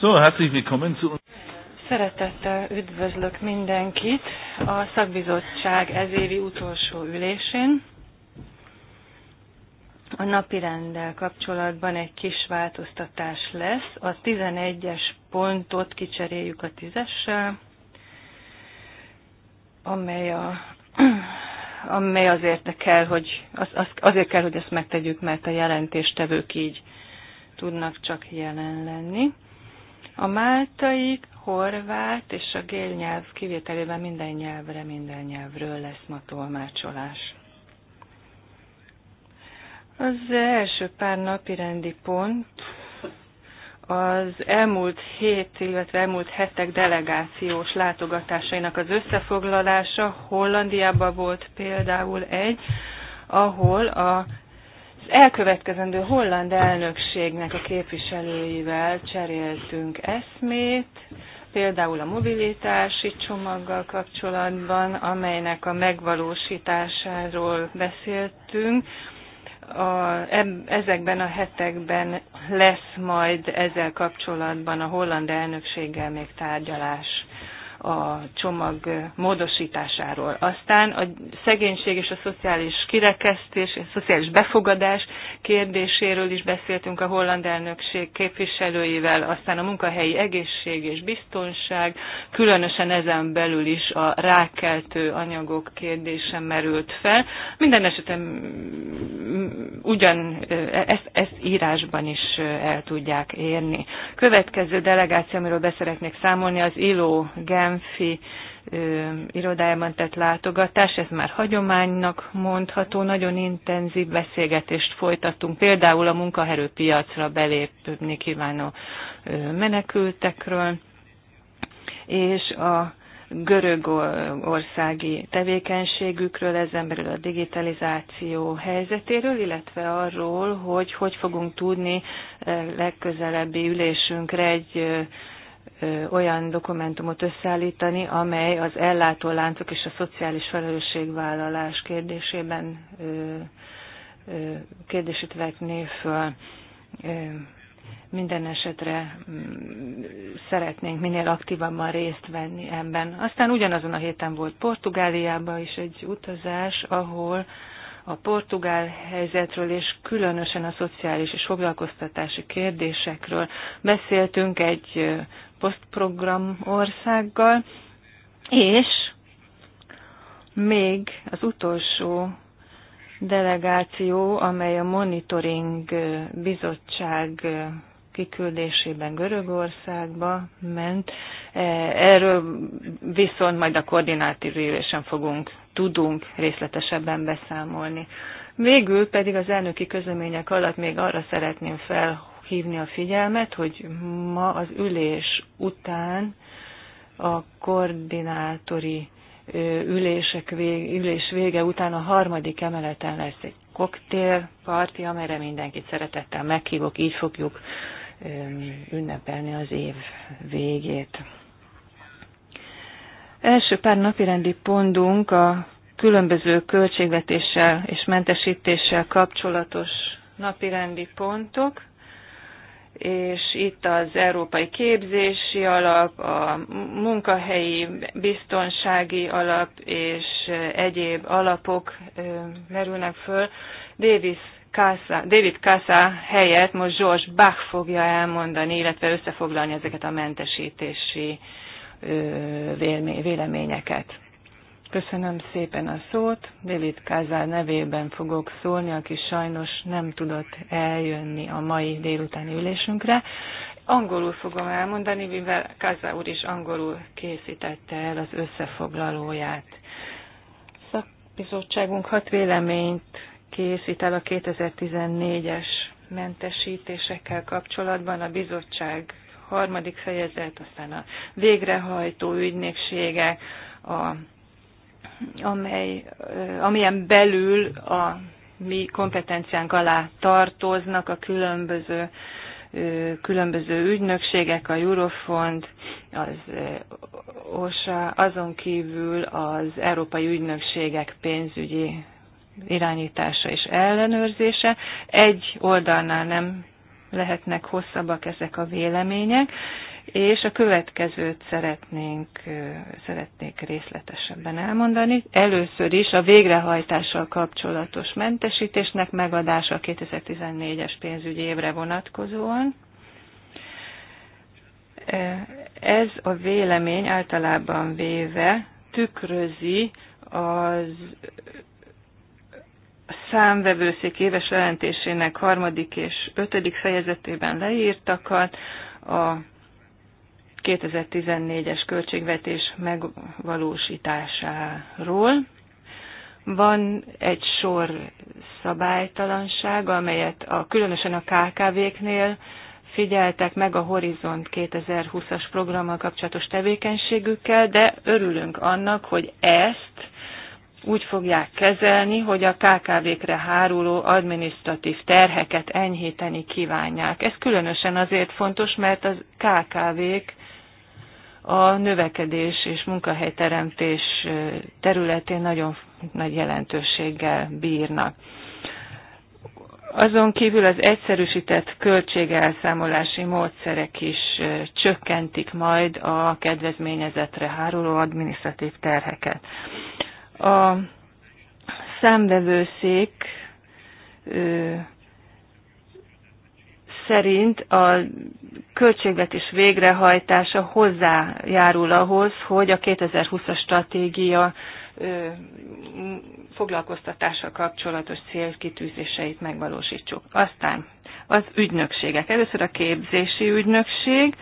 So, herzlich willkommen zu uns. Szeretettel üdvözlök mindenkit a szakbizottság ezévi utolsó ülésén. A napi rendel kapcsolatban egy kis változtatás lesz. A 11-es pontot kicseréljük a 10-essel, amely a amely azért kell, hogy az, az, azért kell, hogy ezt megtegyük, mert a jelentéstevők így tudnak csak jelen lenni. A máltai, horvát és a gél nyelv kivételében minden nyelvre, minden nyelvről lesz ma tolmácsolás. Az első pár napi rendi pont az elmúlt hét, illetve elmúlt hetek delegációs látogatásainak az összefoglalása. Hollandiában volt például egy, ahol a elkövetkezendő holland elnökségnek a képviselőivel cseréltünk eszmét, például a mobilitási csomaggal kapcsolatban, amelynek a megvalósításáról beszéltünk. A, ezekben a hetekben lesz majd ezzel kapcsolatban a holland elnökséggel még tárgyalás a csomag módosításáról. Aztán a szegénység és a szociális kirekesztés, a szociális befogadás kérdéséről is beszéltünk a holland elnökség képviselőivel, aztán a munkahelyi egészség és biztonság, különösen ezen belül is a rákeltő anyagok kérdése merült fel. Minden esetben mm, ugyan ezt, ezt írásban is el tudják érni. Következő delegáció, amiről beszeretnék számolni, az ILO GEM Genfi irodájában tett látogatás, ez már hagyománynak mondható, nagyon intenzív beszélgetést folytattunk, például a munkaerőpiacra belépni kívánó menekültekről, és a görögországi tevékenységükről, ezen belül a digitalizáció helyzetéről, illetve arról, hogy hogy fogunk tudni legközelebbi ülésünkre egy olyan dokumentumot összeállítani, amely az ellátóláncok és a szociális felelősségvállalás kérdésében kérdését vetné föl. Minden esetre mm, szeretnénk minél aktívabban részt venni ebben. Aztán ugyanazon a héten volt Portugáliában is egy utazás, ahol a portugál helyzetről és különösen a szociális és foglalkoztatási kérdésekről beszéltünk egy posztprogram országgal, és még az utolsó delegáció, amely a Monitoring Bizottság kiküldésében Görögországba ment. E, erről viszont majd a koordinátív ülésen fogunk, tudunk részletesebben beszámolni. Végül pedig az elnöki közlemények alatt még arra szeretném fel hívni a figyelmet, hogy ma az ülés után a koordinátori ülések vég, ülés vége után a harmadik emeleten lesz egy koktélparti, amelyre mindenkit szeretettel meghívok, így fogjuk ünnepelni az év végét. Első pár napirendi pontunk a különböző költségvetéssel és mentesítéssel kapcsolatos napirendi pontok és itt az Európai Képzési Alap, a munkahelyi biztonsági alap és egyéb alapok merülnek föl. Davis Kassa, David Kassa helyett most George Bach fogja elmondani, illetve összefoglalni ezeket a mentesítési véleményeket. Köszönöm szépen a szót. David Kázár nevében fogok szólni, aki sajnos nem tudott eljönni a mai délutáni ülésünkre. Angolul fogom elmondani, mivel Kázár úr is angolul készítette el az összefoglalóját. Szakbizottságunk hat véleményt készít el a 2014-es mentesítésekkel kapcsolatban. A bizottság harmadik fejezet, aztán a végrehajtó ügynöksége, a amely, amilyen belül a mi kompetenciánk alá tartoznak a különböző különböző ügynökségek, a Eurofond, az OSA, azon kívül az európai ügynökségek pénzügyi irányítása és ellenőrzése. Egy oldalnál nem lehetnek hosszabbak ezek a vélemények, és a következőt szeretnénk, szeretnék részletesebben elmondani. Először is a végrehajtással kapcsolatos mentesítésnek megadása a 2014-es pénzügyi évre vonatkozóan. Ez a vélemény általában véve tükrözi az számvevőszék éves jelentésének harmadik és ötödik fejezetében leírtakat, a 2014-es költségvetés megvalósításáról. Van egy sor szabálytalanság, amelyet a, különösen a KKV-knél figyeltek meg a Horizont 2020-as programmal kapcsolatos tevékenységükkel, de örülünk annak, hogy ezt úgy fogják kezelni, hogy a KKV-kre háruló adminisztratív terheket enyhíteni kívánják. Ez különösen azért fontos, mert a KKV-k a növekedés és munkahelyteremtés területén nagyon nagy jelentőséggel bírnak. Azon kívül az egyszerűsített költségelszámolási módszerek is csökkentik majd a kedvezményezetre háruló adminisztratív terheket. A számvevőszék szerint a költségvetés végrehajtása hozzájárul ahhoz, hogy a 2020-as stratégia foglalkoztatással kapcsolatos célkitűzéseit megvalósítsuk. Aztán az ügynökségek. Először a képzési ügynökség.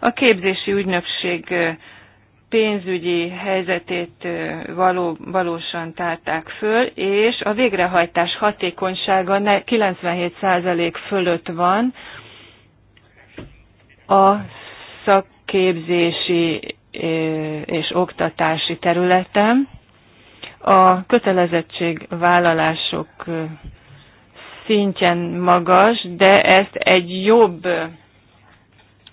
A képzési ügynökség pénzügyi helyzetét való, valósan tárták föl, és a végrehajtás hatékonysága 97% fölött van a szakképzési és oktatási területen. A kötelezettségvállalások szintjén magas, de ezt egy jobb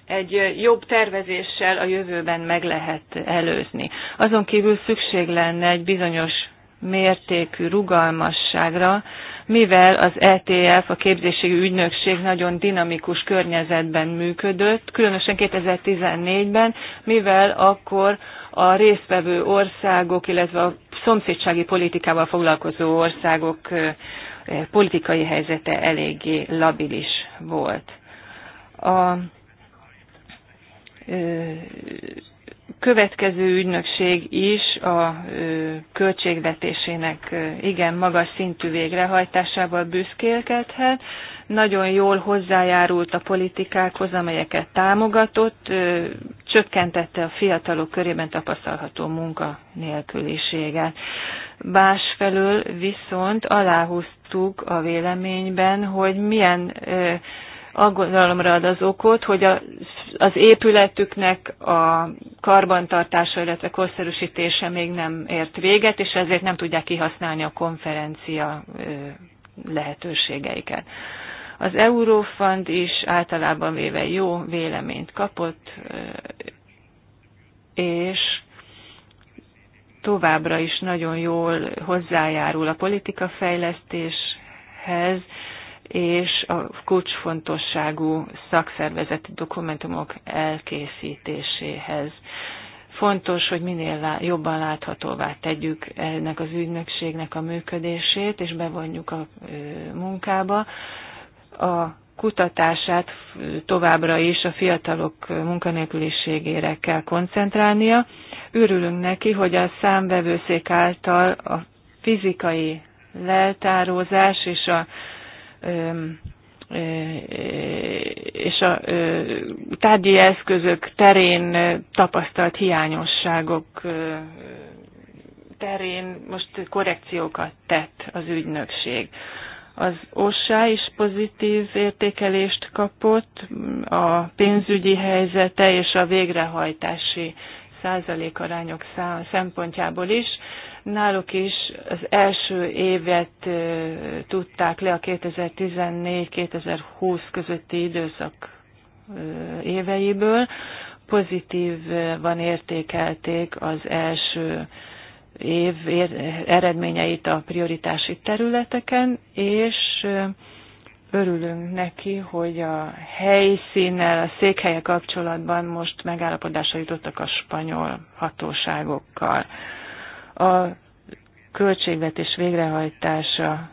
egy jobb tervezéssel a jövőben meg lehet előzni. Azon kívül szükség lenne egy bizonyos mértékű rugalmasságra, mivel az ETF, a képzési ügynökség nagyon dinamikus környezetben működött, különösen 2014-ben, mivel akkor a résztvevő országok, illetve a szomszédsági politikával foglalkozó országok politikai helyzete eléggé labilis volt. A következő ügynökség is a költségvetésének igen magas szintű végrehajtásával büszkélkedhet. Nagyon jól hozzájárult a politikákhoz, amelyeket támogatott, csökkentette a fiatalok körében tapasztalható munkanélküliséget. Másfelől viszont aláhúztuk a véleményben, hogy milyen aggodalomra ad az okot, hogy a, az épületüknek a karbantartása, illetve korszerűsítése még nem ért véget, és ezért nem tudják kihasználni a konferencia lehetőségeiket. Az Eurofund is általában véve jó véleményt kapott, és továbbra is nagyon jól hozzájárul a politikafejlesztéshez, és a kulcsfontosságú szakszervezeti dokumentumok elkészítéséhez. Fontos, hogy minél jobban láthatóvá tegyük ennek az ügynökségnek a működését, és bevonjuk a munkába. A kutatását továbbra is a fiatalok munkanélküliségére kell koncentrálnia. Örülünk neki, hogy a számvevőszék által a fizikai leltározás és a és a tárgyi eszközök terén tapasztalt hiányosságok terén most korrekciókat tett az ügynökség. Az OSSA is pozitív értékelést kapott, a pénzügyi helyzete és a végrehajtási százalékarányok szempontjából is náluk is az első évet tudták le a 2014-2020 közötti időszak éveiből. Pozitívan értékelték az első év eredményeit a prioritási területeken, és örülünk neki, hogy a helyszínnel, a székhelye kapcsolatban most megállapodásra jutottak a spanyol hatóságokkal. A költségvetés végrehajtása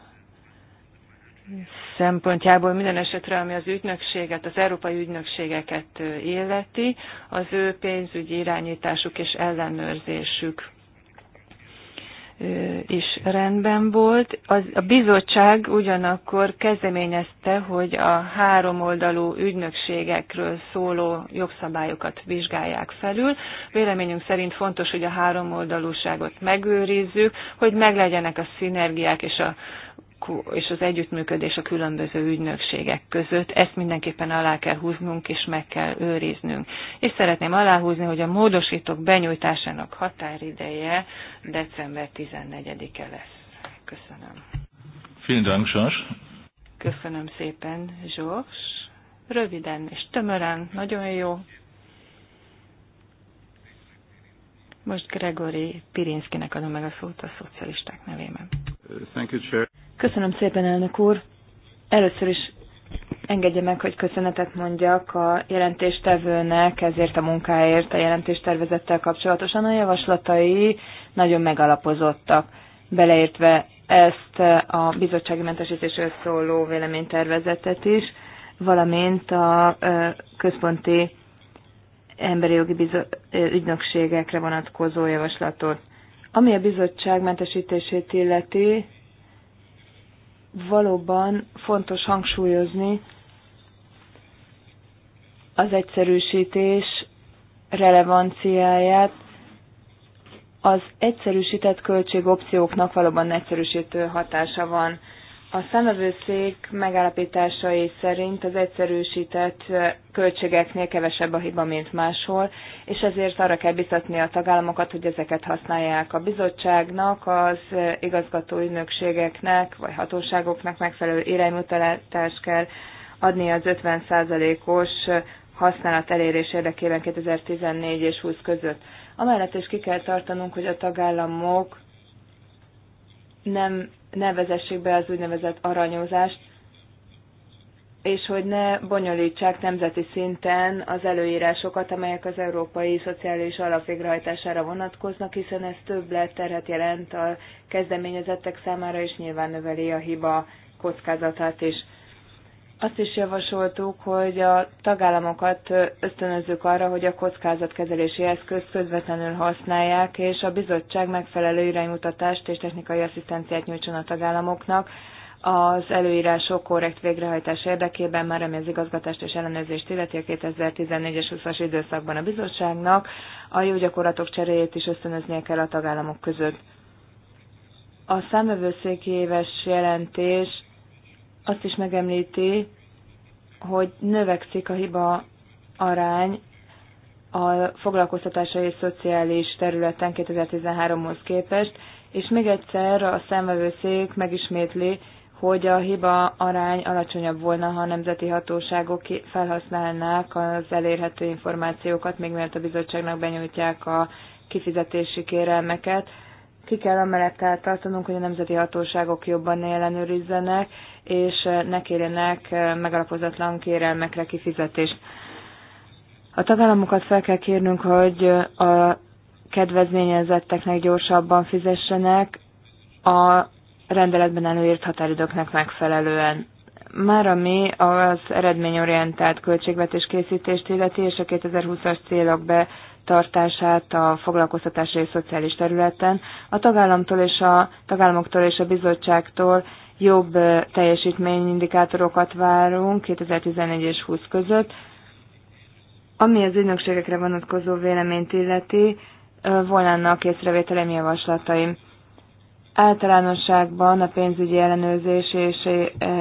szempontjából minden esetre, ami az ügynökséget, az európai ügynökségeket illeti, az ő pénzügyi irányításuk és ellenőrzésük is rendben volt. Az, a bizottság ugyanakkor kezdeményezte, hogy a háromoldalú ügynökségekről szóló jogszabályokat vizsgálják felül. Véleményünk szerint fontos, hogy a háromoldalúságot megőrizzük, hogy meglegyenek a szinergiák és a és az együttműködés a különböző ügynökségek között. Ezt mindenképpen alá kell húznunk és meg kell őriznünk. És szeretném aláhúzni, hogy a módosítók benyújtásának határideje december 14-e lesz. Köszönöm. Vielen Dank, Sors. Köszönöm szépen, Zsors. Röviden és tömören, nagyon jó. Most Gregory Pirinszkinek adom meg a szót a szocialisták nevében. Thank you, Chair. Köszönöm szépen, elnök úr. Először is engedje meg, hogy köszönetet mondjak a jelentéstevőnek ezért a munkáért a jelentéstervezettel kapcsolatosan. A javaslatai nagyon megalapozottak, beleértve ezt a bizottsági mentesítésről szóló véleménytervezetet is, valamint a központi emberi jogi bizo- ügynökségekre vonatkozó javaslatot. Ami a bizottság mentesítését illeti, valóban fontos hangsúlyozni az egyszerűsítés relevanciáját, az egyszerűsített költségopcióknak valóban egyszerűsítő hatása van. A szemövőszék megállapításai szerint az egyszerűsített költségeknél kevesebb a hiba, mint máshol, és ezért arra kell biztatni a tagállamokat, hogy ezeket használják a bizottságnak, az igazgatói nökségeknek vagy hatóságoknak megfelelő iránymutatást kell adni az 50%-os használat elérés érdekében 2014 és 20 között. Amellett is ki kell tartanunk, hogy a tagállamok nem ne vezessék be az úgynevezett aranyozást, és hogy ne bonyolítsák nemzeti szinten az előírásokat, amelyek az európai szociális alap vonatkoznak, hiszen ez több terhet jelent a kezdeményezettek számára, és nyilván növeli a hiba kockázatát is. Azt is javasoltuk, hogy a tagállamokat ösztönözzük arra, hogy a kockázatkezelési eszközt közvetlenül használják, és a bizottság megfelelő iránymutatást és technikai asszisztenciát nyújtson a tagállamoknak az előírások korrekt végrehajtás érdekében, már ami az igazgatást és ellenőrzést illeti a 2014-es 20-as időszakban a bizottságnak, a jó gyakorlatok cseréjét is ösztönöznie kell a tagállamok között. A számövőszéki éves jelentés azt is megemlíti, hogy növekszik a hiba arány a foglalkoztatásai és szociális területen 2013-hoz képest, és még egyszer a szemvevőszék megismétli, hogy a hiba arány alacsonyabb volna, ha a nemzeti hatóságok felhasználnák az elérhető információkat, még mielőtt a bizottságnak benyújtják a kifizetési kérelmeket, ki kell amellett kell tartanunk, hogy a nemzeti hatóságok jobban ellenőrizzenek, és ne kérjenek megalapozatlan kérelmekre kifizetést. A tagállamokat fel kell kérnünk, hogy a kedvezményezetteknek gyorsabban fizessenek a rendeletben előírt határidőknek megfelelően. Már ami az eredményorientált költségvetés készítést illeti és a 2020-as célok be tartását a foglalkoztatási és szociális területen, a tagállamtól és a tagállamoktól és a bizottságtól jobb teljesítményindikátorokat várunk 2014 és 20 között. Ami az ügynökségekre vonatkozó véleményt illeti, volnának észrevételem javaslataim. Általánosságban a pénzügyi ellenőrzés és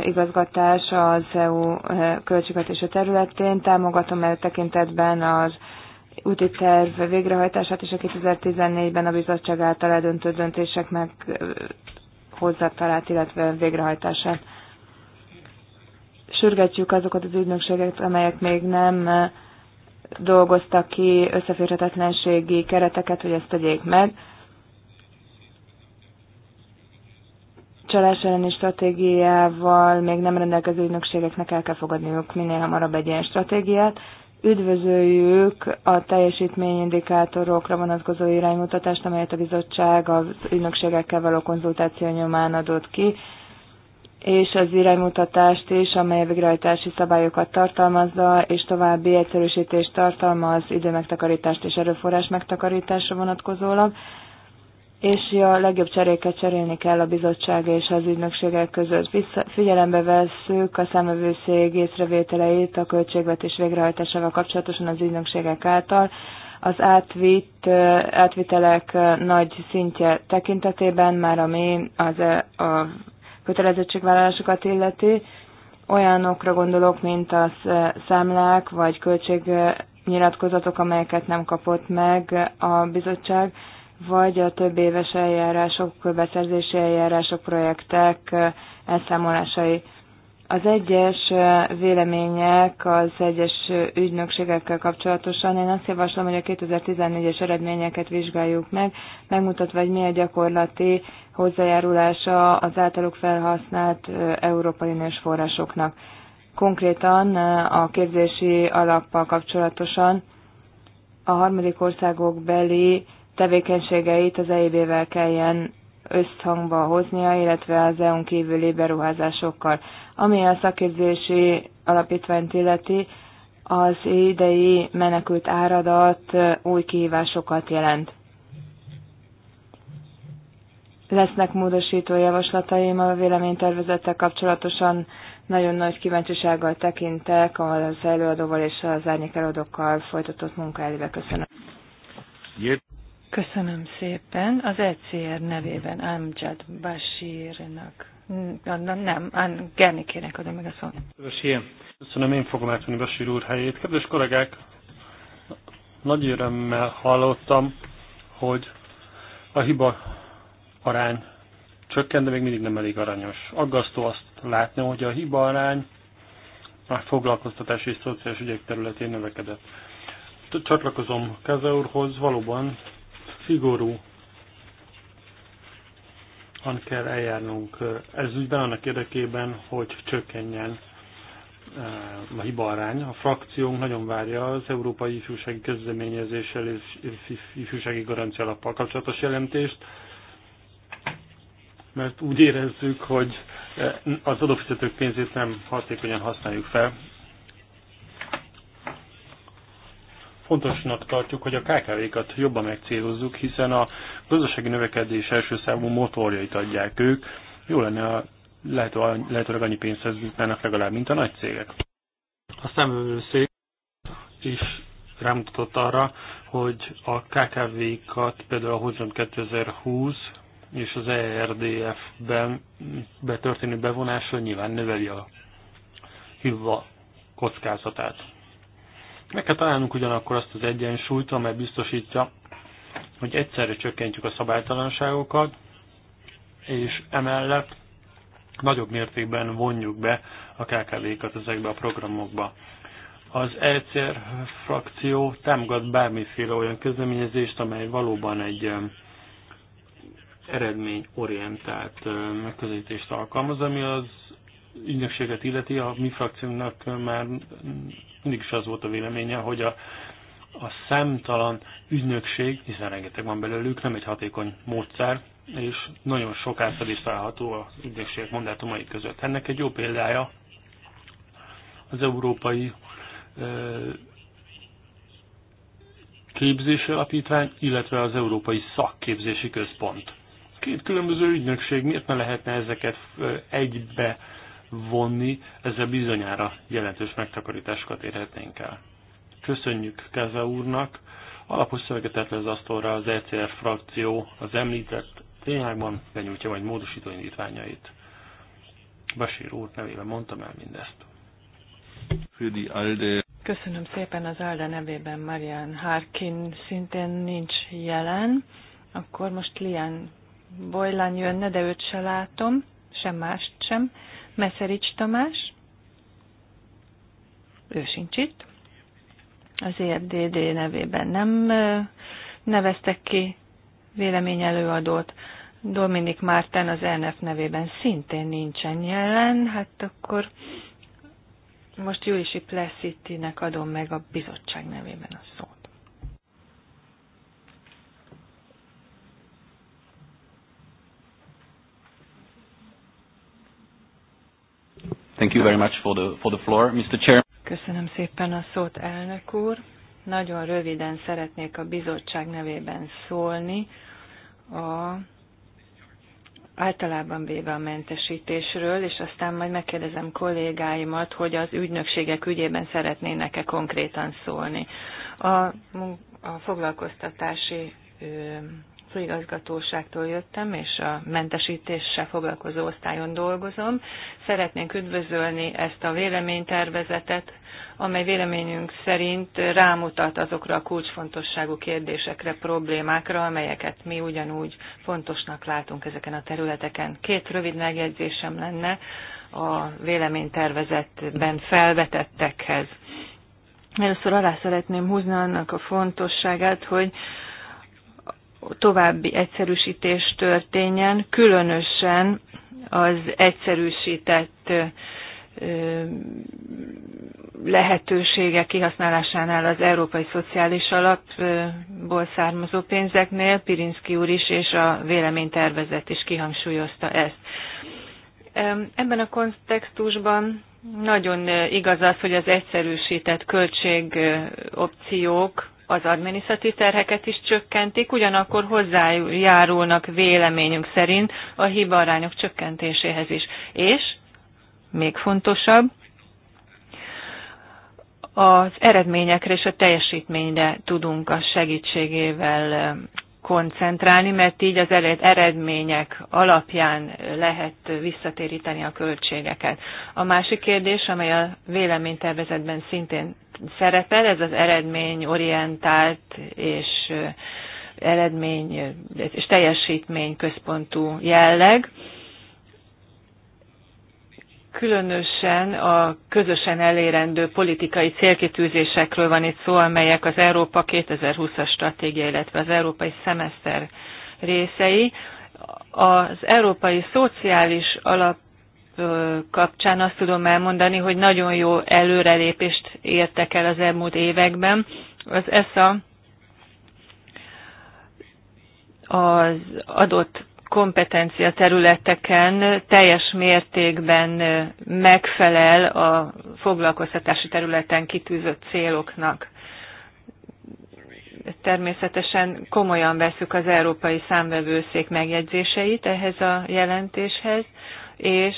igazgatás az EU költségvetése területén támogatom el tekintetben az úti terv végrehajtását és a 2014-ben a bizottság által eldöntött döntések meg hozzátalált, illetve végrehajtását. Sürgetjük azokat az ügynökségeket, amelyek még nem dolgoztak ki összeférhetetlenségi kereteket, hogy ezt tegyék meg. Csalás elleni stratégiával még nem rendelkező ügynökségeknek el kell fogadniuk minél hamarabb egy ilyen stratégiát, Üdvözöljük a teljesítményindikátorokra vonatkozó iránymutatást, amelyet a bizottság az ügynökségekkel való konzultáció nyomán adott ki, és az iránymutatást is, amely a végrehajtási szabályokat tartalmazza, és további egyszerűsítést tartalmaz időmegtakarítást és erőforrás megtakarításra vonatkozólag és a legjobb cseréket cserélni kell a bizottság és az ügynökségek között. Vissza, figyelembe veszük a számövőszég észrevételeit a költségvetés végrehajtásával kapcsolatosan az ügynökségek által, az átvitt, átvitelek nagy szintje tekintetében, már ami az a kötelezettségvállalásokat illeti, olyanokra gondolok, mint a számlák vagy költségnyilatkozatok, amelyeket nem kapott meg a bizottság, vagy a több éves eljárások, beszerzési eljárások, projektek elszámolásai. Az egyes vélemények az egyes ügynökségekkel kapcsolatosan, én azt javaslom, hogy a 2014-es eredményeket vizsgáljuk meg, megmutatva, hogy mi a gyakorlati hozzájárulása az általuk felhasznált európai nős forrásoknak. Konkrétan a képzési alappal kapcsolatosan a harmadik országok beli tevékenységeit az EIB-vel kelljen összhangba hoznia, illetve az EU-n kívüli beruházásokkal. Ami a szakképzési alapítványt illeti, az idei menekült áradat új kihívásokat jelent. Lesznek módosító javaslataim a véleménytervezettel kapcsolatosan. Nagyon nagy kíváncsisággal tekintek az előadóval és az árnyék előadókkal folytatott munka elébe. Köszönöm. Köszönöm szépen. Az ECR nevében Amjad Bashirnak, nem, Gernikének adom meg a szót. Köszönöm, én fogom átvenni Bashir úr helyét. Kedves kollégák, nagy örömmel hallottam, hogy a hiba arány csökkent, de még mindig nem elég aranyos. Aggasztó azt látni, hogy a hiba arány a foglalkoztatási és szociális ügyek területén növekedett. Csatlakozom Keze úrhoz, valóban szigorú han kell eljárnunk ez ügyben annak érdekében, hogy csökkenjen a hibarány. A frakciónk nagyon várja az Európai Ifjúsági Közleményezéssel és Ifjúsági Garancia Alappal kapcsolatos jelentést, mert úgy érezzük, hogy az adófizetők pénzét nem hatékonyan használjuk fel, Fontosnak tartjuk, hogy a KKV-kat jobban megcélozzuk, hiszen a gazdasági növekedés első számú motorjait adják ők. Jó lenne a lehető, lehetőleg annyi pénzt jutnának legalább, mint a nagy cégek. A szép is rámutatott arra, hogy a KKV-kat például a Horizon 2020 és az ERDF-ben betörténő bevonása nyilván növeli a hívva kockázatát. Meg kell találnunk ugyanakkor azt az egyensúlyt, amely biztosítja, hogy egyszerre csökkentjük a szabálytalanságokat, és emellett nagyobb mértékben vonjuk be a KKV-kat ezekbe a programokba. Az ECR frakció támogat bármiféle olyan közleményezést, amely valóban egy eredményorientált megközelítést alkalmaz, ami az ügynökséget illeti, a mi frakciónknak már mindig is az volt a véleménye, hogy a, a számtalan ügynökség, hiszen rengeteg van belőlük, nem egy hatékony módszer, és nagyon sok átfedés található az ügynökségek mandátumai között. Ennek egy jó példája az Európai Képzési Alapítvány, illetve az Európai Szakképzési Központ. Két különböző ügynökség, miért ne lehetne ezeket egybe vonni, ezzel bizonyára jelentős megtakarításokat érhetnénk el. Köszönjük Keze úrnak! Alapos szöveget tett az asztalra az ECR frakció az említett tényágban benyújtja majd módosító indítványait. Basír úr nevében mondtam el mindezt. Köszönöm szépen az Alde nevében Marian Harkin szintén nincs jelen. Akkor most Lian Bojlan jönne, de őt se látom, sem mást sem. Meszerics Tamás, ő sincs itt, az EFDD nevében nem neveztek ki véleményelőadót, Dominik Márten az ELNF nevében szintén nincsen jelen, hát akkor most Júlisi Plessitinek adom meg a bizottság nevében a szót. Thank you very much for the, for the floor, Mr. Chair. Köszönöm szépen a szót, elnök úr. Nagyon röviden szeretnék a bizottság nevében szólni. A általában véve a mentesítésről, és aztán majd megkérdezem kollégáimat, hogy az ügynökségek ügyében szeretnének-e konkrétan szólni. A, a foglalkoztatási főigazgatóságtól jöttem, és a mentesítéssel foglalkozó osztályon dolgozom. Szeretnénk üdvözölni ezt a véleménytervezetet, amely véleményünk szerint rámutat azokra a kulcsfontosságú kérdésekre, problémákra, amelyeket mi ugyanúgy fontosnak látunk ezeken a területeken. Két rövid megjegyzésem lenne a véleménytervezetben felvetettekhez. Először alá szeretném húzni annak a fontosságát, hogy további egyszerűsítés történjen, különösen az egyszerűsített lehetőségek kihasználásánál az Európai Szociális Alapból származó pénzeknél. Pirinszki úr is és a véleménytervezet is kihangsúlyozta ezt. Ebben a kontextusban nagyon igaz az, hogy az egyszerűsített költségopciók az adminisztratív terheket is csökkentik, ugyanakkor hozzájárulnak véleményünk szerint a hibaarányok csökkentéséhez is. És, még fontosabb, az eredményekre és a teljesítményre tudunk a segítségével koncentrálni, mert így az eredmények alapján lehet visszatéríteni a költségeket. A másik kérdés, amely a véleménytervezetben szintén szerepel, ez az eredmény orientált és eredmény és teljesítmény központú jelleg. Különösen a közösen elérendő politikai célkitűzésekről van itt szó, amelyek az Európa 2020-as stratégia, illetve az európai szemeszter részei. Az európai szociális alap kapcsán azt tudom elmondani, hogy nagyon jó előrelépést értek el az elmúlt években. Az ESA az adott kompetencia területeken teljes mértékben megfelel a foglalkoztatási területen kitűzött céloknak. Természetesen komolyan veszük az Európai Számvevőszék megjegyzéseit ehhez a jelentéshez, és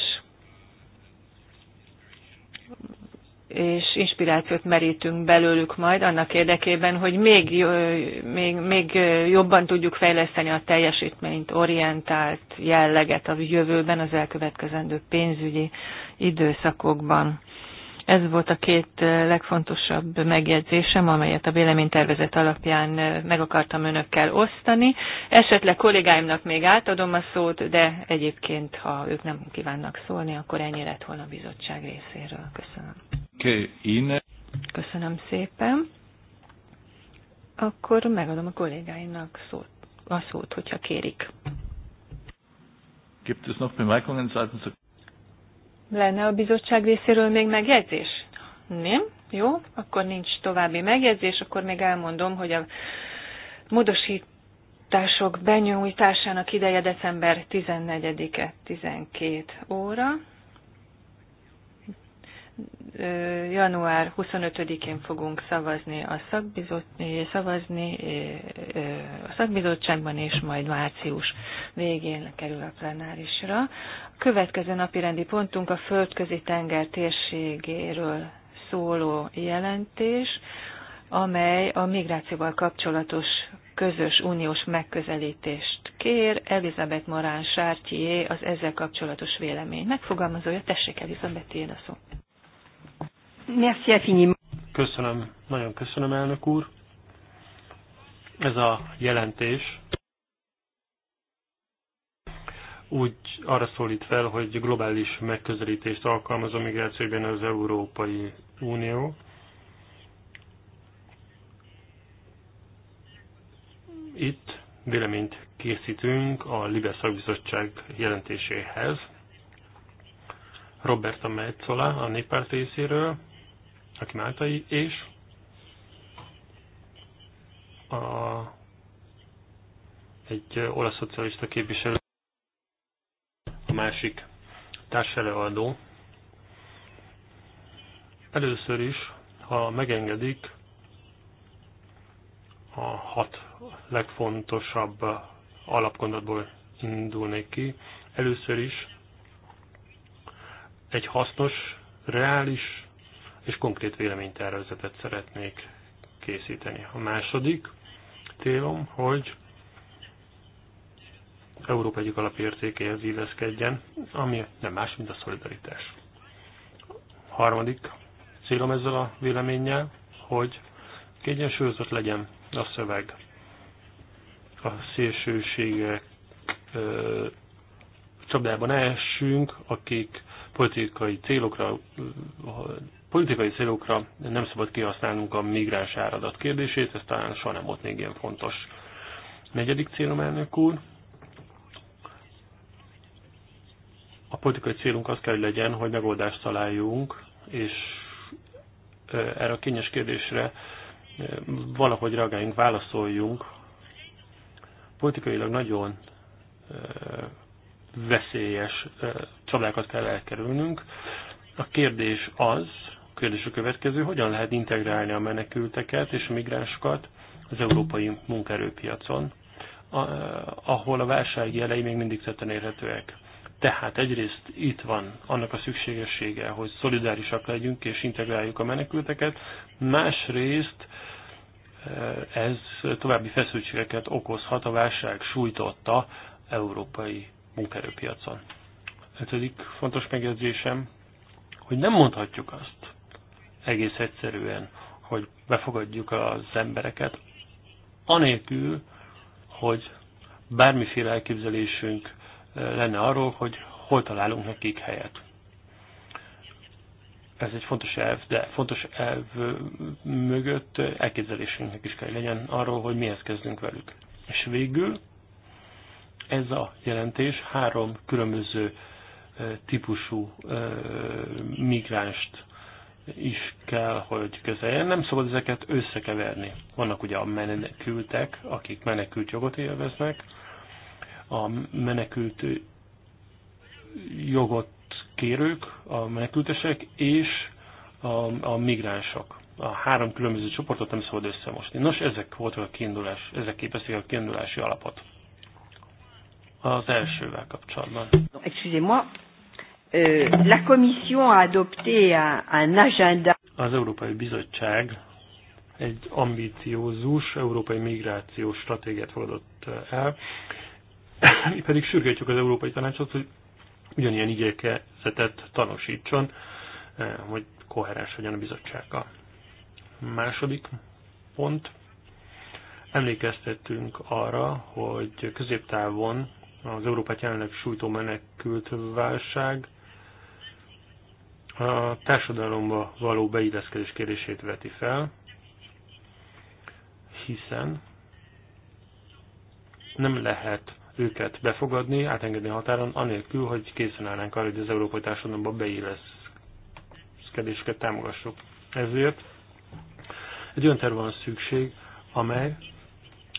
és inspirációt merítünk belőlük majd annak érdekében, hogy még, még, még jobban tudjuk fejleszteni a teljesítményt orientált jelleget a jövőben, az elkövetkezendő pénzügyi időszakokban. Ez volt a két legfontosabb megjegyzésem, amelyet a véleménytervezet alapján meg akartam önökkel osztani. Esetleg kollégáimnak még átadom a szót, de egyébként, ha ők nem kívánnak szólni, akkor ennyi lett volna a bizottság részéről. Köszönöm. Köszönöm szépen. Akkor megadom a kollégáinak szót, a szót, hogyha kérik. Gibt es noch Bemerkungen seitens Lenne a bizottság részéről még megjegyzés? Nem? Jó, akkor nincs további megjegyzés, akkor még elmondom, hogy a módosítások benyújtásának ideje december 14-e 12 óra január 25-én fogunk szavazni a, szakbizot, szavazni a szakbizottságban, és majd március végén kerül a plenárisra. A következő napi rendi pontunk a földközi tenger térségéről szóló jelentés, amely a migrációval kapcsolatos közös uniós megközelítést kér. Elizabeth Morán Sártyé az ezzel kapcsolatos vélemény megfogalmazója. Tessék, Elizabeth, tiéd a szó. Merci infiniment. Köszönöm, nagyon köszönöm, elnök úr. Ez a jelentés úgy arra szólít fel, hogy globális megközelítést alkalmaz a migrációban az Európai Unió. Itt véleményt készítünk a Libe Szakbizottság jelentéséhez. Roberta Metzola a néppárt részéről, északi máltai, és a, egy olasz szocialista képviselő, a másik társelőadó. Először is, ha megengedik, a hat legfontosabb alapgondatból indulnék ki. Először is egy hasznos, reális és konkrét véleménytervezetet szeretnék készíteni. A második célom, hogy Európa egyik alapértékéhez illeszkedjen, ami nem más, mint a szolidaritás. A harmadik célom ezzel a véleménnyel, hogy kiegyensúlyozott legyen a szöveg a szélsőségek csapdában elsünk, akik politikai célokra politikai célokra nem szabad kihasználnunk a migráns áradat kérdését, ez talán soha nem volt még ilyen fontos. Negyedik célom, elnök úr, a politikai célunk az kell, hogy legyen, hogy megoldást találjunk, és erre a kényes kérdésre valahogy reagáljunk, válaszoljunk. Politikailag nagyon veszélyes csalákat kell elkerülnünk. A kérdés az, kérdés a következő, hogyan lehet integrálni a menekülteket és a migránsokat az európai munkaerőpiacon, ahol a válság jelei még mindig tetten érhetőek. Tehát egyrészt itt van annak a szükségessége, hogy szolidárisak legyünk és integráljuk a menekülteket, másrészt eh, ez további feszültségeket okozhat a válság sújtotta európai munkaerőpiacon. Ötödik fontos megjegyzésem, hogy nem mondhatjuk azt, egész egyszerűen, hogy befogadjuk az embereket, anélkül, hogy bármiféle elképzelésünk eh, lenne arról, hogy hol találunk nekik helyet. Ez egy fontos elv, de fontos elv eh, mögött elképzelésünknek is kell legyen arról, hogy mihez kezdünk velük. És végül ez a jelentés három különböző eh, típusú migránst is kell, hogy közeljen. Nem szabad ezeket összekeverni. Vannak ugye a menekültek, akik menekült jogot élveznek. A menekült jogot kérők, a menekültesek és a, a migránsok. A három különböző csoportot nem szabad összemosni. Nos, ezek voltak a kiindulás, ezek képezték a kiindulási alapot. Az elsővel kapcsolatban. Excusez-moi, Euh, la Commission a adopté un, un agenda. Az Európai Bizottság egy ambiciózus európai migrációs stratégiát fogadott eh, el. Mi pedig sürgetjük az Európai Tanácsot, hogy ugyanilyen igyekezetet tanúsítson, eh, hogy koherens legyen a bizottsággal. Második pont. Emlékeztettünk arra, hogy középtávon az Európát jelenleg sújtó menekült válság a társadalomba való beilleszkedés kérdését veti fel, hiszen nem lehet őket befogadni, átengedni a határon, anélkül, hogy készen állnánk arra, hogy az európai társadalomba beilleszkedésket támogassuk. Ezért egy olyan terv van szükség, amely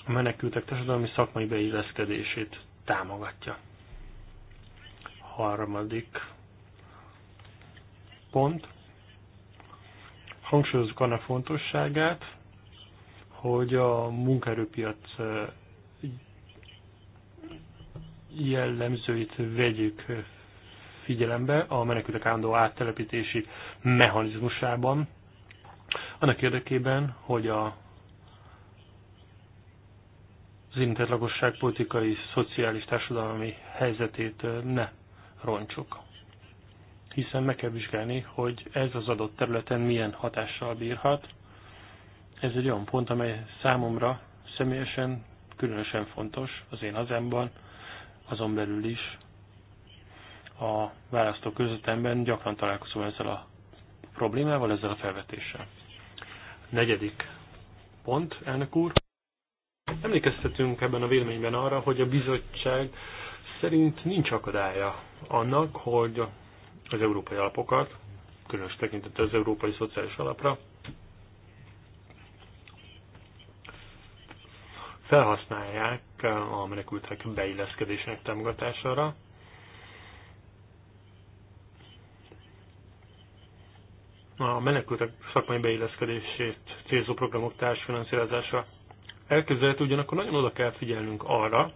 a menekültek társadalmi szakmai beilleszkedését támogatja. Harmadik pont. Hangsúlyozzuk annak fontosságát, hogy a munkaerőpiac jellemzőit vegyük figyelembe a menekültek állandó áttelepítési mechanizmusában, annak érdekében, hogy a, az érintett lakosság politikai, szociális, társadalmi helyzetét ne roncsuk hiszen meg kell vizsgálni, hogy ez az adott területen milyen hatással bírhat. Ez egy olyan pont, amely számomra személyesen különösen fontos az én hazámban, azon belül is a választó közöttemben gyakran találkozom ezzel a problémával, ezzel a felvetéssel. Negyedik pont, elnök úr. Emlékeztetünk ebben a véleményben arra, hogy a bizottság szerint nincs akadálya annak, hogy az európai alapokat, különös tekintet az európai szociális alapra, felhasználják a menekültek beilleszkedésének támogatására. A menekültek szakmai beilleszkedését célzó programok társfinanszírozása elképzelhető, ugyanakkor nagyon oda kell figyelnünk arra,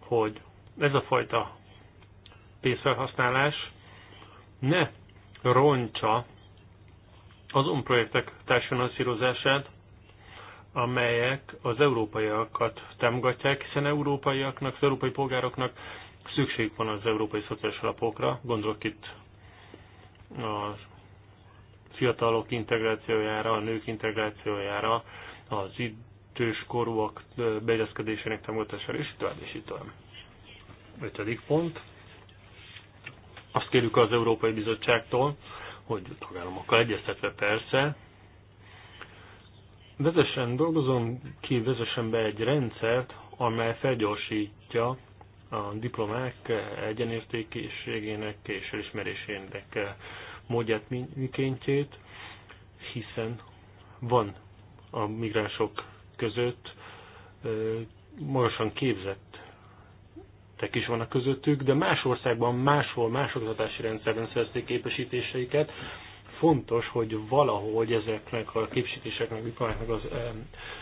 hogy ez a fajta pénzfelhasználás ne rontsa azon projektek társadalmazírozását, amelyek az európaiakat támogatják, hiszen európaiaknak, az európai polgároknak szükség van az európai szociális alapokra. Gondolok itt a fiatalok integrációjára, a nők integrációjára, az időskorúak beilleszkedésének támogatására, és tovább, és így tovább. Ötödik pont. Azt kérjük az Európai Bizottságtól, hogy tagállamokkal egyeztetve persze, vezessen, dolgozom ki, vezessen be egy rendszert, amely felgyorsítja a diplomák egyenértékiségének és elismerésének módját, mikéntjét, hiszen van a migránsok között magasan képzett érintettek is vannak közöttük, de más országban, máshol, más oktatási rendszerben szerezték képesítéseiket. Fontos, hogy valahogy ezeknek a képesítéseknek, diplomáknak az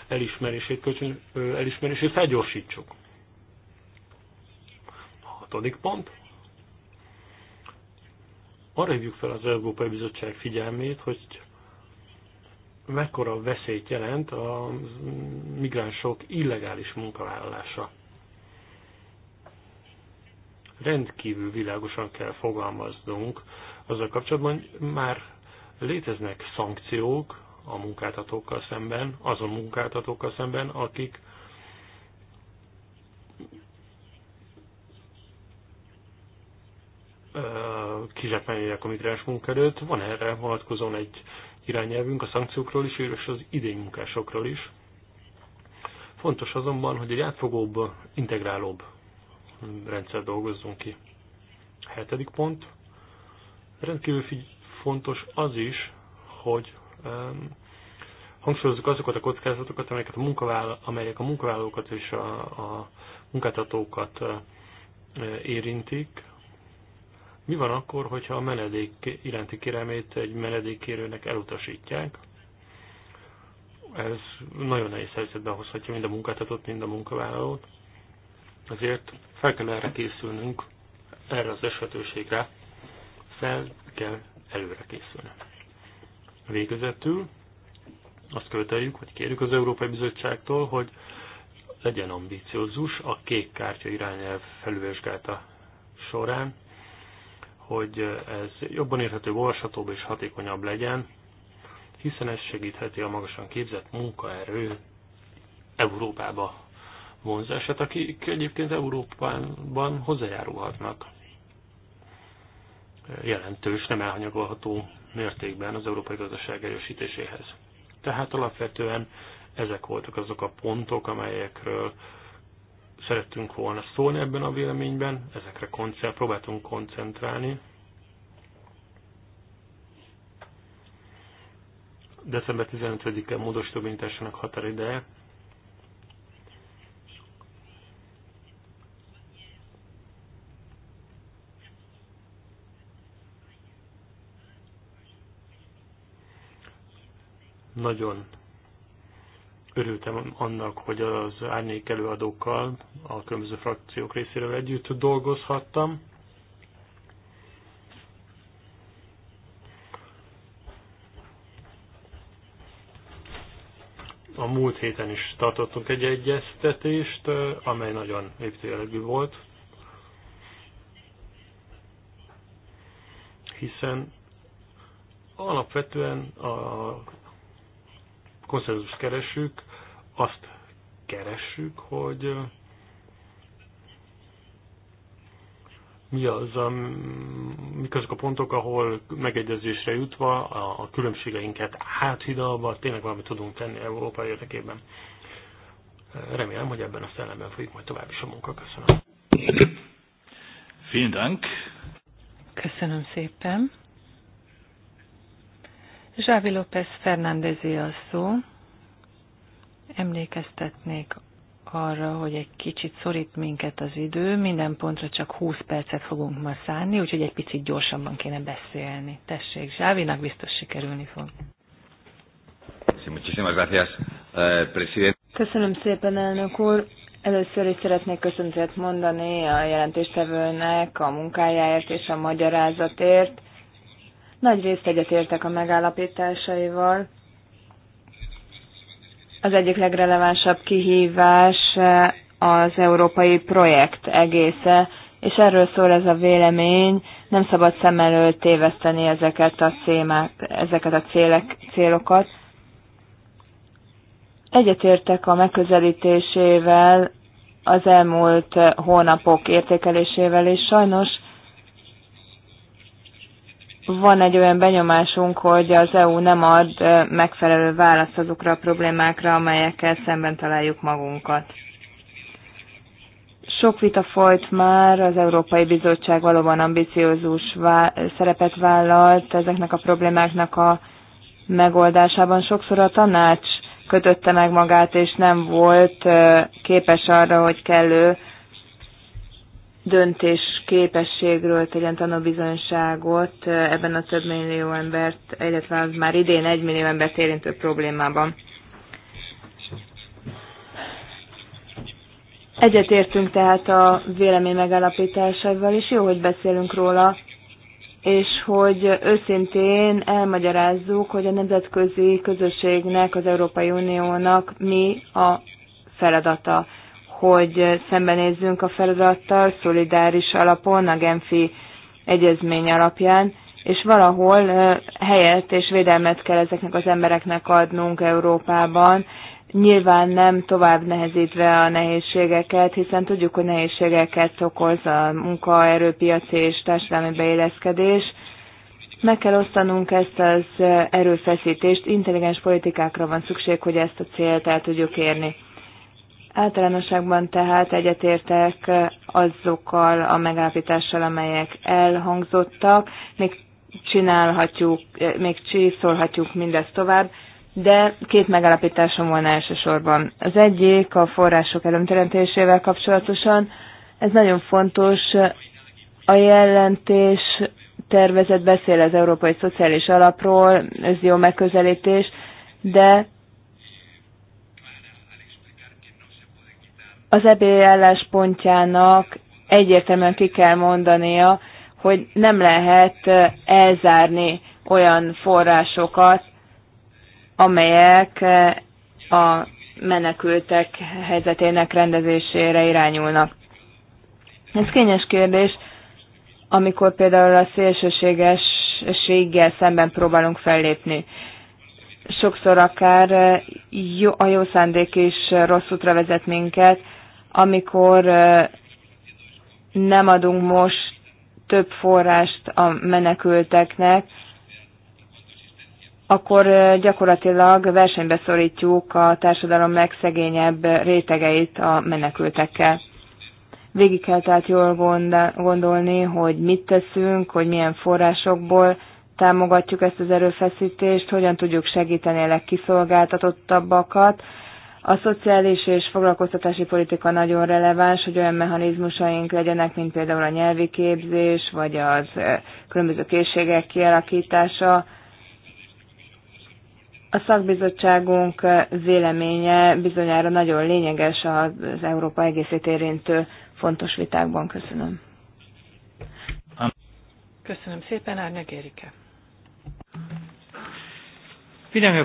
elismerését, kölcsön, elismerését felgyorsítsuk. Hatodik pont. Arra hívjuk fel az Európai Bizottság figyelmét, hogy mekkora veszélyt jelent a migránsok illegális munkavállalása rendkívül világosan kell fogalmaznunk azzal kapcsolatban, hogy már léteznek szankciók a munkáltatókkal szemben, azon munkáltatókkal szemben, akik kizsákmányolják a migráns munkerőt. Van erre vonatkozóan egy irányelvünk a szankciókról is, és az munkásokról is. Fontos azonban, hogy egy átfogóbb, integrálóbb rendszer dolgozzunk ki. hetedik pont. Rendkívül fontos az is, hogy um, hangsúlyozzuk azokat a kockázatokat, amelyek a, munkavállal, amelyek a munkavállalókat és a, a munkáltatókat érintik. Mi van akkor, hogyha a menedék iránti kérelmét egy menedékkérőnek elutasítják? Ez nagyon nehéz helyzetbe hozhatja mind a munkáltatót, mind a munkavállalót. Ezért fel kell erre készülnünk, erre az eshetőségre fel kell előre készülni. Végezetül azt követeljük, hogy kérjük az Európai Bizottságtól, hogy legyen ambiciózus a kék kártya irányelv felülvizsgálta során, hogy ez jobban érthető, olvashatóbb és hatékonyabb legyen, hiszen ez segítheti a magasan képzett munkaerő Európába vonzását, akik egyébként Európában hozzájárulhatnak jelentős, nem elhanyagolható mértékben az európai gazdaság erősítéséhez. Tehát alapvetően ezek voltak azok a pontok, amelyekről szerettünk volna szólni ebben a véleményben, ezekre koncentrál, próbáltunk koncentrálni. December 15-e módosító határideje, Nagyon örültem annak, hogy az árnyék előadókkal a különböző frakciók részéről együtt dolgozhattam. A múlt héten is tartottunk egy egyeztetést, amely nagyon léptélegű volt, hiszen alapvetően a konszenzus keresünk, azt keresünk, hogy mi az, a, mik azok a pontok, ahol megegyezésre jutva a, a különbségeinket áthidalva tényleg valamit tudunk tenni Európa érdekében. Remélem, hogy ebben a szellemben folyik majd tovább is a munka. Köszönöm. Vielen Dank. Köszönöm szépen. Zsávi López Fernándezé a szó. Emlékeztetnék arra, hogy egy kicsit szorít minket az idő, minden pontra csak 20 percet fogunk ma szállni, úgyhogy egy picit gyorsabban kéne beszélni. Tessék, Zsávinak biztos sikerülni fog. Eh, Köszönöm szépen, elnök úr. Először is szeretnék köszöntet mondani a jelentéstevőnek a munkájáért és a magyarázatért. Nagy részt egyetértek a megállapításaival. Az egyik legrelevánsabb kihívás eh, az európai projekt egésze, és erről szól ez a vélemény, nem szabad szem előtt téveszteni ezeket a, cémát, ezeket a célek, célokat. Egyetértek a megközelítésével, az elmúlt eh, hónapok értékelésével, és sajnos van egy olyan benyomásunk, hogy az EU nem ad megfelelő választ azokra a problémákra, amelyekkel szemben találjuk magunkat. Sok vita folyt már, az Európai Bizottság valóban ambiciózus szerepet vállalt ezeknek a problémáknak a megoldásában. Sokszor a tanács kötötte meg magát, és nem volt képes arra, hogy kellő döntés képességről tegyen tanúbizonyságot eh, ebben a több millió embert, illetve az már idén egy millió embert érintő problémában. Egyetértünk tehát a vélemény megállapításával, és jó, hogy beszélünk róla, és hogy őszintén elmagyarázzuk, hogy a nemzetközi közösségnek, az Európai Uniónak mi a feladata hogy szembenézzünk a feladattal szolidáris alapon, a Genfi egyezmény alapján, és valahol helyet és védelmet kell ezeknek az embereknek adnunk Európában, nyilván nem tovább nehezítve a nehézségeket, hiszen tudjuk, hogy nehézségeket okoz a munkaerőpiaci és társadalmi beilleszkedés. Meg kell osztanunk ezt az erőfeszítést, intelligens politikákra van szükség, hogy ezt a célt el tudjuk érni. Általánosságban tehát egyetértek azokkal a megállapítással, amelyek elhangzottak, még csinálhatjuk, még csiszolhatjuk mindezt tovább, de két megállapításom volna elsősorban. Az egyik a források előteremtésével kapcsolatosan, ez nagyon fontos, a jelentés tervezet beszél az Európai Szociális Alapról, ez jó megközelítés, de az EB álláspontjának egyértelműen ki kell mondania, hogy nem lehet elzárni olyan forrásokat, amelyek a menekültek helyzetének rendezésére irányulnak. Ez kényes kérdés, amikor például a szélsőségességgel szemben próbálunk fellépni. Sokszor akár a jó szándék is rossz útra vezet minket, amikor nem adunk most több forrást a menekülteknek, akkor gyakorlatilag versenybe szorítjuk a társadalom legszegényebb rétegeit a menekültekkel. Végig kell tehát jól gondolni, hogy mit teszünk, hogy milyen forrásokból támogatjuk ezt az erőfeszítést, hogyan tudjuk segíteni a legkiszolgáltatottabbakat, a szociális és foglalkoztatási politika nagyon releváns, hogy olyan mechanizmusaink legyenek, mint például a nyelvi képzés, vagy az különböző készségek kialakítása. A szakbizottságunk véleménye bizonyára nagyon lényeges az Európa egészét érintő fontos vitákban. Köszönöm. Köszönöm szépen, Árnyag Érike. Figyelme,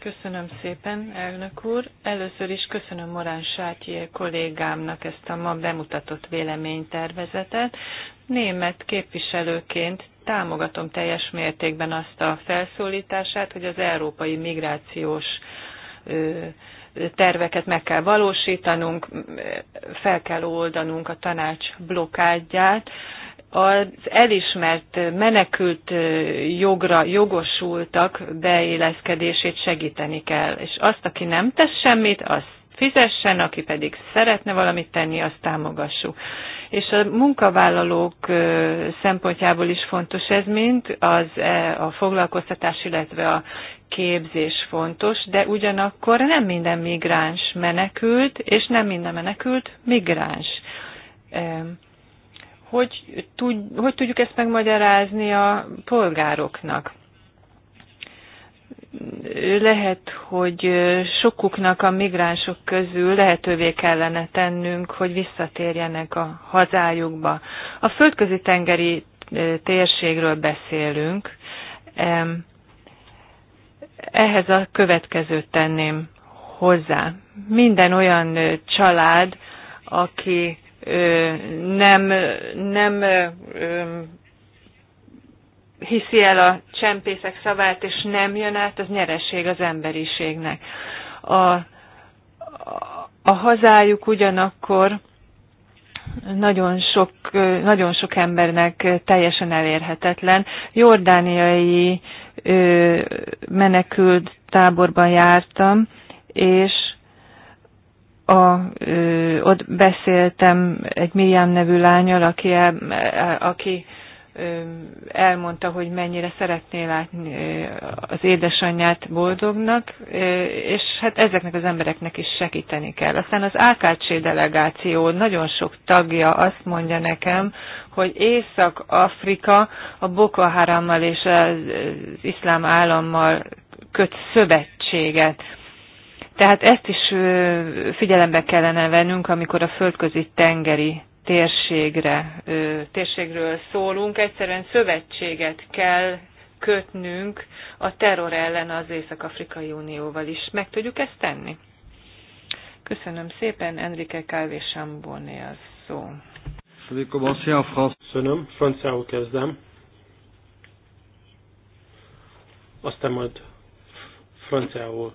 Köszönöm szépen, elnök úr. Először is köszönöm Morán Sátyi kollégámnak ezt a ma bemutatott véleménytervezetet. Német képviselőként támogatom teljes mértékben azt a felszólítását, hogy az európai migrációs terveket meg kell valósítanunk, fel kell oldanunk a tanács blokádját, az elismert menekült jogra jogosultak beéleszkedését segíteni kell. És azt, aki nem tesz semmit, azt fizessen, aki pedig szeretne valamit tenni, azt támogassuk. És a munkavállalók szempontjából is fontos ez mind, az e, a foglalkoztatás, illetve a képzés fontos, de ugyanakkor nem minden migráns menekült, és nem minden menekült migráns hogy, tud, hogy tudjuk ezt megmagyarázni a polgároknak? Lehet, hogy sokuknak a migránsok közül lehetővé kellene tennünk, hogy visszatérjenek a hazájukba. A földközi tengeri e, térségről beszélünk. Ehhez a következőt tenném hozzá. Minden olyan e, család, aki nem, nem hiszi el a csempészek szavát, és nem jön át, az nyeresség az emberiségnek. A, a, a hazájuk ugyanakkor nagyon sok, nagyon sok embernek teljesen elérhetetlen. Jordániai menekült táborban jártam, és a, ö, ott beszéltem egy Miriam nevű lányal, aki, el, aki ö, elmondta, hogy mennyire szeretné látni az édesanyját boldognak, ö, és hát ezeknek az embereknek is segíteni kell. Aztán az AKC delegáció nagyon sok tagja azt mondja nekem, hogy Észak-Afrika a Boko Harammal és az iszlám állammal köt szövetséget tehát ezt is figyelembe kellene vennünk, amikor a földközi tengeri térségre, térségről szólunk. Egyszerűen szövetséget kell kötnünk a terror ellen az Észak-Afrikai Unióval is. Meg tudjuk ezt tenni? Köszönöm szépen, Enrique Calvé Samboné a szó. Köszönöm, franciául kezdem. Aztán majd franciául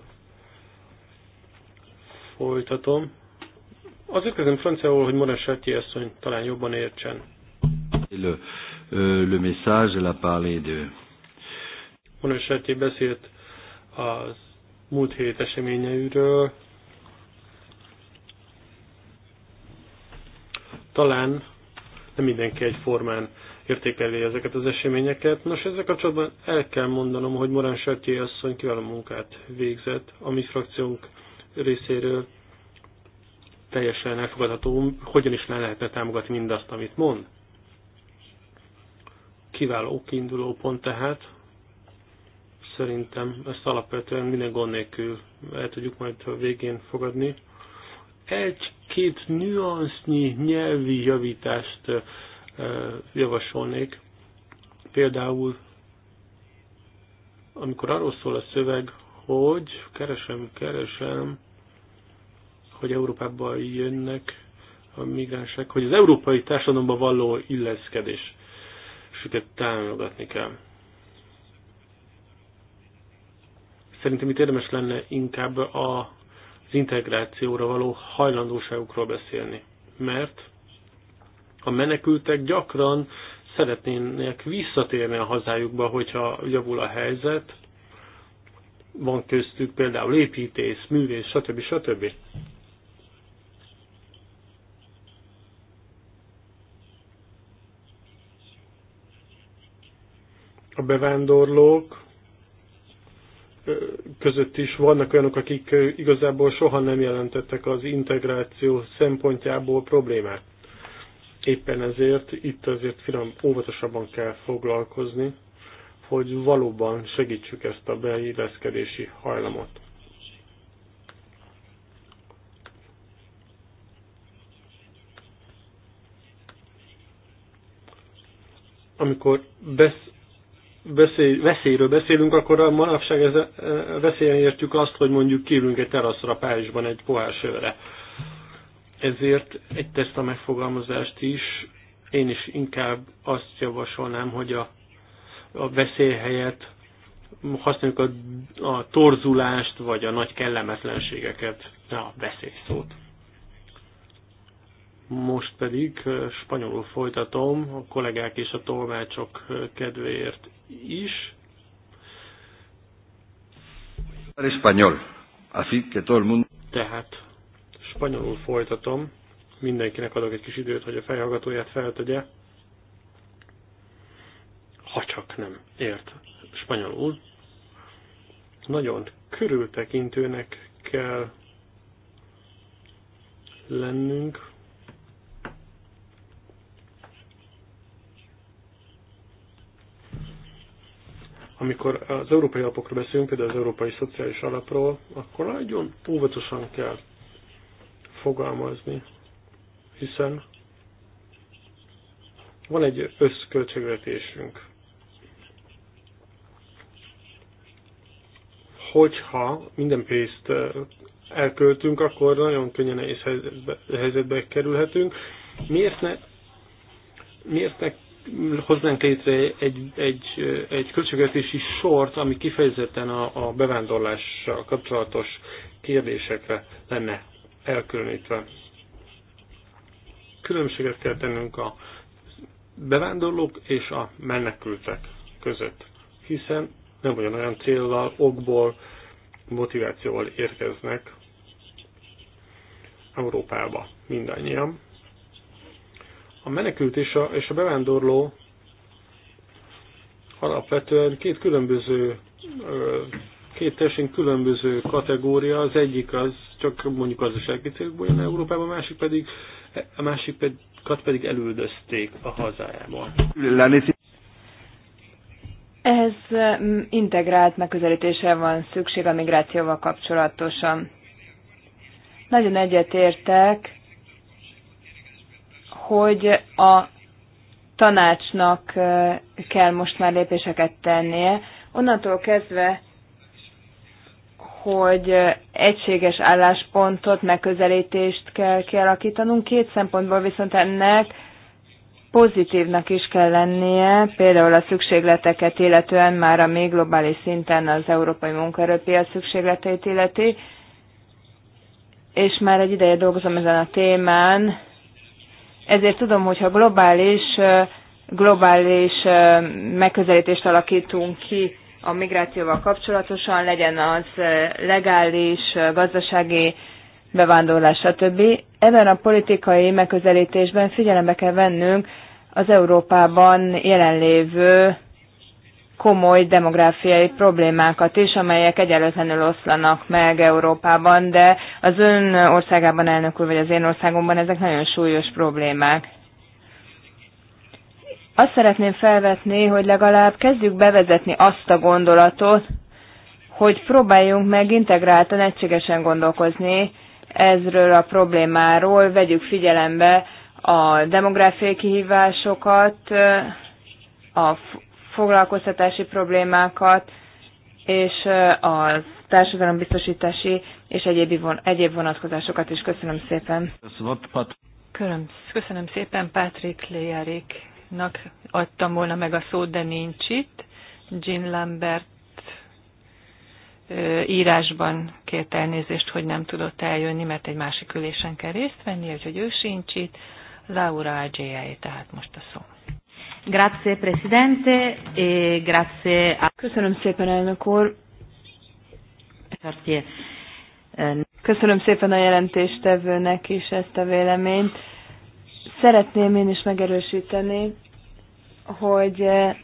folytatom. Azért kezdem franciául, hogy Morán Sertyi asszony talán jobban értsen. Le, euh, le message, la parlé de... Morán Sertyi beszélt az múlt hét eseményeiről. Talán nem mindenki egyformán értékeli ezeket az eseményeket. Nos, ezzel kapcsolatban el kell mondanom, hogy Morán Sertjé asszony kiváló munkát végzett. A mi frakciónk részéről teljesen elfogadható, hogyan is le lehetne támogatni mindazt, amit mond. Kiváló kiinduló pont tehát. Szerintem ezt alapvetően minden gond nélkül el tudjuk majd a végén fogadni. Egy-két nüansznyi nyelvi javítást javasolnék. Például, amikor arról szól a szöveg, hogy keresem, keresem, hogy Európában jönnek a migránsek, hogy az európai társadalomban való illeszkedés őket támogatni kell. Szerintem itt érdemes lenne inkább a, az integrációra való hajlandóságukról beszélni, mert a menekültek gyakran szeretnének visszatérni a hazájukba, hogyha javul a helyzet, van köztük például építész, művész, stb. stb. A bevándorlók között is vannak olyanok, akik igazából soha nem jelentettek az integráció szempontjából problémát. Éppen ezért itt azért finom, óvatosabban kell foglalkozni hogy valóban segítsük ezt a beilleszkedési hajlamot. Amikor beszél, veszélyről beszélünk, akkor a manapság ez, e, veszélyen értjük azt, hogy mondjuk kívülünk egy teraszra Párizsban egy pohár őre. Ezért egy teszt a megfogalmazást is, én is inkább azt javasolnám, hogy a a veszély helyett használjuk a, a torzulást, vagy a nagy kellemetlenségeket, a veszély szót. Most pedig spanyolul folytatom, a kollégák és a tolmácsok kedvéért is. Spanyol. Así que todo el mundo... Tehát spanyolul folytatom. Mindenkinek adok egy kis időt, hogy a fejhallgatóját feltegye ha csak nem ért spanyolul. Nagyon körültekintőnek kell lennünk. Amikor az európai alapokról beszélünk, például az európai szociális alapról, akkor nagyon óvatosan kell fogalmazni, hiszen van egy összköltségvetésünk. hogyha minden pénzt elköltünk, akkor nagyon könnyen nehéz helyzetbe, helyzetbe kerülhetünk. Miért ne, miért ne hoznánk létre egy, egy, egy költségvetési sort, ami kifejezetten a, a bevándorlással kapcsolatos kérdésekre lenne elkülönítve. Különbséget kell tennünk a bevándorlók és a menekültek között, hiszen nem olyan célval, okból, motivációval érkeznek Európába mindannyian. A menekült és a, és a bevándorló alapvetően két különböző, két teljesen különböző kategória, az egyik az csak mondjuk az is célból jön Európába, a másik pedig, a másik pedig, pedig elüldözték a hazájából. Ez mm, integrált megközelítésre van szükség a migrációval kapcsolatosan. Nagyon egyetértek, hogy a tanácsnak kell most már lépéseket tennie. Onnantól kezdve, hogy egységes álláspontot, megközelítést kell kialakítanunk. Két szempontból viszont ennek pozitívnak is kell lennie, például a szükségleteket illetően már a még globális szinten az európai munkaerőpiac szükségleteit illeti, és már egy ideje dolgozom ezen a témán, ezért tudom, hogyha globális, globális megközelítést alakítunk ki a migrációval kapcsolatosan, legyen az legális, gazdasági bevándorlás, stb. Ebben a politikai megközelítésben figyelembe kell vennünk az Európában jelenlévő komoly demográfiai problémákat is, amelyek egyenlőtlenül oszlanak meg Európában, de az ön országában, elnök úr, vagy az én országomban ezek nagyon súlyos problémák. Azt szeretném felvetni, hogy legalább kezdjük bevezetni azt a gondolatot, hogy próbáljunk meg integráltan, egységesen gondolkozni ezről a problémáról, vegyük figyelembe a demográfiai kihívásokat, a foglalkoztatási problémákat, és a társadalombiztosítási és egyéb, vonatkozásokat is. Köszönöm szépen. Köszönöm, köszönöm szépen Patrick Lejáréknak. adtam volna meg a szót, de nincs itt. Jean Lambert írásban kért elnézést, hogy nem tudott eljönni, mert egy másik ülésen kell részt venni, úgyhogy ő sincs itt. Laura Agéjáé, tehát most a szó. Grazie Presidente, e grazie a... Köszönöm szépen, elnök úr. E- Köszönöm szépen a jelentéstevőnek is ezt a véleményt. Szeretném én is megerősíteni, hogy e,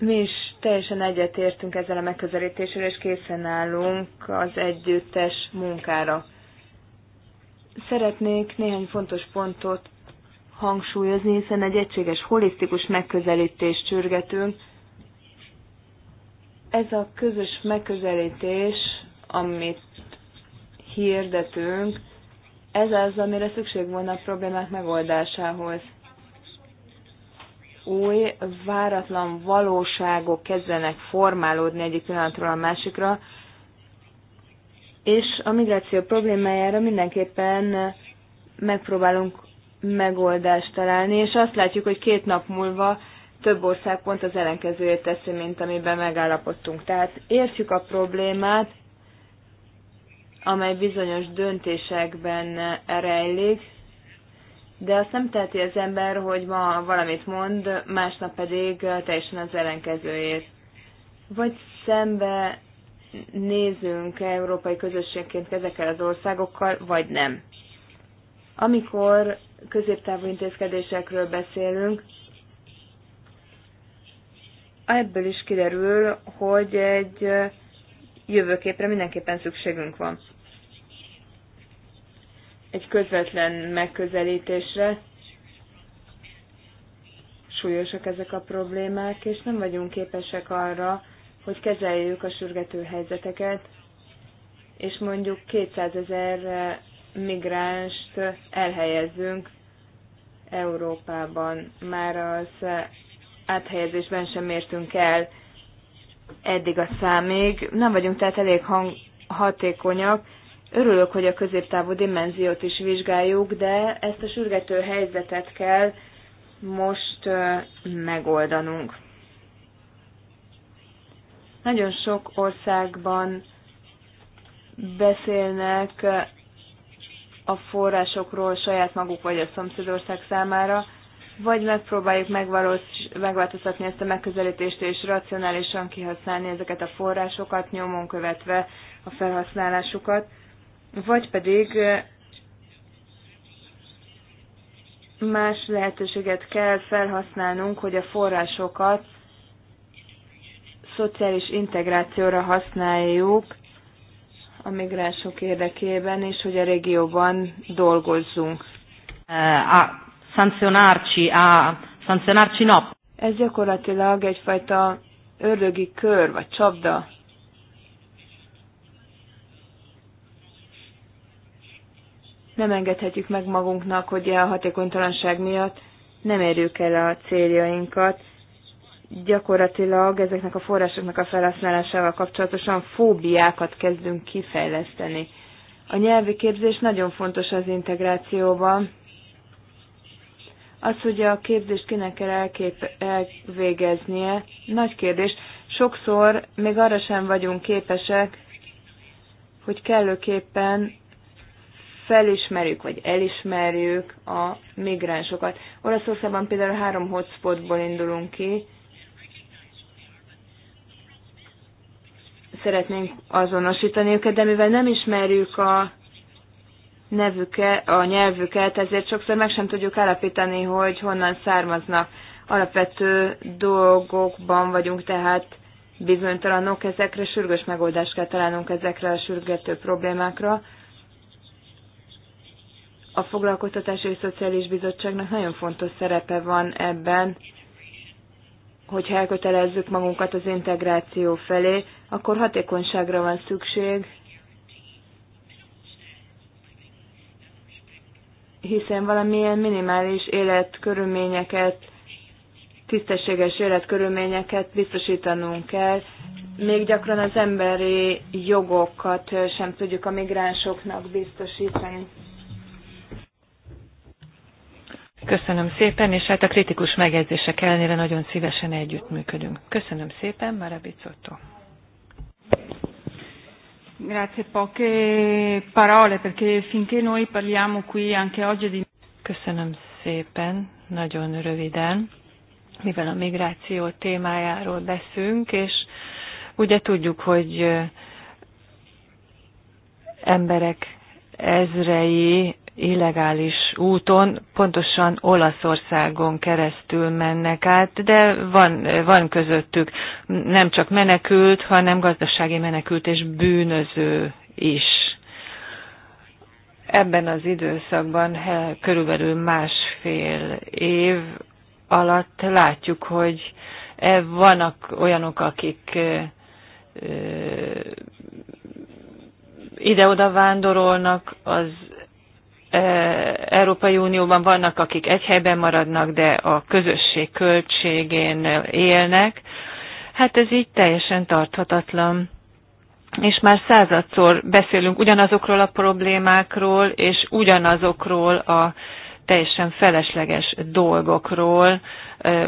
mi is teljesen egyetértünk ezzel a megközelítéssel, és készen állunk az együttes munkára. Szeretnék néhány fontos pontot hangsúlyozni, hiszen egy egységes, holisztikus megközelítést sürgetünk. Ez a közös megközelítés, amit hirdetünk, ez az, amire szükség van a problémák megoldásához. Új, váratlan valóságok kezdenek formálódni egyik pillanatról a másikra, és a migráció problémájára mindenképpen megpróbálunk megoldást találni, és azt látjuk, hogy két nap múlva több ország pont az ellenkezőjét teszi, mint amiben megállapodtunk. Tehát értjük a problémát, amely bizonyos döntésekben rejlik, de azt nem teheti az ember, hogy ma valamit mond, másnap pedig teljesen az ellenkezőjét. Vagy szembe nézünk -e európai közösségként ezekkel az országokkal, vagy nem. Amikor középtávú intézkedésekről beszélünk, ebből is kiderül, hogy egy jövőképre mindenképpen szükségünk van. Egy közvetlen megközelítésre. Súlyosak ezek a problémák, és nem vagyunk képesek arra, hogy kezeljük a sürgető helyzeteket, és mondjuk 200 ezer migránst elhelyezzünk Európában. Már az áthelyezésben sem értünk el eddig a számig. Nem vagyunk tehát elég hang, hatékonyak. Örülök, hogy a középtávú dimenziót is vizsgáljuk, de ezt a sürgető helyzetet kell most megoldanunk. Nagyon sok országban beszélnek a forrásokról saját maguk vagy a szomszédország számára, vagy megpróbáljuk megváltoztatni ezt a megközelítést és racionálisan kihasználni ezeket a forrásokat, nyomon követve a felhasználásukat, vagy pedig más lehetőséget kell felhasználnunk, hogy a forrásokat szociális integrációra használjuk, a migránsok érdekében, és hogy a régióban dolgozzunk. Eh, a szankcionárci, a szankcionárci nap. Ez gyakorlatilag egyfajta ördögi kör, vagy csapda. Nem engedhetjük meg magunknak, hogy a hatékonytalanság miatt nem érjük el a céljainkat, gyakorlatilag ezeknek a forrásoknak a felhasználásával kapcsolatosan fóbiákat kezdünk kifejleszteni. A nyelvi képzés nagyon fontos az integrációban. Az, hogy a képzést kinek kell elkép- elvégeznie, nagy kérdés. Sokszor még arra sem vagyunk képesek, hogy kellőképpen felismerjük, vagy elismerjük a migránsokat. Olaszországban például három hotspotból indulunk ki, szeretnénk azonosítani őket, de mivel nem ismerjük a nevüket, a nyelvüket, ezért sokszor meg sem tudjuk állapítani, hogy honnan származnak. Alapvető dolgokban vagyunk tehát bizonytalanok, ezekre sürgős megoldást kell találnunk ezekre a sürgető problémákra. A Foglalkoztatási és Szociális Bizottságnak nagyon fontos szerepe van ebben, hogyha elkötelezzük magunkat az integráció felé, akkor hatékonyságra van szükség, hiszen valamilyen minimális életkörülményeket, tisztességes életkörülményeket biztosítanunk kell. Még gyakran az emberi jogokat sem tudjuk a migránsoknak biztosítani. Köszönöm szépen, és hát a kritikus megjegyzések ellenére nagyon szívesen együttműködünk. Köszönöm szépen, Mara Bicotto. Grazie, poche parole, perché finché noi parliamo qui anche oggi di... Köszönöm szépen, nagyon röviden, mivel a migráció témájáról beszünk, és ugye tudjuk, hogy emberek ezrei illegális úton, pontosan Olaszországon keresztül mennek át, de van, van közöttük nem csak menekült, hanem gazdasági menekült és bűnöző is. Ebben az időszakban körülbelül másfél év alatt látjuk, hogy e, vannak olyanok, akik e, e, ide-oda vándorolnak az Európai Unióban vannak, akik egy helyben maradnak, de a közösség költségén élnek. Hát ez így teljesen tarthatatlan. És már századszor beszélünk ugyanazokról a problémákról, és ugyanazokról a teljesen felesleges dolgokról,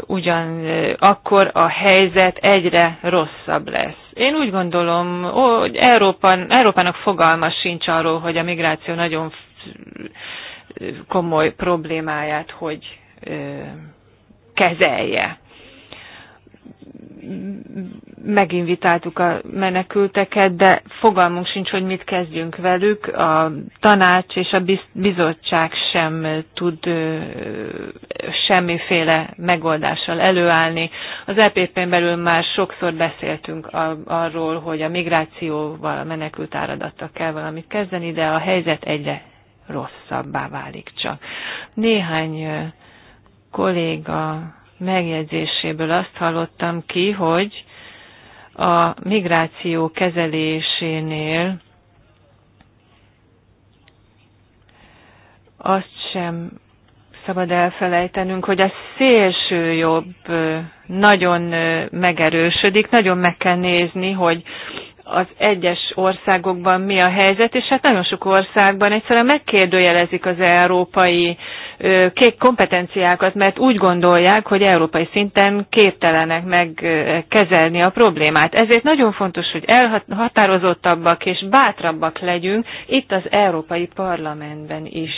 ugyan akkor a helyzet egyre rosszabb lesz. Én úgy gondolom, hogy Európa, Európának fogalma sincs arról, hogy a migráció nagyon komoly problémáját hogy kezelje. Meginvitáltuk a menekülteket, de fogalmunk sincs, hogy mit kezdjünk velük. A tanács és a bizottság sem tud semmiféle megoldással előállni. Az EPP-n belül már sokszor beszéltünk arról, hogy a migrációval, a menekült áradattal kell valamit kezdeni, de a helyzet egyre rosszabbá válik csak. Néhány kolléga megjegyzéséből azt hallottam ki, hogy a migráció kezelésénél azt sem szabad elfelejtenünk, hogy a szélső jobb nagyon megerősödik, nagyon meg kell nézni, hogy az egyes országokban mi a helyzet, és hát nagyon sok országban egyszerűen megkérdőjelezik az európai kék kompetenciákat, mert úgy gondolják, hogy európai szinten képtelenek megkezelni a problémát. Ezért nagyon fontos, hogy elhatározottabbak és bátrabbak legyünk itt az Európai Parlamentben is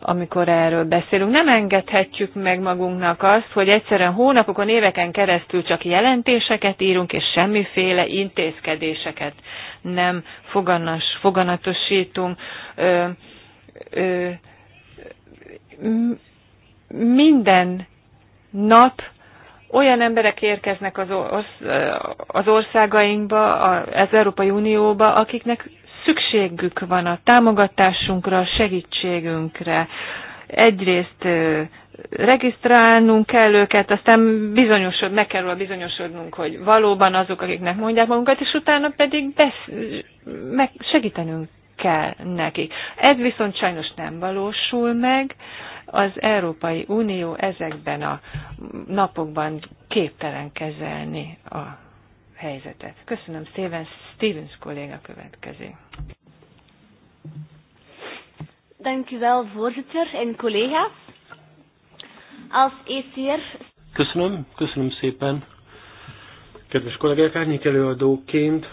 amikor erről beszélünk. Nem engedhetjük meg magunknak azt, hogy egyszerűen hónapokon, éveken keresztül csak jelentéseket írunk, és semmiféle intézkedéseket nem foganas, foganatosítunk. Ö, ö, minden nap olyan emberek érkeznek az, orsz, az országainkba, az Európai Unióba, akiknek szükségük van a támogatásunkra, a segítségünkre. Egyrészt regisztrálnunk kell őket, aztán bizonyosod, meg kell róla bizonyosodnunk, hogy valóban azok, akiknek mondják magunkat, és utána pedig besz, meg segítenünk kell nekik. Ez viszont sajnos nem valósul meg, az Európai Unió ezekben a napokban képtelen kezelni a helyzetet. Köszönöm szépen, Stevens kolléga következő. voorzitter en collega's. Als ECR... Köszönöm, köszönöm szépen. Kedves kollégák, árnyék előadóként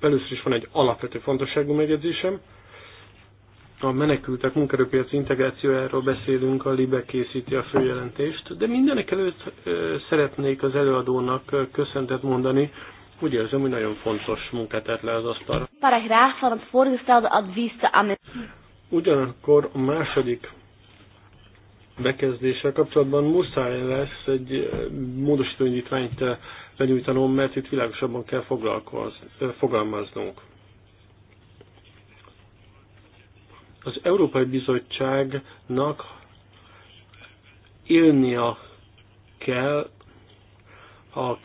először is van egy alapvető fontosságú megjegyzésem a menekültek munkerőpiaci integrációjáról beszélünk, a LIBE készíti a főjelentést, de mindenek előtt szeretnék az előadónak köszöntet mondani, úgy érzem, hogy nagyon fontos munkát tett le az asztalra. Ugyanakkor a második bekezdéssel kapcsolatban muszáj lesz egy módosító indítványt benyújtanom, mert itt világosabban kell fogalmaznunk. Az Európai Bizottságnak élnia kell a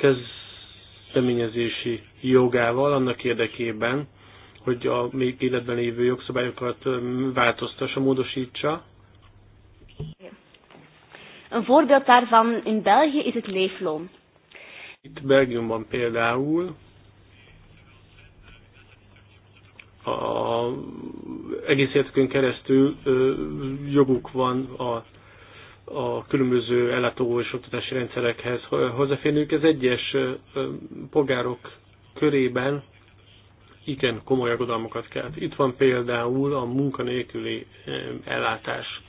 kezdeményezési jogával annak érdekében, hogy a még életben lévő jogszabályokat változtassa, módosítsa. Een voorbeeld daarvan in België is het leefloon. Itt Belgiumban például a egész életükön keresztül joguk van a, a különböző ellátó és oktatási rendszerekhez hozzáférniük. Ez egyes polgárok körében igen komoly aggodalmakat kelt. Itt van például a munkanélküli ellátás.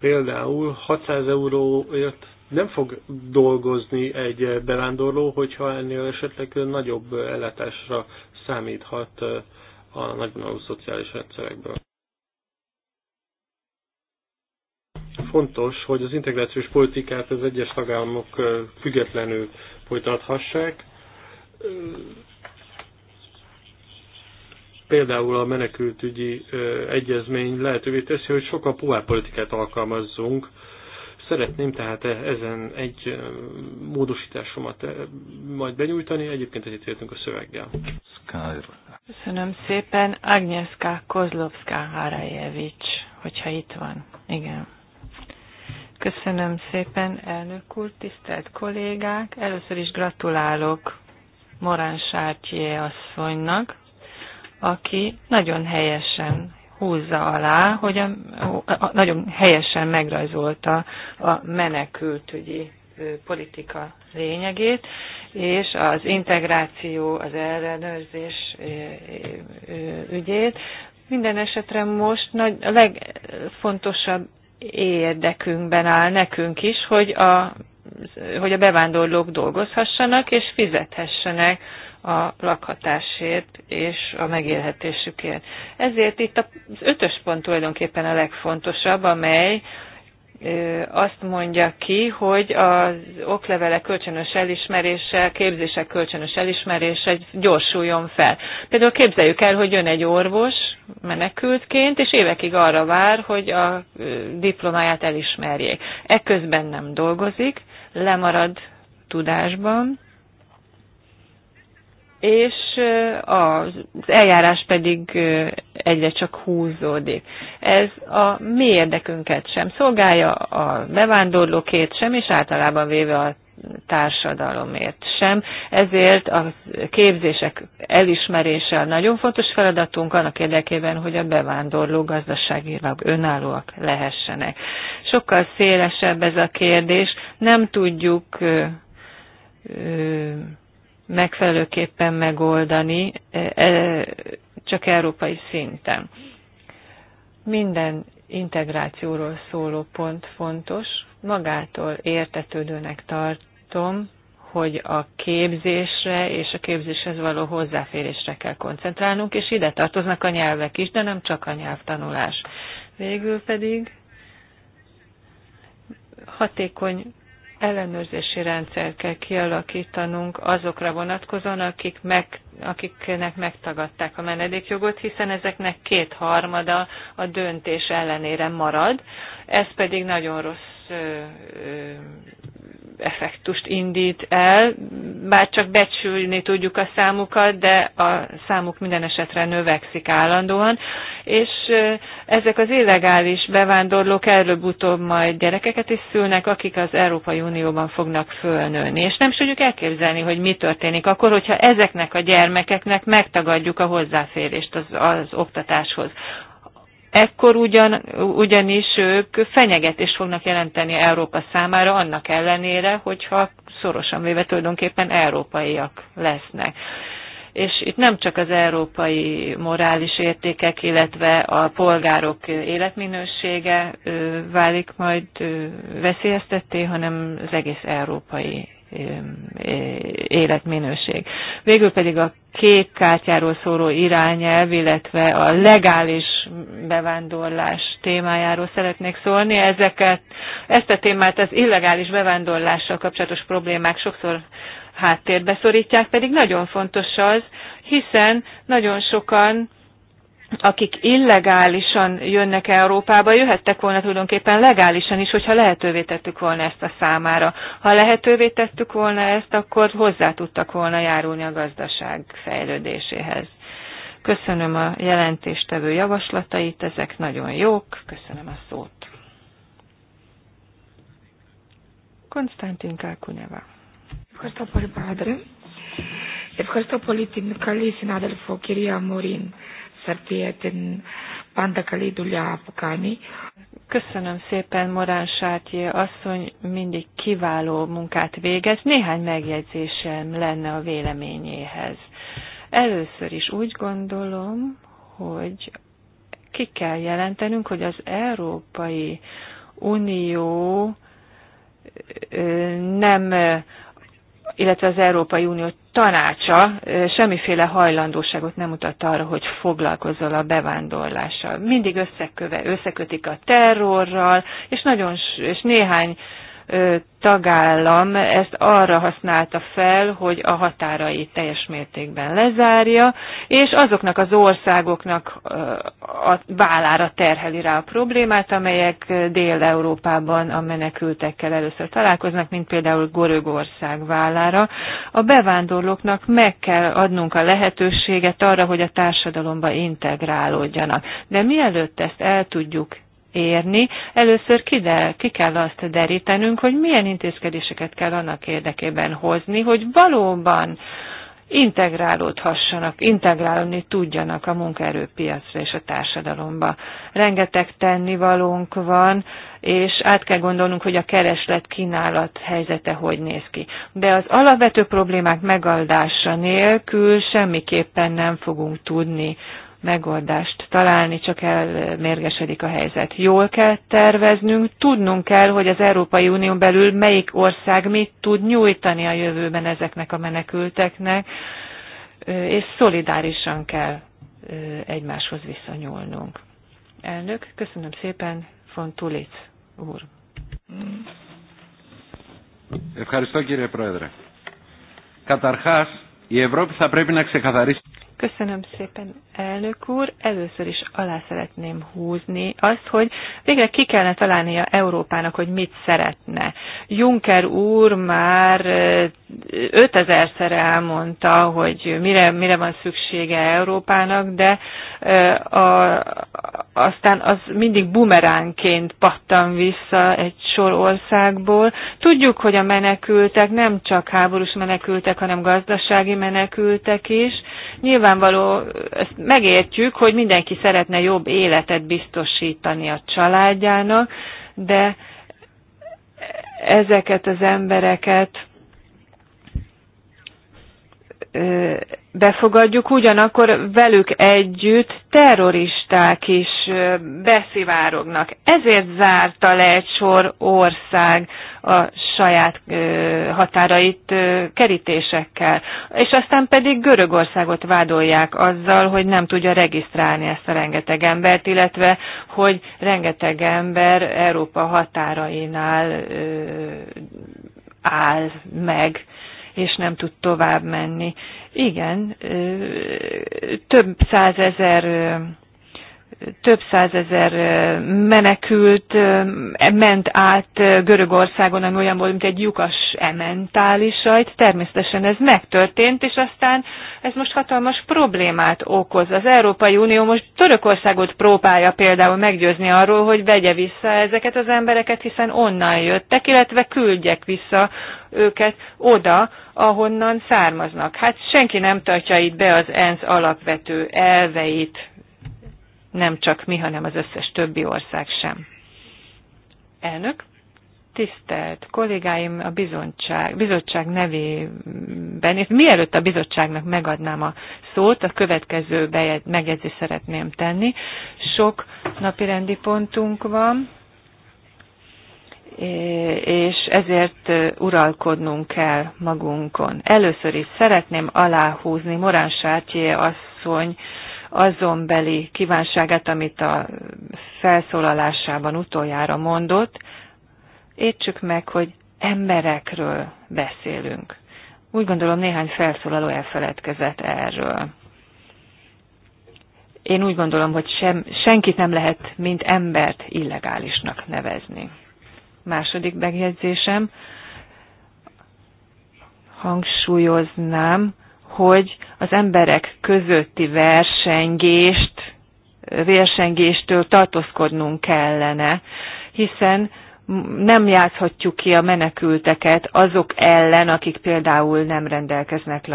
Például 600 euróért nem fog dolgozni egy bevándorló, hogyha ennél esetleg nagyobb ellátásra számíthat a nagyvonalú szociális rendszerekből. Fontos, hogy az integrációs politikát az egyes tagállamok függetlenül folytathassák. Például a menekültügyi egyezmény lehetővé teszi, hogy sokkal puhább politikát alkalmazzunk, Szeretném tehát ezen egy módosításomat majd benyújtani, egyébként ezért értünk a szöveggel. Köszönöm szépen. Agnieszka Kozlovská Harajevics, hogyha itt van. Igen. Köszönöm szépen, elnök úr, tisztelt kollégák. Először is gratulálok Morán Sártyé asszonynak, aki nagyon helyesen húzza alá, hogy a, a, nagyon helyesen megrajzolta a menekültügyi politika lényegét, és az integráció, az ellenőrzés ügyét. Minden esetre most nagy, a legfontosabb érdekünkben áll nekünk is, hogy a, hogy a bevándorlók dolgozhassanak és fizethessenek a lakhatásért és a megélhetésükért. Ezért itt az ötös pont tulajdonképpen a legfontosabb, amely azt mondja ki, hogy az oklevelek kölcsönös elismerése, képzések kölcsönös elismerése gyorsuljon fel. Például képzeljük el, hogy jön egy orvos menekültként, és évekig arra vár, hogy a diplomáját elismerjék. Ekközben nem dolgozik, lemarad tudásban, és az eljárás pedig egyre csak húzódik. Ez a mi érdekünket sem szolgálja, a bevándorlókét sem, és általában véve a társadalomért sem. Ezért a képzések elismerése nagyon fontos feladatunk annak érdekében, hogy a bevándorló gazdaságilag önállóak lehessenek. Sokkal szélesebb ez a kérdés, nem tudjuk megfelelőképpen megoldani, e, e, csak európai szinten. Minden integrációról szóló pont fontos, magától értetődőnek tartom, hogy a képzésre és a képzéshez való hozzáférésre kell koncentrálnunk, és ide tartoznak a nyelvek is, de nem csak a nyelvtanulás. Végül pedig hatékony ellenőrzési rendszer kell kialakítanunk azokra vonatkozóan, akik meg, akiknek megtagadták a menedékjogot, hiszen ezeknek kétharmada a döntés ellenére marad. Ez pedig nagyon rossz ö, ö, effektust indít el, bár csak becsülni tudjuk a számukat, de a számuk minden esetre növekszik állandóan és ezek az illegális bevándorlók előbb-utóbb majd gyerekeket is szülnek, akik az Európai Unióban fognak fölnőni. És nem is tudjuk elképzelni, hogy mi történik akkor, hogyha ezeknek a gyermekeknek megtagadjuk a hozzáférést az, az oktatáshoz ekkor ugyan, ugyanis ők fenyegetést fognak jelenteni Európa számára, annak ellenére, hogyha szorosan véve tulajdonképpen európaiak lesznek és itt nem csak az európai morális értékek, illetve a polgárok életminősége válik majd veszélyeztetté, hanem az egész európai életminőség. Végül pedig a kék kártyáról szóló irányelv, illetve a legális bevándorlás témájáról szeretnék szólni. Ezeket, ezt a témát az illegális bevándorlással kapcsolatos problémák sokszor háttérbe szorítják, pedig nagyon fontos az, hiszen nagyon sokan akik illegálisan jönnek Európába, jöhettek volna tulajdonképpen legálisan is, hogyha lehetővé tettük volna ezt a számára. Ha lehetővé tettük volna ezt, akkor hozzá tudtak volna járulni a gazdaság fejlődéséhez. Köszönöm a jelentéstevő javaslatait, ezek nagyon jók, köszönöm a szót. Konstantin Kalkuneva. Ευχαριστώ πολύ, Πρόεδρε. Ευχαριστώ πολύ την καλή συνάδελφο κυρία Μωρίν Σαρτία την πάντα καλή δουλειά που κάνει. Köszönöm szépen, Morán Sátyi asszony mindig kiváló munkát végez. Néhány megjegyzésem lenne a véleményéhez. Először is úgy gondolom, hogy ki kell jelentenünk, hogy az Európai Unió nem illetve az Európai Unió tanácsa semmiféle hajlandóságot nem mutat arra, hogy foglalkozol a bevándorlással. Mindig összeköve, összekötik a terrorral, és nagyon és néhány tagállam ezt arra használta fel, hogy a határait teljes mértékben lezárja, és azoknak az országoknak a vállára terheli rá a problémát, amelyek Dél-Európában a menekültekkel először találkoznak, mint például Görögország vállára. A bevándorlóknak meg kell adnunk a lehetőséget arra, hogy a társadalomba integrálódjanak. De mielőtt ezt el tudjuk érni, először ki, de, ki kell azt derítenünk, hogy milyen intézkedéseket kell annak érdekében hozni, hogy valóban integrálódhassanak, integrálni tudjanak a munkaerőpiacra és a társadalomba. Rengeteg tennivalónk van, és át kell gondolnunk, hogy a kereslet-kínálat helyzete hogy néz ki. De az alapvető problémák megoldása nélkül semmiképpen nem fogunk tudni megoldást találni, csak elmérgesedik a helyzet. Jól kell terveznünk, tudnunk kell, hogy az Európai Unión belül melyik ország mit tud nyújtani a jövőben ezeknek a menekülteknek, és szolidárisan kell egymáshoz visszanyúlnunk. Elnök, köszönöm szépen, von Tulic úr. Köszönöm, κύριε Πρόεδρε. Καταρχάς, η Ευρώπη θα πρέπει να ξεκαθαρίσει Köszönöm szépen, elnök úr. Először is alá szeretném húzni azt, hogy végre ki kellene találnia Európának, hogy mit szeretne. Juncker úr már 5000-szer elmondta, hogy mire, mire van szüksége Európának, de a, aztán az mindig bumeránként pattan vissza egy sor országból. Tudjuk, hogy a menekültek nem csak háborús menekültek, hanem gazdasági menekültek is. Nyilvánvaló, ezt megértjük, hogy mindenki szeretne jobb életet biztosítani a családjának, de ezeket az embereket befogadjuk, ugyanakkor velük együtt terroristák is beszivárognak. Ezért zárta le egy sor ország a saját határait kerítésekkel. És aztán pedig Görögországot vádolják azzal, hogy nem tudja regisztrálni ezt a rengeteg embert, illetve hogy rengeteg ember Európa határainál áll meg és nem tud tovább menni. Igen, több százezer több százezer menekült ment át Görögországon, ami olyan volt, mint egy lyukas ementálisajt. Természetesen ez megtörtént, és aztán ez most hatalmas problémát okoz. Az Európai Unió most Törökországot próbálja például meggyőzni arról, hogy vegye vissza ezeket az embereket, hiszen onnan jöttek, illetve küldjek vissza őket oda, ahonnan származnak. Hát senki nem tartja itt be az ENSZ alapvető elveit, nem csak mi, hanem az összes többi ország sem. Elnök, tisztelt kollégáim a bizottság, bizottság nevében, és mielőtt a bizottságnak megadnám a szót, a következő megjegyzést szeretném tenni. Sok napirendi pontunk van, és ezért uralkodnunk kell magunkon. Először is szeretném aláhúzni Morán Sártyé asszony azonbeli kívánságát, amit a felszólalásában utoljára mondott. Értsük meg, hogy emberekről beszélünk. Úgy gondolom néhány felszólaló elfeledkezett erről. Én úgy gondolom, hogy sem, senkit nem lehet, mint embert illegálisnak nevezni. Második megjegyzésem, hangsúlyoznám, hogy az emberek közötti versengést, versengéstől tartózkodnunk kellene, hiszen nem játszhatjuk ki a menekülteket azok ellen, akik például nem rendelkeznek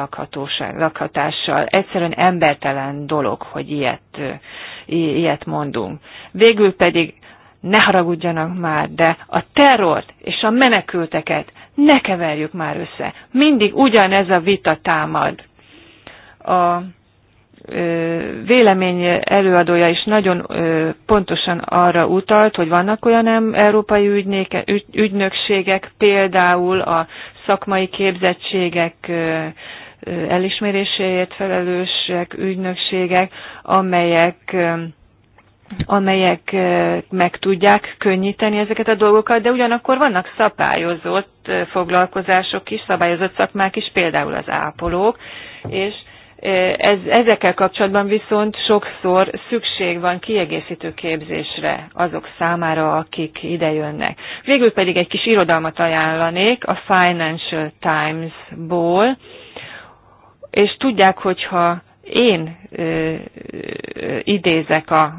lakhatással. Egyszerűen embertelen dolog, hogy ilyet, ilyet mondunk. Végül pedig ne haragudjanak már, de a terrort és a menekülteket ne keverjük már össze. Mindig ugyanez a vita támad. A vélemény előadója is nagyon pontosan arra utalt, hogy vannak olyan európai ügynéke, ügy, ügynökségek, például a szakmai képzettségek elismeréséért felelősek, ügynökségek, amelyek amelyek meg tudják könnyíteni ezeket a dolgokat, de ugyanakkor vannak szabályozott foglalkozások is, szabályozott szakmák is, például az ápolók, és ez, ezekkel kapcsolatban viszont sokszor szükség van kiegészítő képzésre azok számára, akik idejönnek. Végül pedig egy kis irodalmat ajánlanék a Financial Times-ból, és tudják, hogyha én ö, ö, idézek a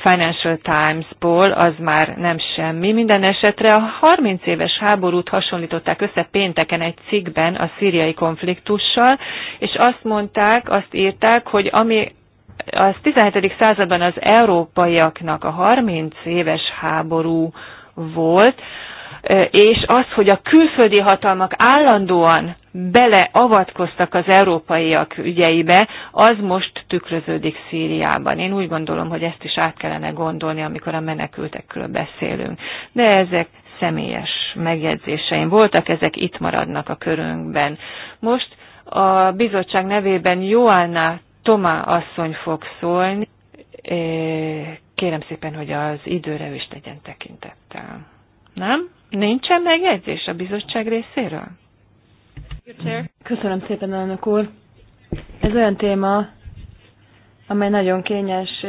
Financial Times-ból, az már nem semmi. Minden esetre a 30 éves háborút hasonlították össze pénteken egy cikkben a szíriai konfliktussal, és azt mondták, azt írták, hogy ami az 17. században az európaiaknak a 30 éves háború volt, és az, hogy a külföldi hatalmak állandóan beleavatkoztak az európaiak ügyeibe, az most tükröződik Szíriában. Én úgy gondolom, hogy ezt is át kellene gondolni, amikor a menekültekről beszélünk. De ezek személyes megjegyzéseim voltak, ezek itt maradnak a körünkben. Most a bizottság nevében Joanna Tomá asszony fog szólni. Kérem szépen, hogy az időre is tegyen tekintettel. Nem? Nincsen megjegyzés a bizottság részéről? Köszönöm szépen, elnök úr. Ez olyan téma, amely nagyon kényes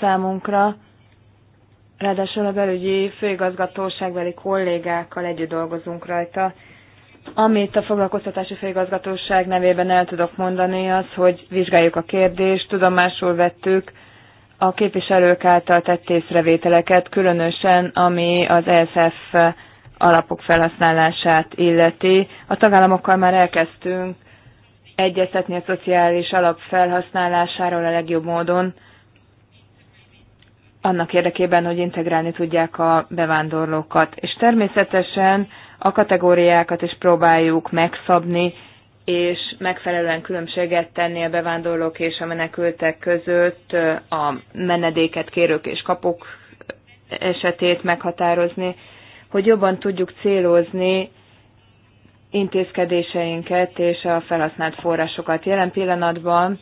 számunkra, ráadásul a belügyi főigazgatóságbeli kollégákkal együtt dolgozunk rajta. Amit a foglalkoztatási főigazgatóság nevében el tudok mondani, az, hogy vizsgáljuk a kérdést, tudomásul vettük, a képviselők által tett észrevételeket, különösen ami az ESF alapok felhasználását illeti. A tagállamokkal már elkezdtünk egyeztetni a szociális alap felhasználásáról a legjobb módon, annak érdekében, hogy integrálni tudják a bevándorlókat. És természetesen a kategóriákat is próbáljuk megszabni, és megfelelően különbséget tenni a bevándorlók és a menekültek között, a menedéket kérők és kapok esetét meghatározni, hogy jobban tudjuk célozni intézkedéseinket és a felhasznált forrásokat. Jelen pillanatban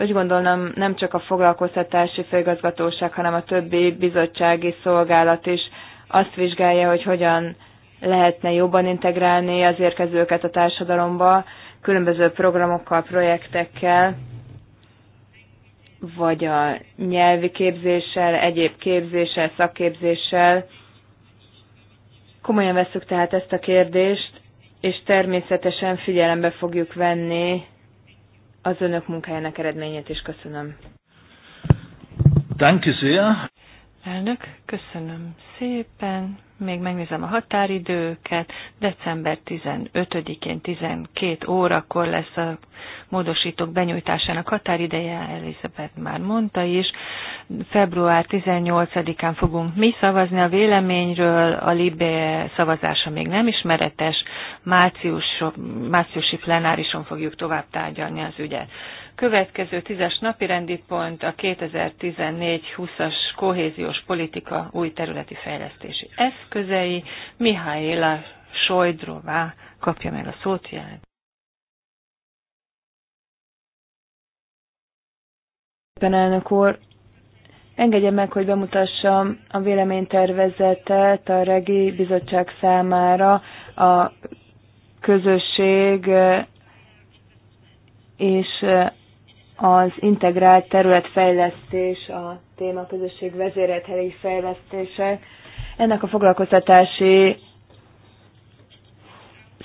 úgy gondolom nem csak a foglalkoztatási főigazgatóság, hanem a többi bizottsági szolgálat is azt vizsgálja, hogy hogyan lehetne jobban integrálni az érkezőket a társadalomba, különböző programokkal, projektekkel, vagy a nyelvi képzéssel, egyéb képzéssel, szakképzéssel. Komolyan veszük tehát ezt a kérdést, és természetesen figyelembe fogjuk venni az önök munkájának eredményét is. Köszönöm. Danke sehr. Elnök, köszönöm szépen még megnézem a határidőket, december 15-én 12 órakor lesz a módosítók benyújtásának határideje, Elizabeth már mondta is. Február 18-án fogunk mi szavazni a véleményről, a Libé szavazása még nem ismeretes, március, márciusi plenárison fogjuk tovább tárgyalni az ügyet. Következő tízes napi rendi pont a 2014-20-as kohéziós politika új területi fejlesztési eszköz eszközei. Mihályéla Sojdrová kapja meg a szót jelent. Szépen, elnök úr! Engedje meg, hogy bemutassam a véleménytervezetet a Regi Bizottság számára a közösség eh, és eh, az integrált területfejlesztés, a téma közösség helyi fejlesztések ennek a foglalkoztatási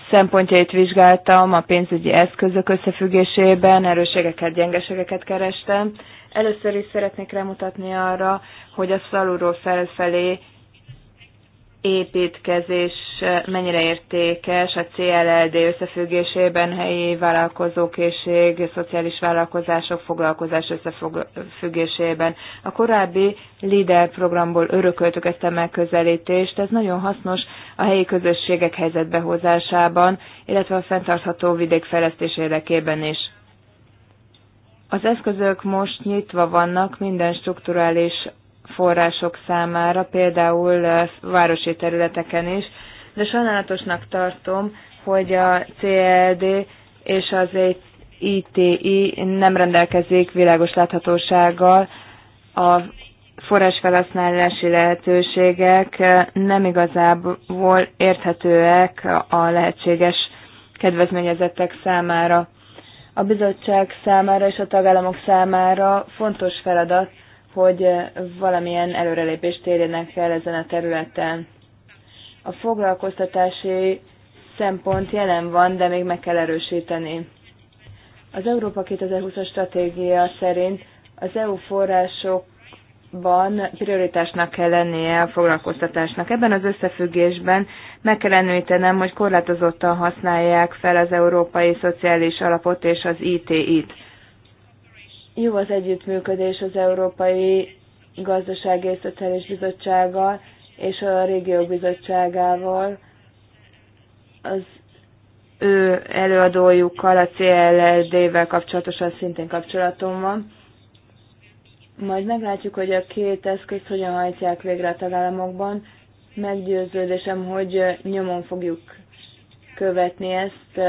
szempontjait vizsgáltam a pénzügyi eszközök összefüggésében, erőségeket, gyengeségeket kerestem. Először is szeretnék rámutatni arra, hogy az alulról felfelé építkezés mennyire értékes a CLLD összefüggésében helyi vállalkozókészség, szociális vállalkozások foglalkozás összefüggésében. A korábbi LIDER programból örököltük ezt a megközelítést, ez nagyon hasznos a helyi közösségek helyzetbehozásában, illetve a fenntartható vidékfejlesztés érdekében is. Az eszközök most nyitva vannak minden strukturális források számára, például eh, városi területeken is, de sajnálatosnak tartom, hogy a CLD e és az ITI nem rendelkezik világos láthatósággal, a forrásfelhasználási lehetőségek eh, nem igazából érthetőek a lehetséges kedvezményezettek számára. A bizottság számára és a tagállamok számára fontos feladat, hogy valamilyen előrelépést érjenek el ezen a területen. A foglalkoztatási szempont jelen van, de még meg kell erősíteni. Az Európa 2020-as stratégia szerint az EU forrásokban prioritásnak kell lennie a foglalkoztatásnak. Ebben az összefüggésben meg kell említenem, hogy korlátozottan használják fel az Európai Szociális Alapot és az ITI-t. Jó az együttműködés az Európai Gazdasági és Szociális Bizottsággal és a régió Bizottságával. Az ő előadójukkal, a clsd vel kapcsolatosan szintén kapcsolatom van. Majd meglátjuk, hogy a két eszközt hogyan hajtják végre a tagállamokban. Meggyőződésem, hogy nyomon fogjuk követni ezt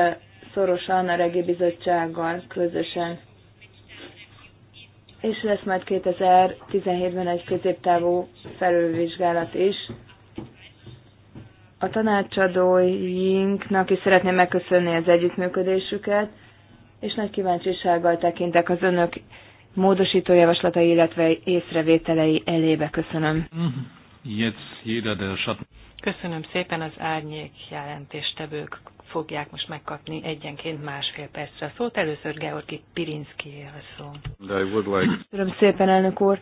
szorosan a regi bizottsággal közösen és lesz majd 2017-ben egy középtávú felülvizsgálat is. A tanácsadóinknak is szeretném megköszönni az együttműködésüket, és nagy kíváncsisággal tekintek az önök módosító javaslatai, illetve észrevételei elébe. Köszönöm. Mm-hmm. Köszönöm szépen az árnyék jelentéstevők fogják most megkapni egyenként másfél percre a szót. Először Georgi Pirinszki a szó. Like... Köszönöm szépen, elnök úr.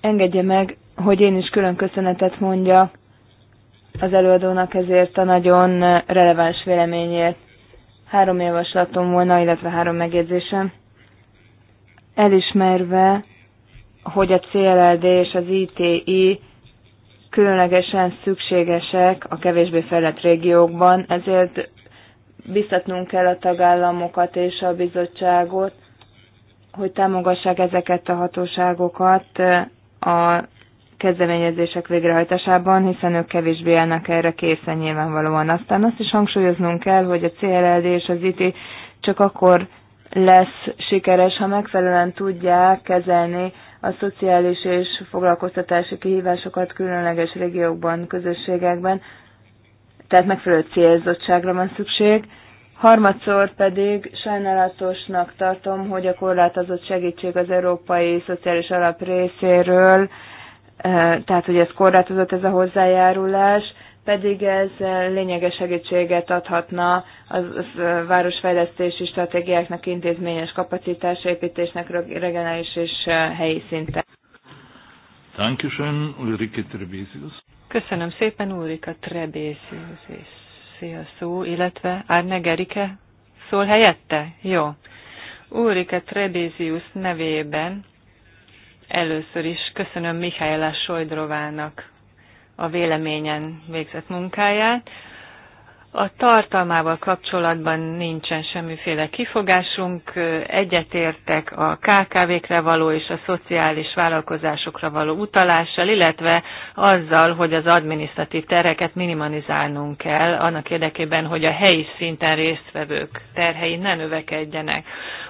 Engedje meg, hogy én is külön köszönetet mondja az előadónak ezért a nagyon releváns véleményért. Három javaslatom volna, illetve három megjegyzésem. Elismerve, hogy a CLLD és az ITI különlegesen szükségesek a kevésbé fejlett régiókban, ezért biztatnunk kell a tagállamokat és a bizottságot, hogy támogassák ezeket a hatóságokat eh, a kezdeményezések végrehajtásában, hiszen ők kevésbé állnak erre készen nyilvánvalóan. Aztán azt is hangsúlyoznunk kell, hogy a CLLD és az IT csak akkor lesz sikeres, ha megfelelően tudják kezelni a szociális és foglalkoztatási kihívásokat különleges régiókban, közösségekben, tehát megfelelő célzottságra van szükség. Harmadszor pedig sajnálatosnak tartom, hogy a korlátozott segítség az Európai Szociális Alap részéről, eh, tehát hogy ez korlátozott ez a hozzájárulás, pedig ez eh, lényeges segítséget adhatna az, az eh, városfejlesztési stratégiáknak, intézményes kapacitásépítésnek, regionális és helyi szinten. Dankeschön, Ulrike Trebesius. Köszönöm szépen Ulrika Trebészi szia szó, illetve Árne Gerike szól helyette? Jó. úrika Trebézius nevében először is köszönöm Mihály Sojdrovának a véleményen végzett munkáját. A tartalmával kapcsolatban nincsen semmiféle kifogásunk, egyetértek a KKV-kre való és a szociális vállalkozásokra való utalással, illetve azzal, hogy az adminisztratív tereket minimalizálnunk kell, annak érdekében, hogy a helyi szinten résztvevők terhei ne növekedjenek.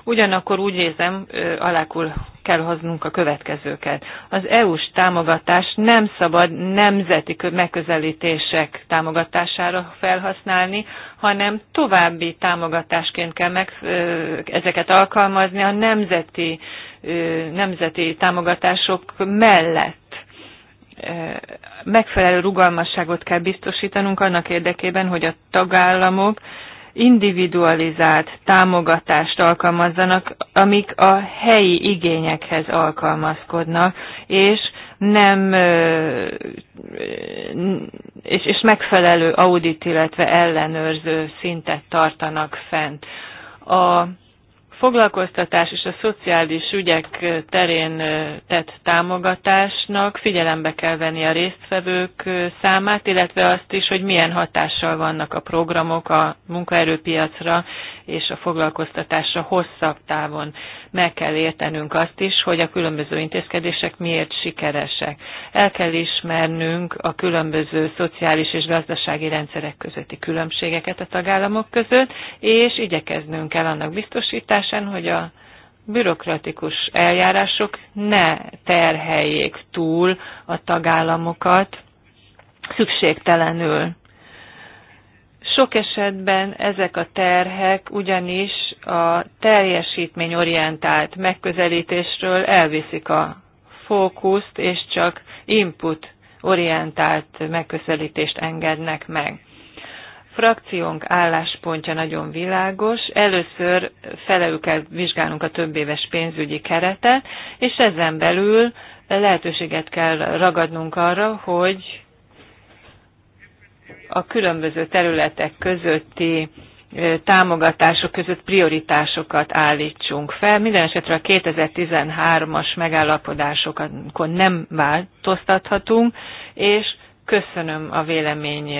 Ugyanakkor úgy érzem, alakul kell hoznunk a következőket. Az EU-s támogatás nem szabad nemzeti megközelítések támogatására felhasználni, hanem további támogatásként kell meg, ezeket alkalmazni a nemzeti, nemzeti támogatások mellett megfelelő rugalmasságot kell biztosítanunk annak érdekében, hogy a tagállamok individualizált támogatást alkalmazzanak, amik a helyi igényekhez alkalmazkodnak, és nem és, és megfelelő audit, illetve ellenőrző szintet tartanak fent. A foglalkoztatás és a szociális ügyek terén tett támogatásnak figyelembe kell venni a résztvevők számát, illetve azt is, hogy milyen hatással vannak a programok a munkaerőpiacra és a foglalkoztatásra hosszabb távon meg kell értenünk azt is, hogy a különböző intézkedések miért sikeresek. El kell ismernünk a különböző szociális és gazdasági rendszerek közötti különbségeket a tagállamok között, és igyekeznünk kell annak biztosításán, hogy a bürokratikus eljárások ne terheljék túl a tagállamokat szükségtelenül. Sok esetben ezek a terhek ugyanis a teljesítményorientált megközelítésről elviszik a fókuszt, és csak input orientált megközelítést engednek meg. Frakciónk álláspontja nagyon világos. Először felelő kell vizsgálnunk a több éves pénzügyi keretet, és ezen belül lehetőséget kell ragadnunk arra, hogy a különböző területek közötti támogatások között prioritásokat állítsunk fel. Minden esetre a 2013-as megállapodásokon nem változtathatunk, és köszönöm a vélemény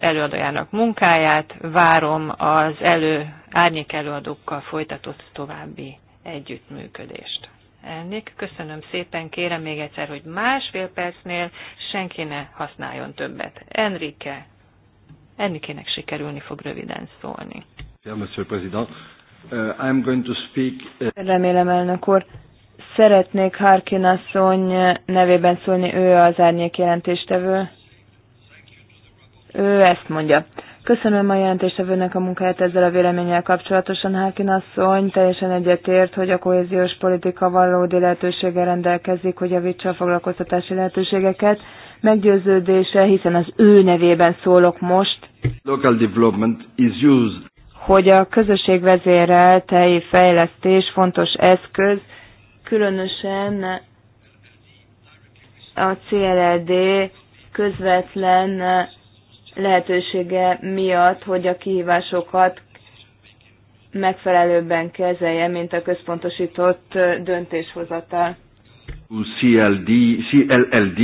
előadójának munkáját, várom az elő, árnyék előadókkal folytatott további együttműködést. Elnék, köszönöm szépen, kérem még egyszer, hogy másfél percnél senki ne használjon többet. Enrique, Enrique-nek sikerülni fog röviden szólni. Uh, uh, Remélem, elnök úr. Szeretnék Harkin asszony nevében szólni, ő az árnyék jelentéstevő. Ő ezt mondja. Köszönöm a jelentéstevőnek a munkáját ezzel a véleménnyel kapcsolatosan. Hákin asszony teljesen egyetért, hogy a kohéziós politika valódi lehetősége rendelkezik, hogy javítsa a foglalkoztatási lehetőségeket. Meggyőződése, hiszen az ő nevében szólok most, Local development is used. hogy a közösségvezérelt helyi fejlesztés fontos eszköz, különösen a CLD közvetlen lehetősége miatt, hogy a kihívásokat megfelelőbben kezelje, mint a központosított döntéshozatal. CLD, CLLD.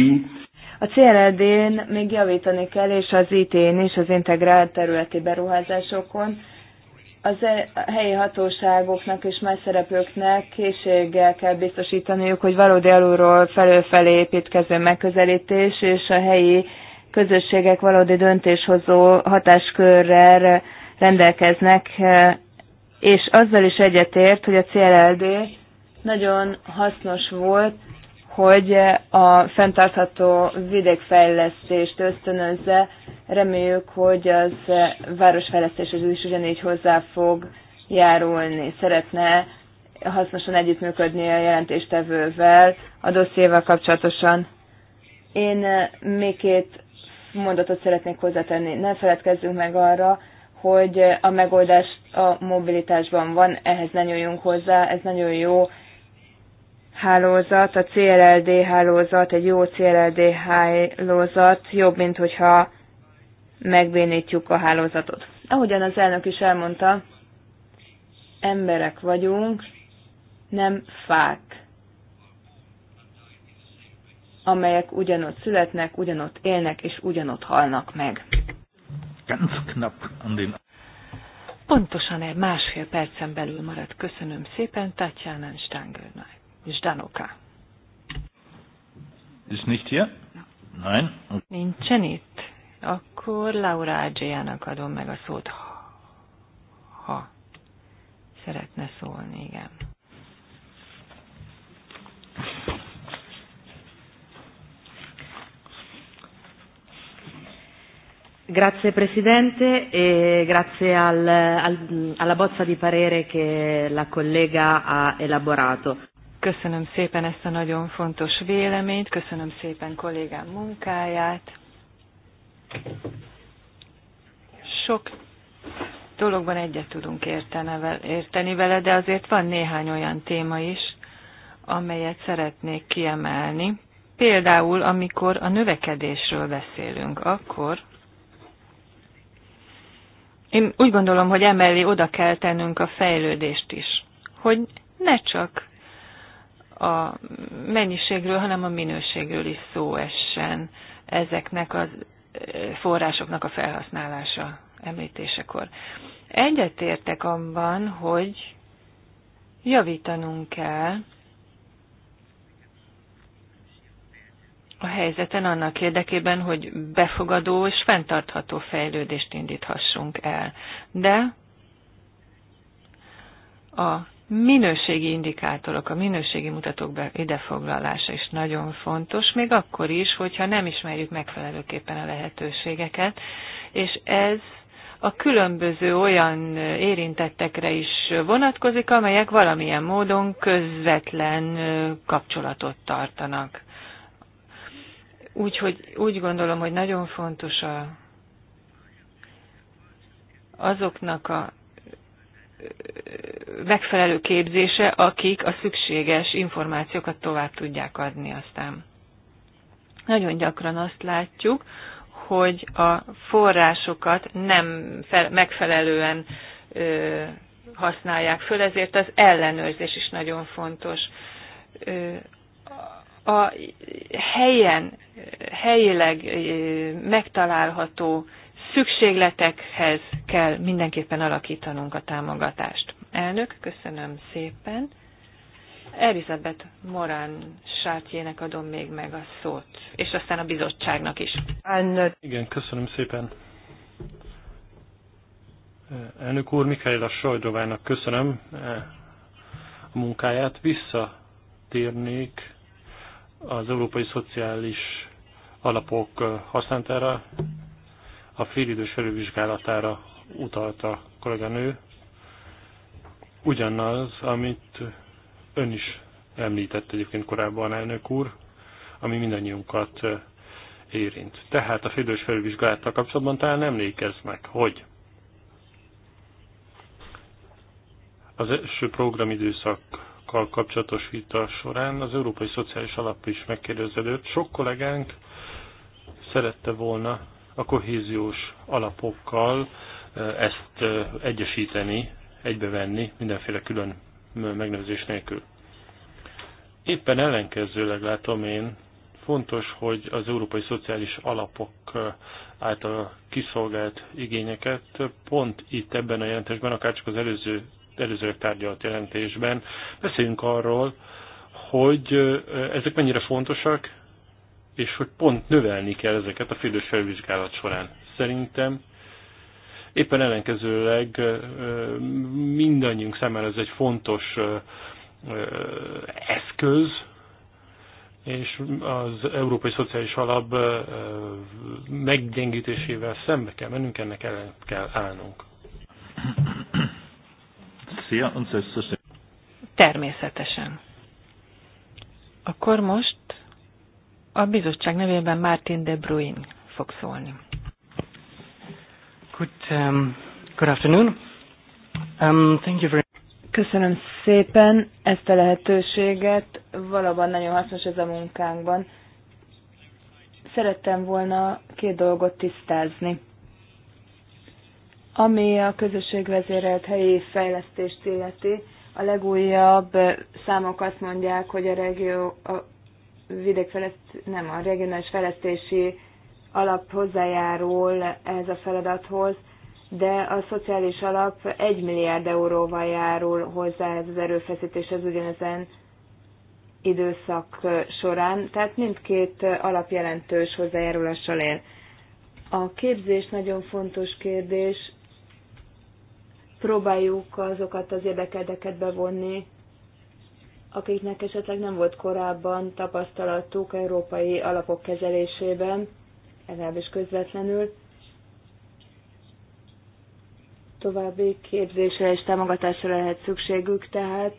A CLLD-n még javítani kell, és az IT-n is, az integrált területi beruházásokon. Az e- helyi hatóságoknak és más szereplőknek készséggel kell biztosítaniuk, hogy valódi alulról felőfelé építkező megközelítés és a helyi közösségek valódi döntéshozó hatáskörrel rendelkeznek, és azzal is egyetért, hogy a CLLD nagyon hasznos volt, hogy a fenntartható vidékfejlesztést ösztönözze. Reméljük, hogy az városfejlesztéshez is ugyanígy hozzá fog járulni. Szeretne hasznosan együttműködni a jelentéstevővel a dossziéval kapcsolatosan. Én eh, még két mondatot szeretnék hozzátenni. Ne feledkezzünk meg arra, hogy a megoldás a mobilitásban van, ehhez ne nyúljunk hozzá, ez nagyon jó hálózat, a CLLD hálózat, egy jó CLLD hálózat jobb, mint hogyha megbénítjuk a hálózatot. Ahogyan az elnök is elmondta, emberek vagyunk, nem fák amelyek ugyanott születnek, ugyanott élnek és ugyanott halnak meg. Ganz knapp andina. Pontosan egy másfél percen belül maradt. Köszönöm szépen, Tatjana és Danoka. Ist nicht hier? Nein. Nincsen itt. Akkor Laura Adjiának adom meg a szót, ha szeretne szólni, igen. Grazie Presidente e grazie al, al, alla bozza di parere che la collega ha elaborato. Köszönöm szépen ezt a nagyon fontos véleményt, köszönöm szépen kollégám munkáját. Sok dologban egyet tudunk érteni vele, de azért van néhány olyan téma is, amelyet szeretnék kiemelni. Például, amikor a növekedésről beszélünk, akkor én úgy gondolom, hogy emellé oda kell tennünk a fejlődést is, hogy ne csak a mennyiségről, hanem a minőségről is szó essen ezeknek a eh, forrásoknak a felhasználása említésekor. Egyetértek abban, hogy javítanunk kell a helyzeten annak érdekében, hogy befogadó és fenntartható fejlődést indíthassunk el. De a minőségi indikátorok, a minőségi mutatók idefoglalása is nagyon fontos, még akkor is, hogyha nem ismerjük megfelelőképpen a lehetőségeket, és ez a különböző olyan érintettekre is vonatkozik, amelyek valamilyen módon közvetlen kapcsolatot tartanak Úgyhogy úgy gondolom, hogy nagyon fontos a, azoknak a megfelelő képzése, akik a szükséges információkat tovább tudják adni aztán. Nagyon gyakran azt látjuk, hogy a forrásokat nem fel, megfelelően ö, használják föl, ezért az ellenőrzés is nagyon fontos. Ö, a helyen, helyileg megtalálható szükségletekhez kell mindenképpen alakítanunk a támogatást. Elnök, köszönöm szépen. Elizabeth Morán sátjének adom még meg a szót, és aztán a bizottságnak is. Igen, köszönöm szépen. Elnök úr, Mikhail a Sajdovának köszönöm a munkáját. Visszatérnék az európai szociális alapok használatára, a félidős felülvizsgálatára utalta a kolléganő, ugyanaz, amit ön is említett egyébként korábban elnök úr, ami mindannyiunkat érint. Tehát a félidős felülvizsgálattal kapcsolatban talán emlékeznek, hogy az első programidőszak alapokkal kapcsolatos vita során az Európai Szociális Alap is megkérdeződött. Sok kollégánk szerette volna a kohéziós alapokkal e, ezt e, egyesíteni, egybevenni mindenféle külön megnevezés nélkül. Éppen ellenkezőleg látom én, fontos, hogy az európai szociális alapok e, által kiszolgált igényeket pont itt ebben a jelentésben, akár csak az előző előzőleg tárgyalt jelentésben. Beszéljünk arról, hogy ezek mennyire fontosak, és hogy pont növelni kell ezeket a félős felvizsgálat során. Szerintem éppen ellenkezőleg mindannyiunk számára ez egy fontos eszköz, és az Európai Szociális Alap meggyengítésével szembe kell mennünk, ennek ellen kell állnunk und Természetesen. Akkor most a bizottság nevében Martin de Bruin fog szólni. Good, um, good afternoon. Um, thank you very Köszönöm szépen ezt a lehetőséget. Valóban nagyon hasznos ez a munkánkban. Szerettem volna két dolgot tisztázni. Ami a közösségvezérelt helyi fejlesztést illeti, a legújabb számok azt mondják, hogy a regió, a vidékfejleszt, nem, a regionális fejlesztési alap hozzájárul ez a feladathoz, de a szociális alap 1 milliárd euróval járul hozzá ez az az ugyanezen időszak során, tehát mindkét alap jelentős hozzájárulással él. A képzés nagyon fontos kérdés, próbáljuk azokat az érdekelteket bevonni, akiknek esetleg nem volt korábban tapasztalatuk európai alapok kezelésében, legalábbis közvetlenül. További képzésre és támogatásra lehet szükségük, tehát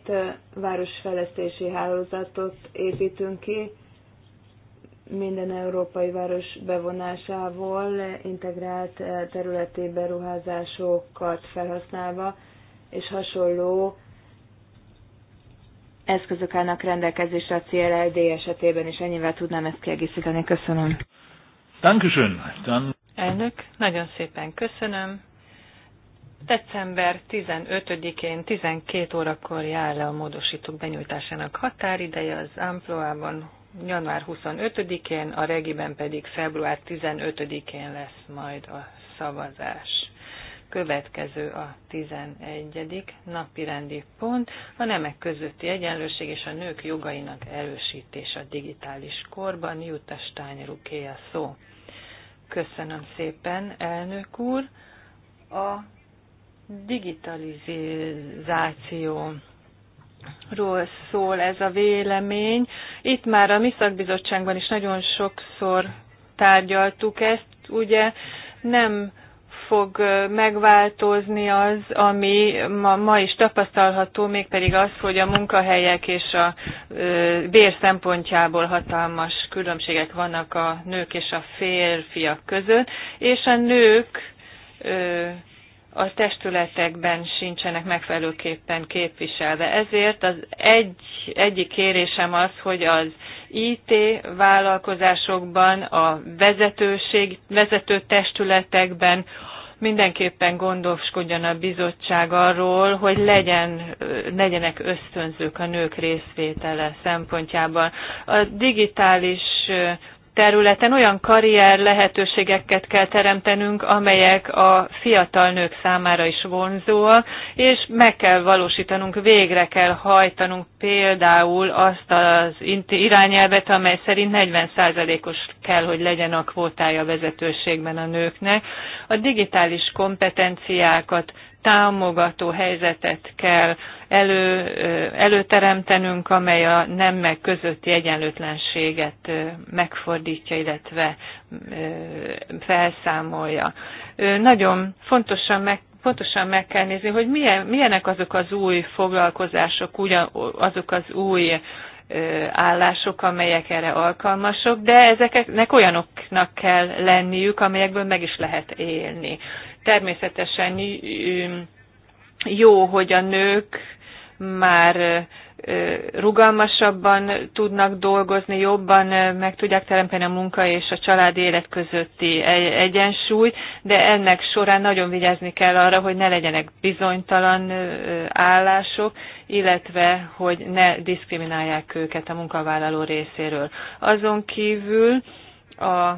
városfejlesztési hálózatot építünk ki, minden európai város bevonásával, integrált eh, területi beruházásokat felhasználva, és hasonló eszközök állnak rendelkezésre a CLLD esetében, és ennyivel tudnám ezt kiegészíteni. Köszönöm. Dankeschön. Dan... Elnök, nagyon szépen köszönöm. December 15-én 12 órakor jár le a módosítók benyújtásának határideje az Amploában január 25-én, a regiben pedig február 15-én lesz majd a szavazás. Következő a 11. napi rendi pont, a nemek közötti egyenlőség és a nők jogainak erősítése a digitális korban. Jutta Steinruké a szó. Köszönöm szépen, elnök úr. A digitalizáció ról szól ez a vélemény. Itt már a mi szakbizottságban is nagyon sokszor tárgyaltuk ezt, ugye nem fog megváltozni az, ami ma, ma is tapasztalható, mégpedig az, hogy a munkahelyek és a ö, bér szempontjából hatalmas különbségek vannak a nők és a férfiak között, és a nők ö, a testületekben sincsenek megfelelőképpen képviselve. Ezért az egy, egyik kérésem az, hogy az IT vállalkozásokban, a vezetőség, vezető testületekben mindenképpen gondoskodjon a bizottság arról, hogy legyen, legyenek ösztönzők a nők részvétele szempontjában. A digitális területen olyan karrier lehetőségeket kell teremtenünk, amelyek a fiatal nők számára is vonzóak, és meg kell valósítanunk, végre kell hajtanunk például azt az irányelvet, amely szerint 40%-os kell, hogy legyen a kvótája vezetőségben a nőknek. A digitális kompetenciákat támogató helyzetet kell elő, előteremtenünk, amely a nemek közötti egyenlőtlenséget megfordítja, illetve felszámolja. Nagyon fontosan meg pontosan meg kell nézni, hogy milyen, milyenek azok az új foglalkozások, ugyan, azok az új állások, amelyek erre alkalmasok, de ezeknek olyanoknak kell lenniük, amelyekből meg is lehet élni. Természetesen jó, hogy a nők már rugalmasabban tudnak dolgozni, jobban meg tudják teremteni a munka és a család élet közötti egyensúlyt, de ennek során nagyon vigyázni kell arra, hogy ne legyenek bizonytalan állások, illetve hogy ne diszkriminálják őket a munkavállaló részéről. Azon kívül a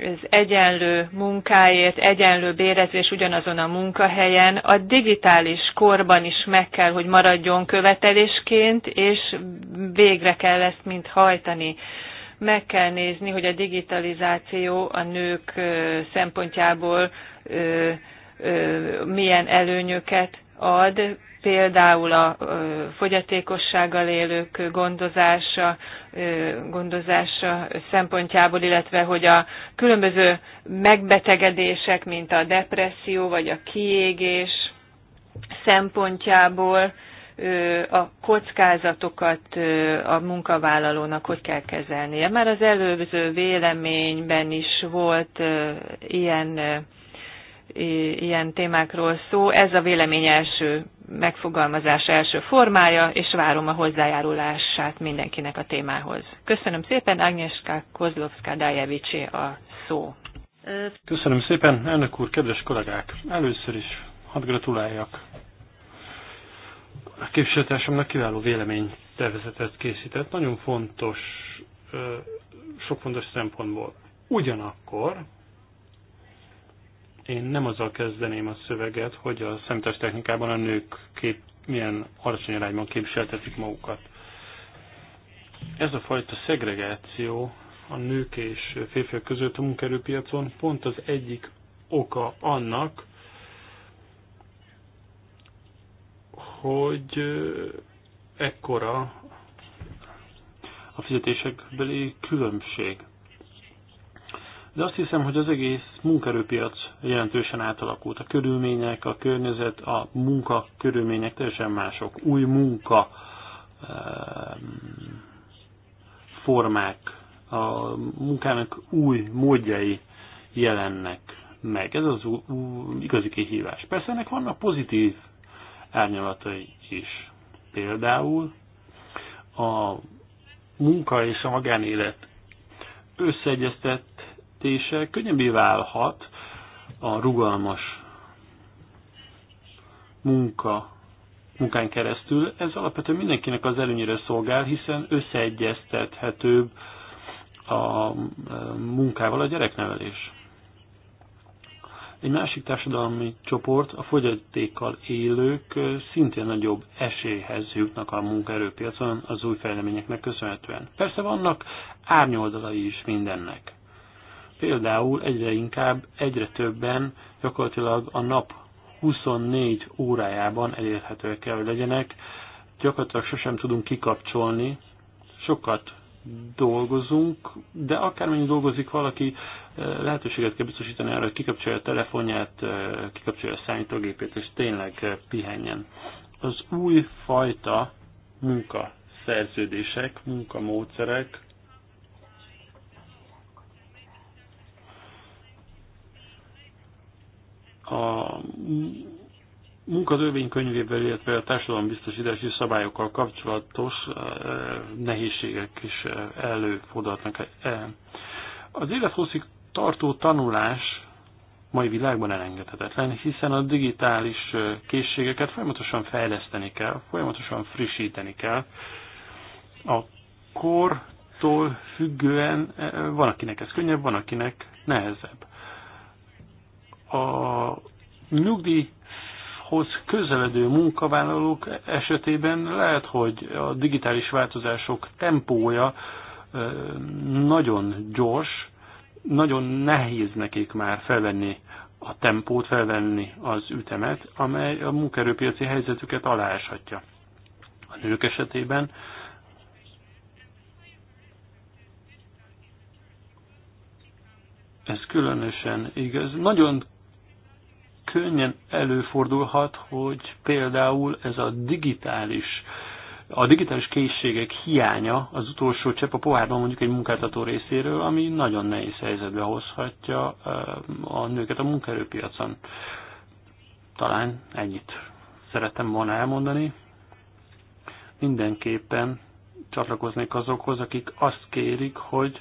az egyenlő munkáért, egyenlő bérezés ugyanazon a munkahelyen a digitális korban is meg kell, hogy maradjon követelésként, és végre kell ezt mind hajtani. Meg kell nézni, hogy a digitalizáció a nők szempontjából milyen előnyöket ad, például a fogyatékossággal élők gondozása, gondozása szempontjából, illetve hogy a különböző megbetegedések, mint a depresszió vagy a kiégés szempontjából a kockázatokat a munkavállalónak hogy kell kezelnie. Már az előző véleményben is volt ilyen ilyen témákról szó. Ez a vélemény első megfogalmazása, első formája, és várom a hozzájárulását mindenkinek a témához. Köszönöm szépen, Agnieszka Kozlovská Dájevicsi a szó. Köszönöm szépen, elnök úr, kedves kollégák! Először is hadd gratuláljak a képviselőtársamnak kiváló véleménytervezetet készített. Nagyon fontos, sok fontos szempontból. Ugyanakkor én nem azzal kezdeném a szöveget, hogy a technikában a nők kép, milyen alacsony arányban képviseltetik magukat. Ez a fajta szegregáció a nők és férfiak között a munkerőpiacon pont az egyik oka annak, hogy ekkora a fizetésekbeli különbség. De azt hiszem, hogy az egész munkerőpiac jelentősen átalakult a körülmények, a környezet, a munka körülmények teljesen mások. Új munka ehm, formák, a munkának új módjai jelennek meg. Ez az igazi kihívás. Persze ennek vannak pozitív árnyalatai is. Például a munka és a magánélet összeegyeztetése könnyebbé válhat, a rugalmas munka munkán keresztül. Ez alapvetően mindenkinek az előnyére szolgál, hiszen összeegyeztethetőbb a e, munkával a gyereknevelés. Egy másik társadalmi csoport, a fogyatékkal élők e, szintén nagyobb esélyhez jutnak a munkaerőpiacon az új fejleményeknek köszönhetően. Persze vannak árnyoldalai is mindennek. Például egyre inkább, egyre többen gyakorlatilag a nap 24 órájában elérhetőek kell, hogy legyenek. Gyakorlatilag sosem tudunk kikapcsolni, sokat dolgozunk, de akármennyi dolgozik valaki, eh, lehetőséget kell biztosítani arra, hogy kikapcsolja a telefonját, eh, kikapcsolja a számítógépét, és tényleg eh, pihenjen. Az új fajta munka szerződések, munkamódszerek a munkatörvénykönyvével, illetve a társadalombiztosítási szabályokkal kapcsolatos eh, nehézségek is eh, előfordulhatnak. Eh, az élethosszig tartó tanulás mai világban elengedhetetlen, hiszen a digitális készségeket folyamatosan fejleszteni kell, folyamatosan frissíteni kell. A kortól függően van, akinek ez könnyebb, van, akinek nehezebb a nyugdíjhoz közeledő munkavállalók esetében lehet, hogy a digitális változások tempója nagyon gyors, nagyon nehéz nekik már felvenni a tempót, felvenni az ütemet, amely a munkaerőpiaci helyzetüket alááshatja. A nők esetében ez különösen igaz. Nagyon könnyen előfordulhat, hogy például ez a digitális a digitális készségek hiánya az utolsó csepp a pohárban mondjuk egy munkáltató részéről, ami nagyon nehéz helyzetbe hozhatja a nőket a munkaerőpiacon. Talán ennyit szerettem volna elmondani. Mindenképpen csatlakoznék azokhoz, akik azt kérik, hogy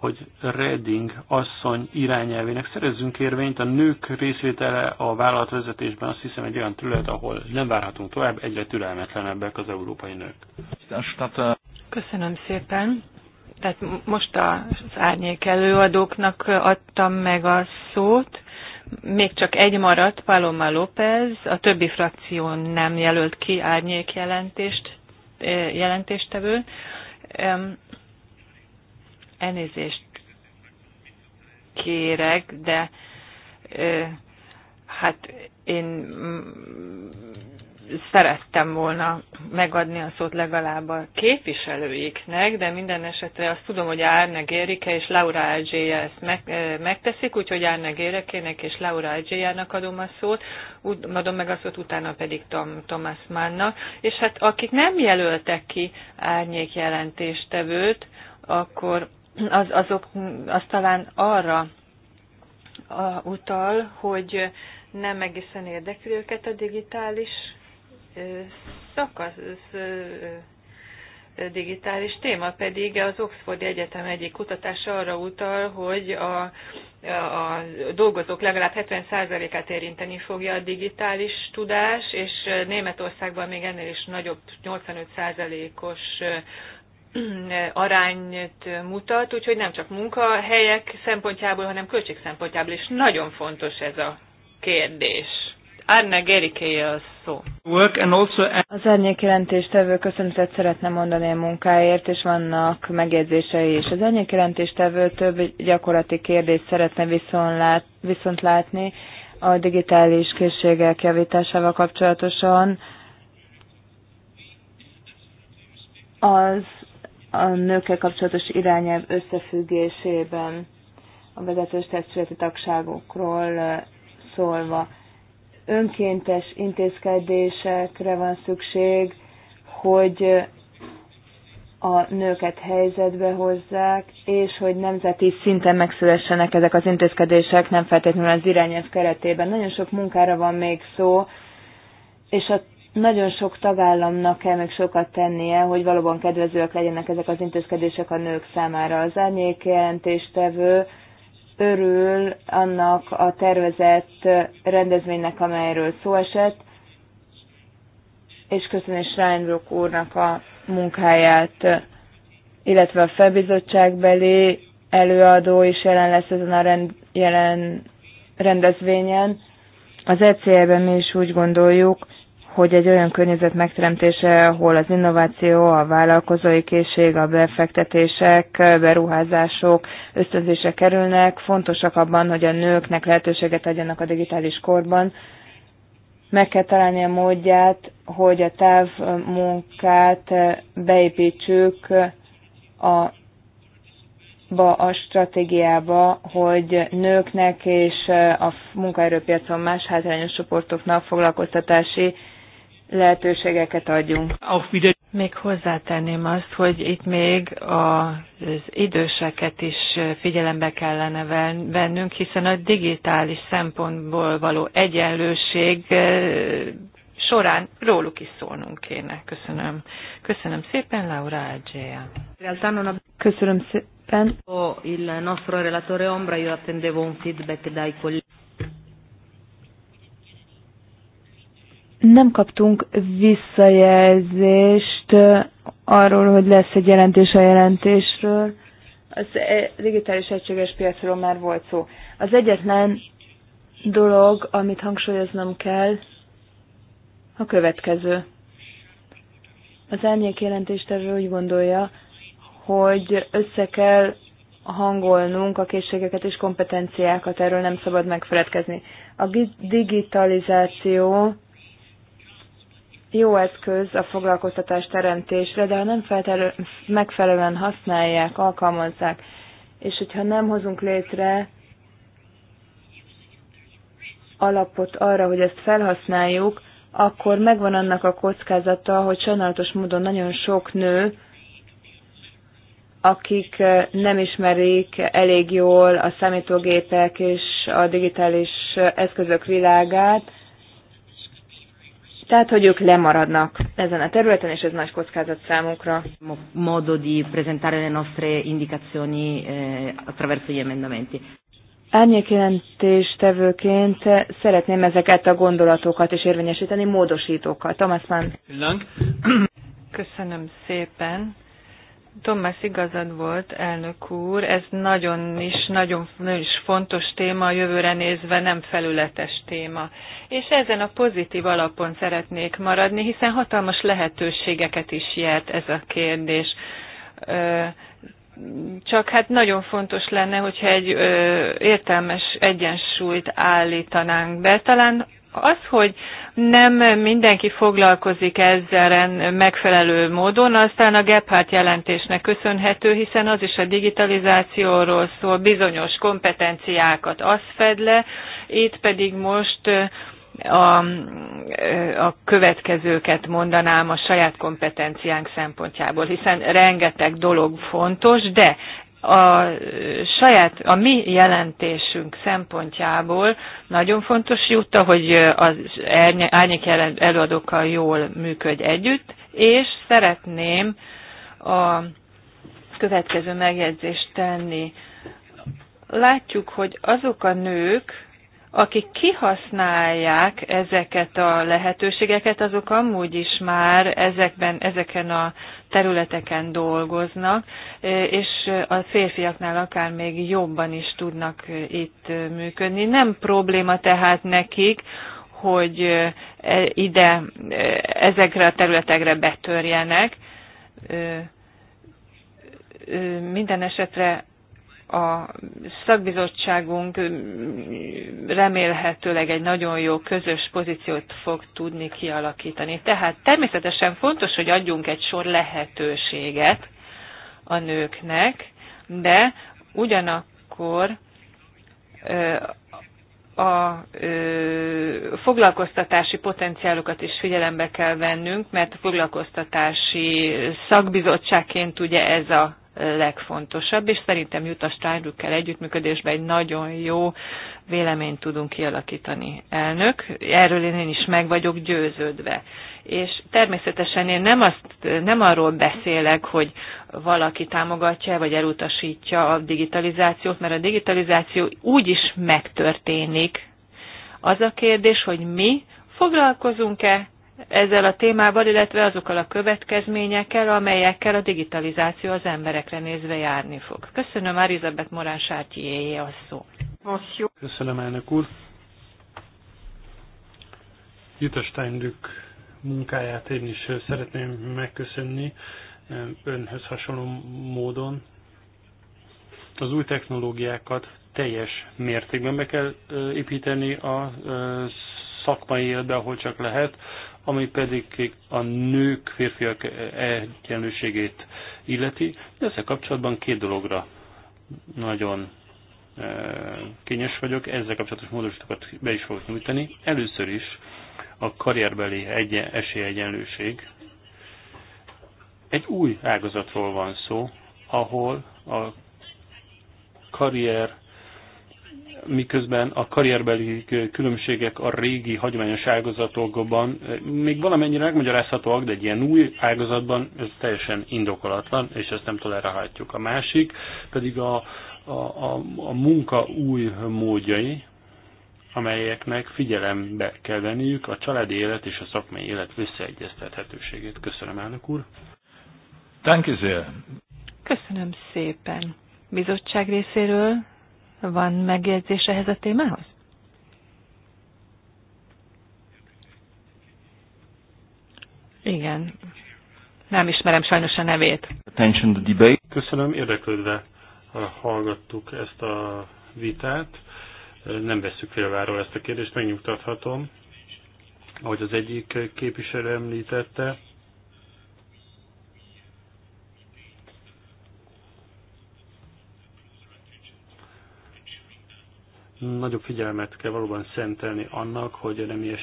hogy Redding asszony irányelvének szerezzünk érvényt. A nők részvétele a vállalatvezetésben azt hiszem egy olyan terület, ahol nem várhatunk tovább, egyre türelmetlenebbek az európai nők. Köszönöm szépen. Tehát most az árnyék előadóknak adtam meg a szót. Még csak egy maradt, Paloma López, a többi frakció nem jelölt ki árnyék jelentést, eh, jelentéstevő elnézést kérek, de hát én szerettem volna megadni a szót legalább a képviselőiknek, de minden esetre azt tudom, hogy Árne Gérike és Laura Algéja ezt meg, megteszik, úgyhogy Árne Gérekének és Laura Algéjának adom a szót, adom meg a szót, utána pedig Tom, Thomas Mannnak, és hát akik nem jelöltek ki árnyék jelentéstevőt, akkor az, azok, az talán arra a, utal, hogy nem egészen érdekli őket a digitális szakasz, digitális téma, pedig az Oxfordi Egyetem egyik kutatása arra utal, hogy a, a dolgozók legalább 70%-át érinteni fogja a digitális tudás, és Németországban még ennél is nagyobb 85%-os arányt mutat, úgyhogy nem csak munkahelyek szempontjából, hanem költség szempontjából is nagyon fontos ez a kérdés. Arne Gerike a szó. Work and also... Az árnyék jelentéstevő köszönetet szeretne mondani a munkáért, és vannak megjegyzései is. Az árnyék jelentéstevő több gyakorlati kérdést szeretne viszont, lát, viszont látni a digitális készségek javításával kapcsolatosan. Az a nőkkel kapcsolatos irányelv összefüggésében a vezetős testületi tagságokról szólva. Önkéntes intézkedésekre van szükség, hogy a nőket helyzetbe hozzák, és hogy nemzeti szinten megszülessenek ezek az intézkedések, nem feltétlenül az irányelv keretében. Nagyon sok munkára van még szó, és a nagyon sok tagállamnak kell még sokat tennie, hogy valóban kedvezőek legyenek ezek az intézkedések a nők számára. Az árnyék jelentéstevő örül annak a tervezett rendezvénynek, amelyről szó esett, és köszönöm Steinbrück úrnak a munkáját, illetve a felbizottságbeli előadó is jelen lesz ezen a rend, jelen rendezvényen. Az ECL-ben mi is úgy gondoljuk, hogy egy olyan környezet megteremtése, ahol az innováció, a vállalkozói készség, a befektetések, beruházások, ösztönzések kerülnek, fontosak abban, hogy a nőknek lehetőséget adjanak a digitális korban. Meg kell találni a módját, hogy a távmunkát beépítsük a ba a stratégiába, hogy nőknek és a munkaerőpiacon más hátrányos csoportoknak foglalkoztatási lehetőségeket adjunk. Még hozzátenném azt, hogy itt még az időseket is figyelembe kellene vennünk, hiszen a digitális szempontból való egyenlőség eh, során róluk is szólnunk kéne. Köszönöm. Köszönöm szépen, Laura Algea. Köszönöm szépen. Il nostro relatore Ombra, io attendevo un feedback dai colleghi. nem kaptunk visszajelzést arról, hogy lesz egy jelentés a jelentésről. Az digitális egységes piacról már volt szó. Az egyetlen dolog, amit hangsúlyoznom kell, a következő. Az jelentést erről úgy gondolja, hogy össze kell hangolnunk a készségeket és kompetenciákat, erről nem szabad megfeledkezni. A digitalizáció jó eszköz a foglalkoztatás teremtésre, de ha nem feltelő, megfelelően használják, alkalmazzák, és hogyha nem hozunk létre alapot arra, hogy ezt felhasználjuk, akkor megvan annak a kockázata, hogy sajnálatos módon nagyon sok nő, akik eh, nem ismerik elég jól a számítógépek és a digitális eh, eszközök világát, tehát, hogy ők lemaradnak ezen a területen, és ez nagy kockázat számunkra. Modo di presentare le nostre indicazioni eh, attraverso gli emendamenti. Árnyékjelentéstevőként szeretném ezeket a gondolatokat és érvényesíteni, módosítókat. Thomas Mann. Köszönöm szépen. Thomas igazad volt, elnök úr, ez nagyon is, nagyon, nagyon is fontos téma, a jövőre nézve nem felületes téma. És ezen a pozitív alapon szeretnék maradni, hiszen hatalmas lehetőségeket is jelent ez a kérdés. Csak hát nagyon fontos lenne, hogyha egy értelmes egyensúlyt állítanánk be, talán az, hogy nem mindenki foglalkozik ezzel megfelelő módon, aztán a Gephardt jelentésnek köszönhető, hiszen az is a digitalizációról szól, bizonyos kompetenciákat az fed le, itt pedig most a, a következőket mondanám a saját kompetenciánk szempontjából, hiszen rengeteg dolog fontos, de a saját, a mi jelentésünk szempontjából nagyon fontos jutta, hogy az árnyék előadókkal jól működj együtt, és szeretném a következő megjegyzést tenni. Látjuk, hogy azok a nők, akik kihasználják ezeket a lehetőségeket, azok amúgy is már ezekben, ezeken a területeken dolgoznak, és a férfiaknál akár még jobban is tudnak itt működni. Nem probléma tehát nekik, hogy e, ide, e, ezekre a területekre betörjenek. Minden esetre a szakbizottságunk remélhetőleg egy nagyon jó közös pozíciót fog tudni kialakítani. Tehát természetesen fontos, hogy adjunk egy sor lehetőséget a nőknek, de ugyanakkor a foglalkoztatási potenciálokat is figyelembe kell vennünk, mert a foglalkoztatási szakbizottságként ugye ez a legfontosabb, és szerintem jut a Steinbrückkel együttműködésben egy nagyon jó véleményt tudunk kialakítani. Elnök, erről én is meg vagyok győződve. És természetesen én nem, azt, nem arról beszélek, hogy valaki támogatja vagy elutasítja a digitalizációt, mert a digitalizáció úgy is megtörténik. Az a kérdés, hogy mi foglalkozunk-e ezzel a témával, illetve azokkal a következményekkel, amelyekkel a digitalizáció az emberekre nézve járni fog. Köszönöm, Elizabeth Morán Sártyéjé a szó. Köszönöm, elnök úr. Jutta Steindük munkáját én is szeretném megköszönni önhöz hasonló módon. Az új technológiákat teljes mértékben be kell építeni a szakmai életbe, ahol csak lehet ami pedig a nők, férfiak egyenlőségét illeti. De ezzel kapcsolatban két dologra nagyon e, kényes vagyok, ezzel kapcsolatos módosítókat be is fogok nyújtani. Először is a karrierbeli egyen, esélyegyenlőség. Egy új ágazatról van szó, ahol a karrier miközben a karrierbeli eh, különbségek a régi hagyományos ágazatokban eh, még valamennyire megmagyarázhatóak, de egy ilyen új ágazatban ez teljesen indokolatlan, és ezt nem tolerálhatjuk. A másik pedig a, a, a, a munka új módjai, amelyeknek figyelembe kell venniük a családi élet és a szakmai élet összeegyeztethetőségét. Köszönöm, elnök úr! Köszönöm szépen! Bizottság részéről van megjegyzés ehhez a témához? Igen. Nem ismerem sajnos a nevét. Köszönöm, érdeklődve hallgattuk ezt a vitát. Nem veszük félváról ezt a kérdést, megnyugtathatom. Ahogy az egyik képviselő említette, Nagyobb figyelmet kell valóban szentelni annak, hogy a nemi eh,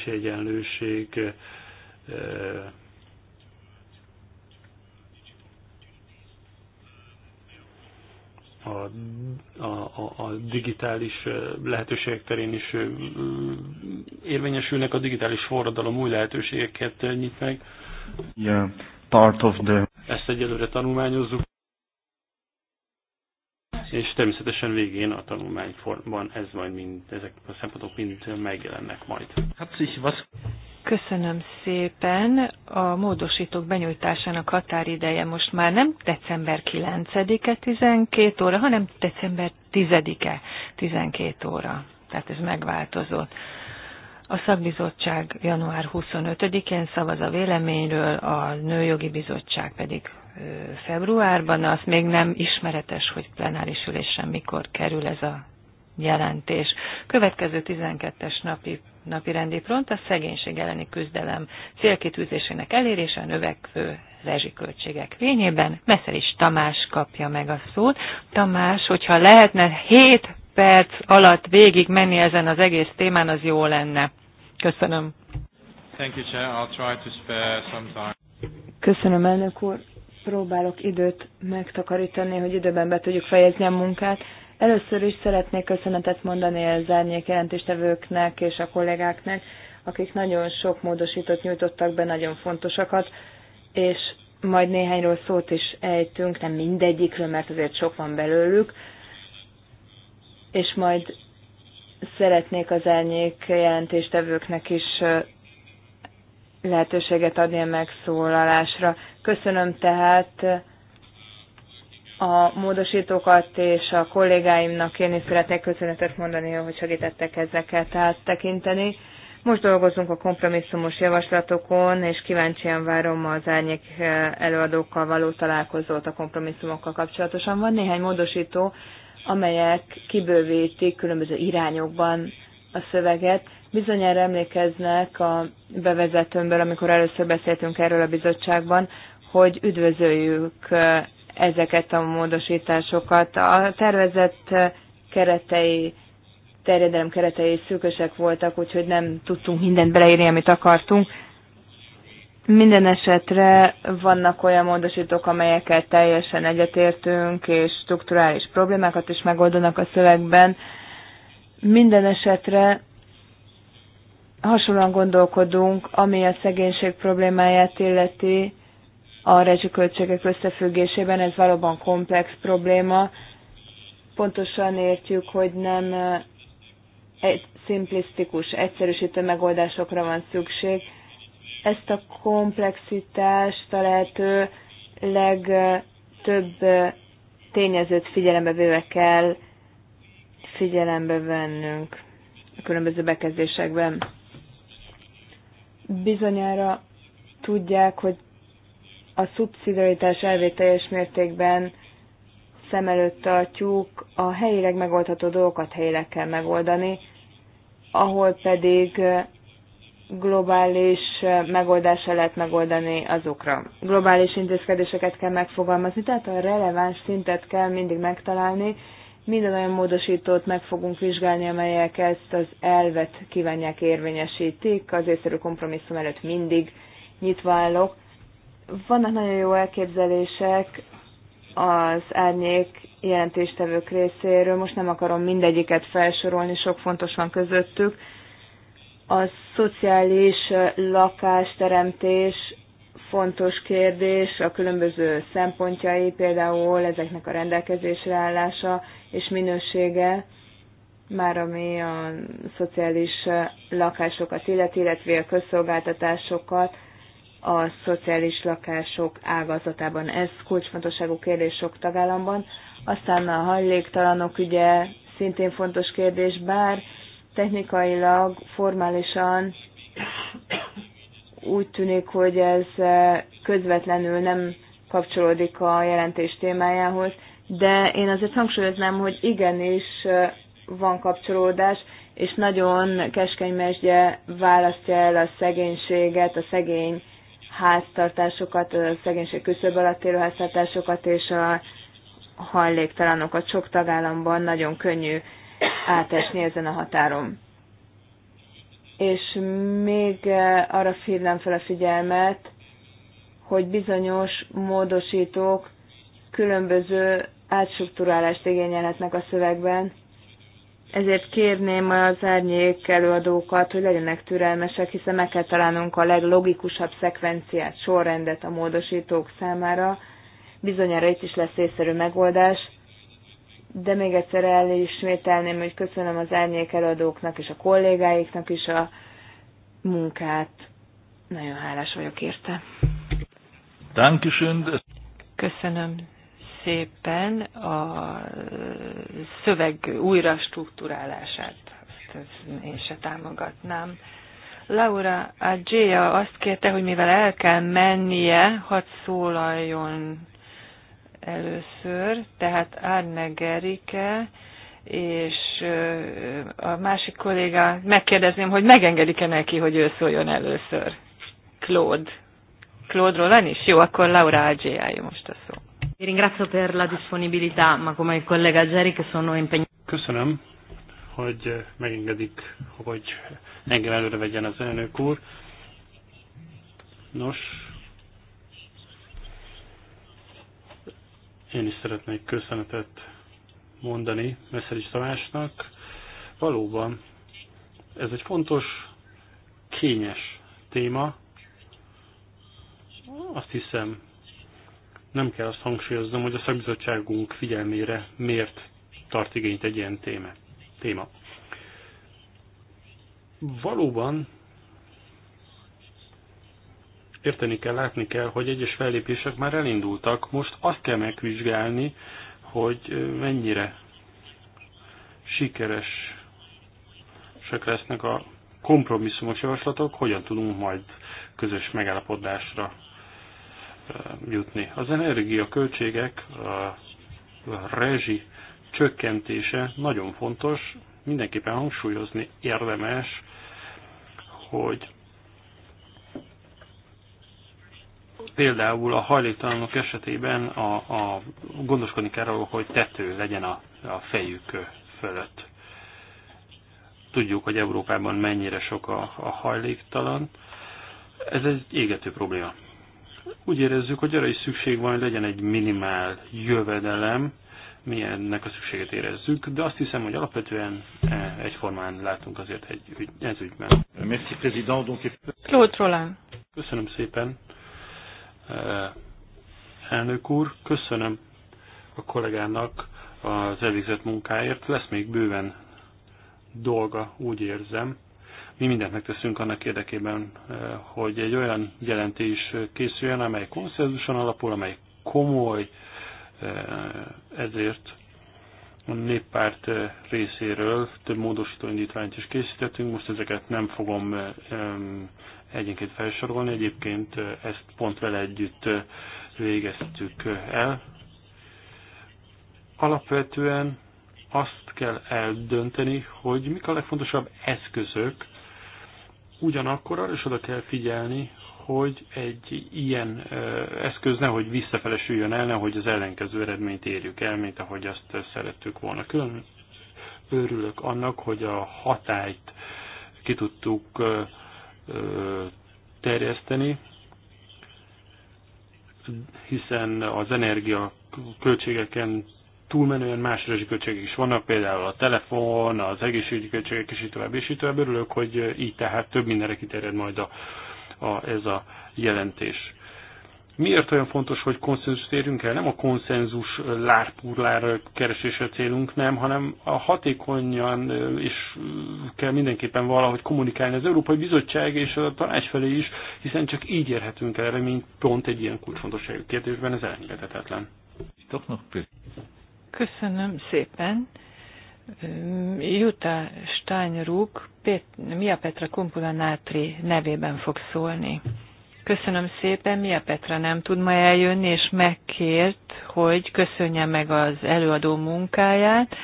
a, a, a, a digitális eh, lehetőségek terén is eh, érvényesülnek, a digitális forradalom új lehetőségeket nyit meg. Yeah, part of the... Ezt egyelőre tanulmányozzuk. És természetesen végén a tanulmányformban ez majd mind, ezek a szempontok mind megjelennek majd. Köszönöm szépen. A módosítók benyújtásának határideje most már nem december 9-e 12 óra, hanem december 10-e 12 óra. Tehát ez megváltozott. A szakbizottság január 25-én szavaz a véleményről, a Nőjogi Bizottság pedig februárban, az még nem ismeretes, hogy plenáris ülésen mikor kerül ez a jelentés. Következő 12-es napi, napi rendi front a szegénység elleni küzdelem célkitűzésének elérése a növekvő rezsiköltségek fényében. is Tamás kapja meg a szót. Tamás, hogyha lehetne 7 perc alatt végig menni ezen az egész témán, az jó lenne. Köszönöm. Thank you, Chair. I'll try to spare some time. Köszönöm, elnök úr próbálok időt megtakarítani, hogy időben be tudjuk fejezni a munkát. Először is szeretnék köszönetet mondani az árnyék jelentéstevőknek és a kollégáknak, akik nagyon sok módosítót nyújtottak be, nagyon fontosakat, és majd néhányról szót is ejtünk, nem mindegyikről, mert azért sok van belőlük, és majd szeretnék az árnyék jelentéstevőknek is lehetőséget adni a megszólalásra. Köszönöm tehát a módosítókat és a kollégáimnak én is szeretnék köszönetet mondani, hogy segítettek ezeket áttekinteni. Most dolgozunk a kompromisszumos javaslatokon, és kíváncsian várom az árnyék eh, előadókkal való találkozót a kompromisszumokkal kapcsolatosan. Van néhány módosító, amelyek kibővítik különböző irányokban a szöveget. Bizonyára emlékeznek a bevezetőmből, amikor először beszéltünk erről a bizottságban, hogy üdvözöljük ezeket a módosításokat. A tervezett keretei, terjedelem keretei szűkösek voltak, úgyhogy nem tudtunk mindent beleírni, amit akartunk. Minden esetre vannak olyan módosítók, amelyekkel teljesen egyetértünk, és strukturális problémákat is megoldanak a szövegben. Minden esetre hasonlóan gondolkodunk, ami a szegénység problémáját illeti a rezsiköltségek összefüggésében. Ez valóban komplex probléma. Pontosan értjük, hogy nem egy szimplisztikus, egyszerűsítő megoldásokra van szükség. Ezt a komplexitást a lehető legtöbb tényezőt figyelembe véve kell figyelembe vennünk a különböző bekezdésekben. Bizonyára tudják, hogy a szubszidiaritás elvét teljes mértékben szem előtt tartjuk, a helyileg megoldható dolgokat helyileg kell megoldani, ahol pedig globális megoldása lehet megoldani azokra. Globális intézkedéseket kell megfogalmazni, tehát a releváns szintet kell mindig megtalálni, minden olyan módosítót meg fogunk vizsgálni, amelyek ezt az elvet kívánják érvényesítik. Az észszerű kompromisszum előtt mindig nyitva állok. Vannak nagyon jó elképzelések az árnyék jelentéstevők részéről. Most nem akarom mindegyiket felsorolni, sok fontos van közöttük. A szociális lakásteremtés fontos kérdés, a különböző szempontjai, például ezeknek a rendelkezésre állása, és minősége, már ami a szociális lakásokat illet, illetve a közszolgáltatásokat a szociális lakások ágazatában. Ez kulcsfontosságú kérdés sok tagállamban. Aztán a hajléktalanok ügye szintén fontos kérdés, bár technikailag, formálisan úgy tűnik, hogy ez közvetlenül nem kapcsolódik a jelentés témájához, de én azért hangsúlyoznám, hogy igenis van kapcsolódás, és nagyon keskeny mesdje választja el a szegénységet, a szegény háztartásokat, a szegénység küszöb alatt élő háztartásokat és a hajléktalanokat. Sok tagállamban nagyon könnyű átesni ezen a határon. És még arra hívnám fel a figyelmet, hogy bizonyos módosítók különböző átstruktúrálást igényelhetnek a szövegben. Ezért kérném az árnyék előadókat, hogy legyenek türelmesek, hiszen meg kell találnunk a leglogikusabb szekvenciát, sorrendet a módosítók számára. Bizonyára itt is lesz észszerű megoldás, de még egyszer elismételném, hogy köszönöm az árnyék előadóknak és a kollégáiknak is a munkát. Nagyon hálás vagyok érte. Köszönöm szépen a szöveg újra struktúrálását, ezt én se támogatnám. Laura Adjéa azt kérte, hogy mivel el kell mennie, hadd szólaljon először, tehát Arne Gerike, és a másik kolléga, megkérdezném, hogy megengedik-e neki, hogy ő szóljon először. Claude. Claude Roland is? Jó, akkor Laura Adjéája most a szó. Ringrazio per la disponibilità, ma come il collega Geri, che sono impegnato. Köszönöm, hogy megengedik, hogy engem előre vegyen az elnök úr. Nos, én is szeretnék köszönetet mondani Meszerics Tamásnak. Valóban ez egy fontos, kényes téma. Azt hiszem, nem kell azt hangsúlyoznom, hogy a szakbizottságunk figyelmére miért tart igényt egy ilyen téma. téma. Valóban érteni kell, látni kell, hogy egyes fellépések már elindultak. Most azt kell megvizsgálni, hogy mennyire sikeresek lesznek a kompromisszumos javaslatok, hogyan tudunk majd közös megállapodásra jutni. Az energiaköltségek, a rezsi csökkentése nagyon fontos, mindenképpen hangsúlyozni érdemes, hogy például a hajléktalanok esetében a, a gondoskodni kell arról, hogy tető legyen a, a fejük fölött. Tudjuk, hogy Európában mennyire sok a, a hajléktalan. Ez egy égető probléma. Úgy érezzük, hogy arra is szükség van, hogy legyen egy minimál jövedelem, mi ennek a szükséget érezzük, de azt hiszem, hogy alapvetően eh, egyformán látunk azért egy, ügy, ez ügyben. Merci, président. Donc... Claude Roland. Köszönöm szépen, eh, elnök úr. Köszönöm a kollégának az elvégzett munkáért. Lesz még bőven dolga, úgy érzem. Mi mindent megteszünk annak érdekében, eh, hogy egy olyan jelentés készüljön, amely konszenzuson alapul, amely komoly, eh, ezért a néppárt eh, részéről több módosító indítványt is készítettünk, most ezeket nem fogom egyenként felsorolni, egyébként ezt pont vele együtt végeztük el. Alapvetően azt kell eldönteni, hogy mik a legfontosabb eszközök, Ugyanakkor arra is oda kell figyelni, hogy egy ilyen eszköz nehogy visszafelesüljön el, nehogy az ellenkező eredményt érjük el, mint ahogy azt szerettük volna. Külön örülök annak, hogy a hatályt ki tudtuk terjeszteni, hiszen az energia költségeken túlmenően más rezsiköltségek is vannak, például a telefon, az egészségügyi költségek, és így tovább, és így tovább. Örülök, hogy így tehát több mindenre kiterjed majd a, a, ez a jelentés. Miért olyan fontos, hogy konszenzus érjünk el? Nem a konszenzus lárpúrlár keresése célunk, nem, hanem a hatékonyan és kell mindenképpen valahogy kommunikálni az Európai Bizottság és a tanács felé is, hiszen csak így érhetünk el eredményt pont egy ilyen kulcsfontosságú kérdésben, ez elengedhetetlen. Köszönöm szépen. Juta Steinruck, Pét- Mia Petra Kumpula Nátri nevében fog szólni. Köszönöm szépen, Mia Petra nem tud ma eljönni, és megkért, hogy köszönje meg az előadó munkáját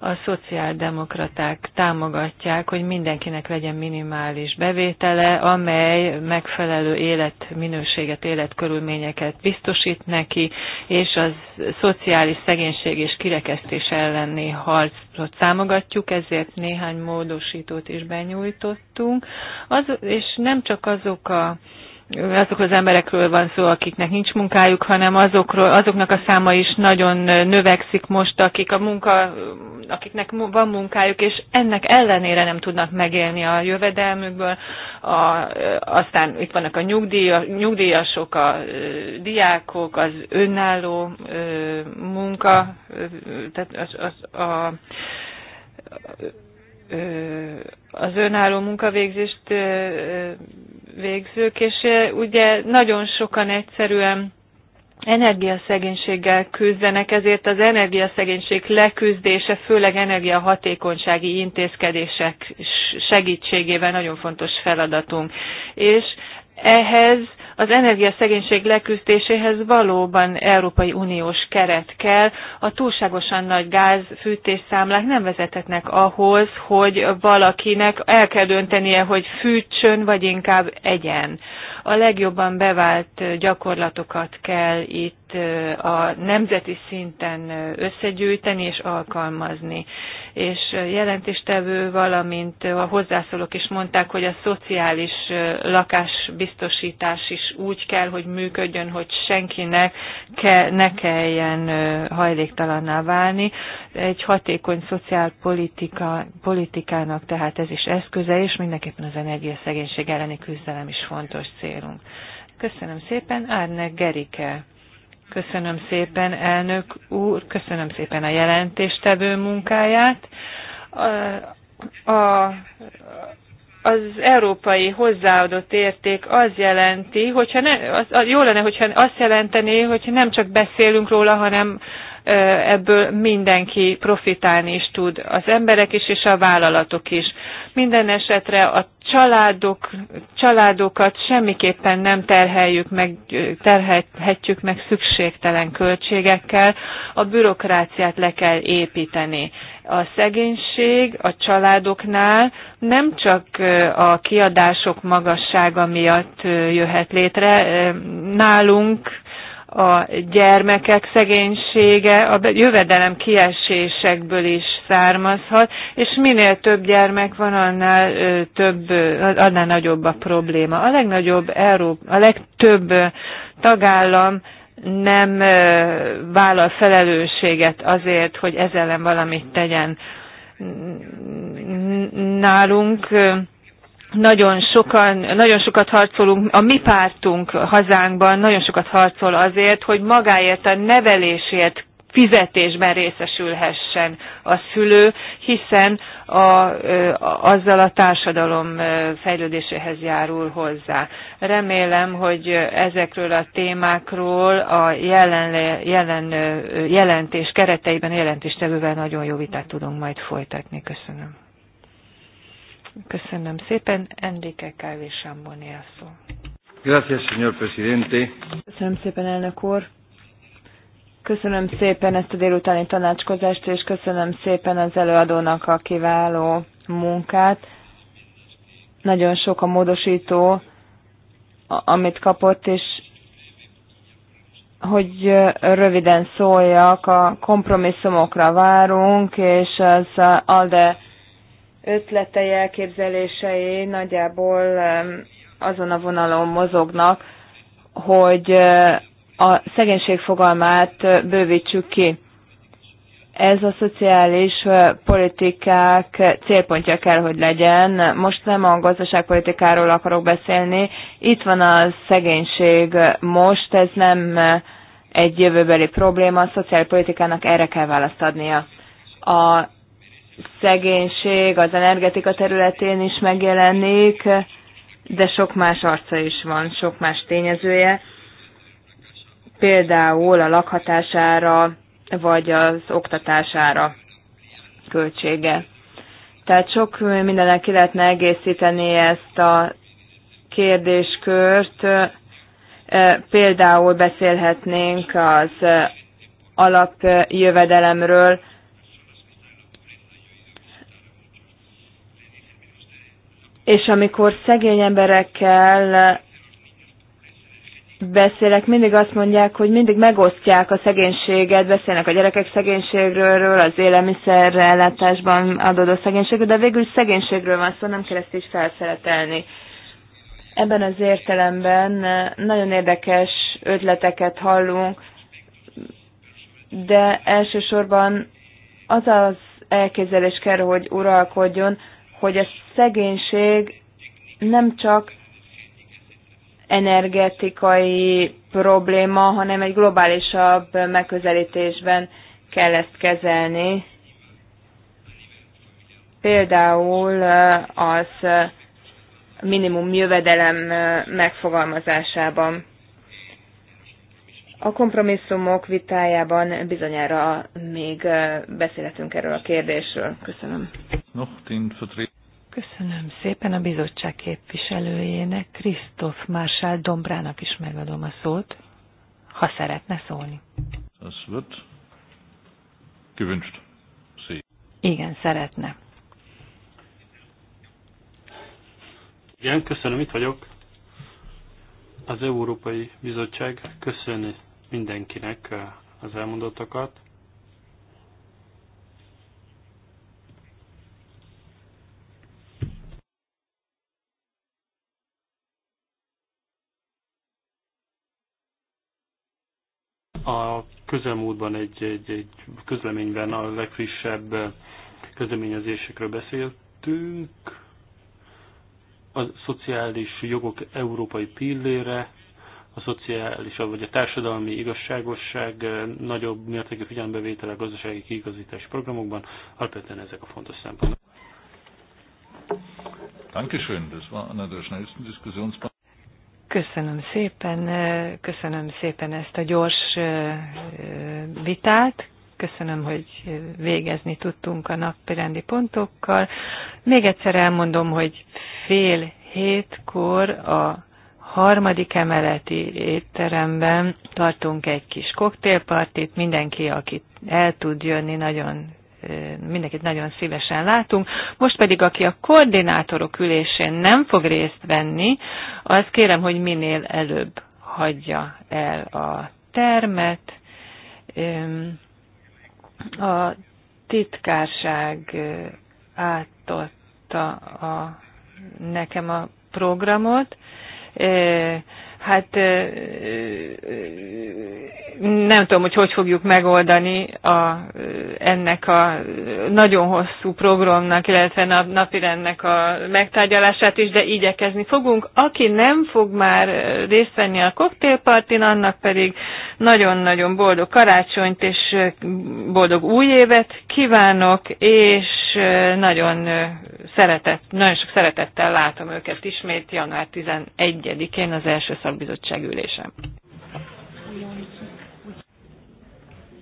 a szociáldemokraták támogatják, hogy mindenkinek legyen minimális bevétele, amely megfelelő életminőséget, életkörülményeket biztosít neki, és az szociális szegénység és kirekesztés elleni harcot támogatjuk, ezért néhány módosítót is benyújtottunk. Az, és nem csak azok a azok az emberekről van szó, akiknek nincs munkájuk, hanem azokról, azoknak a száma is nagyon növekszik most, akik a munka, akiknek van munkájuk, és ennek ellenére nem tudnak megélni a jövedelmükből. A, aztán itt vannak a nyugdíja, nyugdíjasok, a diákok, az önálló munka, tehát az, az, a az önálló munkavégzést végzők, és ugye nagyon sokan egyszerűen energiaszegénységgel küzdenek, ezért az energiaszegénység leküzdése, főleg energiahatékonysági intézkedések segítségével nagyon fontos feladatunk. És ehhez az energiaszegénység leküzdéséhez valóban Európai Uniós keret kell. A túlságosan nagy gázfűtés számlák nem vezethetnek ahhoz, hogy valakinek el kell döntenie, hogy fűtsön, vagy inkább egyen. A legjobban bevált gyakorlatokat kell itt ezeket a nemzeti szinten összegyűjteni és alkalmazni. És jelentéstevő, valamint a hozzászólók is mondták, hogy a szociális lakásbiztosítás is úgy kell, hogy működjön, hogy senkinek ke, ne kelljen hajléktalanná válni. Egy hatékony szociálpolitikának tehát ez is eszköze, és mindenképpen az energiaszegénység elleni küzdelem is fontos célunk. Köszönöm szépen, Árnek Gerike Köszönöm szépen, elnök úr, köszönöm szépen a jelentéstevő munkáját. A, a, az európai hozzáadott érték az jelenti, hogyha ne, az, az, jó lenne, hogyha azt jelenteni, hogy nem csak beszélünk róla, hanem ebből mindenki profitálni is tud, az emberek is és a vállalatok is. Minden esetre a családok, családokat semmiképpen nem terheljük meg, terhelhetjük meg szükségtelen költségekkel, a bürokráciát le kell építeni. A szegénység a családoknál nem csak a kiadások magassága miatt jöhet létre, nálunk a gyermekek szegénysége a jövedelem kiesésekből is származhat, és minél több gyermek van, annál, több, annál nagyobb a probléma. A legnagyobb Európa, a legtöbb tagállam nem vállal felelősséget azért, hogy ezzel ellen valamit tegyen. Nálunk nagyon, sokan, nagyon sokat harcolunk, a mi pártunk hazánkban nagyon sokat harcol azért, hogy magáért a nevelésért fizetésben részesülhessen a szülő, hiszen a, a, azzal a társadalom fejlődéséhez járul hozzá. Remélem, hogy ezekről a témákról a jelen, jelen, jelentés kereteiben, jelentéstevővel nagyon jó vitát tudunk majd folytatni. Köszönöm. Köszönöm szépen. Endike Kávé szó. Gracias, señor presidente. Köszönöm szépen, elnök úr. Köszönöm szépen ezt a délutáni tanácskozást, és köszönöm szépen az előadónak a kiváló munkát. Nagyon sok a módosító, amit kapott, és hogy röviden szóljak, a kompromisszumokra várunk, és az ALDE ötletei, elképzelései nagyjából azon a vonalon mozognak, hogy a szegénység fogalmát bővítsük ki. Ez a szociális politikák célpontja kell, hogy legyen. Most nem a gazdaságpolitikáról akarok beszélni. Itt van a szegénység most, ez nem egy jövőbeli probléma, a szociálpolitikának erre kell választ adnia. A szegénység az energetika területén is megjelenik, de sok más arca is van, sok más tényezője. Például a lakhatására, vagy az oktatására költsége. Tehát sok mindennek ki lehetne egészíteni ezt a kérdéskört. E, például beszélhetnénk az alapjövedelemről, és amikor szegény emberekkel beszélek, mindig azt mondják, hogy mindig megosztják a szegénységet, beszélnek a gyerekek szegénységről, az élelmiszerre ellátásban adódó szegénységről, de végül szegénységről van szó, nem kell ezt is felszeretelni. Ebben az értelemben nagyon érdekes ötleteket hallunk, de elsősorban az az elképzelés kell, hogy uralkodjon, hogy a szegénység nem csak energetikai probléma, hanem egy globálisabb megközelítésben kell ezt kezelni. Például eh, az eh, minimum jövedelem eh, megfogalmazásában. A kompromisszumok vitájában bizonyára még beszélhetünk erről a kérdésről. Köszönöm. Köszönöm szépen a bizottság képviselőjének, Krisztof Mársál Dombrának is megadom a szót, ha szeretne szólni. Ez volt, gewünscht. Igen, szeretne. Igen, köszönöm, itt vagyok. Az Európai Bizottság köszöni mindenkinek eh, az elmondottakat. A közelmúltban egy, egy, egy közleményben a legfrissebb közleményezésekről beszéltünk. A szociális jogok európai pillére, a szociális, vagy a társadalmi igazságosság eh, nagyobb mértékű figyelembevétele a gazdasági kiigazítási programokban. Alapvetően ezek a fontos szempontok. Dankeschön, das war einer der schnellsten Köszönöm szépen, eh, köszönöm szépen ezt a gyors eh, eh, vitát, köszönöm, hogy végezni tudtunk a napirendi pontokkal. Még egyszer elmondom, hogy fél hétkor a harmadik emeleti étteremben tartunk egy kis koktélpartit, mindenki, aki el tud jönni, nagyon mindenkit nagyon szívesen látunk. Most pedig, aki a koordinátorok ülésén nem fog részt venni, az kérem, hogy minél előbb hagyja el a termet. A titkárság átadta a, nekem a programot hát nem tudom, hogy hogy fogjuk megoldani a, ennek a nagyon hosszú programnak, illetve nap, napirendnek a megtárgyalását is, de igyekezni fogunk. Aki nem fog már részt venni a koktélpartin, annak pedig nagyon-nagyon boldog karácsonyt és boldog új évet kívánok, és és nagyon, szeretett, nagyon sok szeretettel látom őket ismét január 11-én az első szakbizottság ülésem.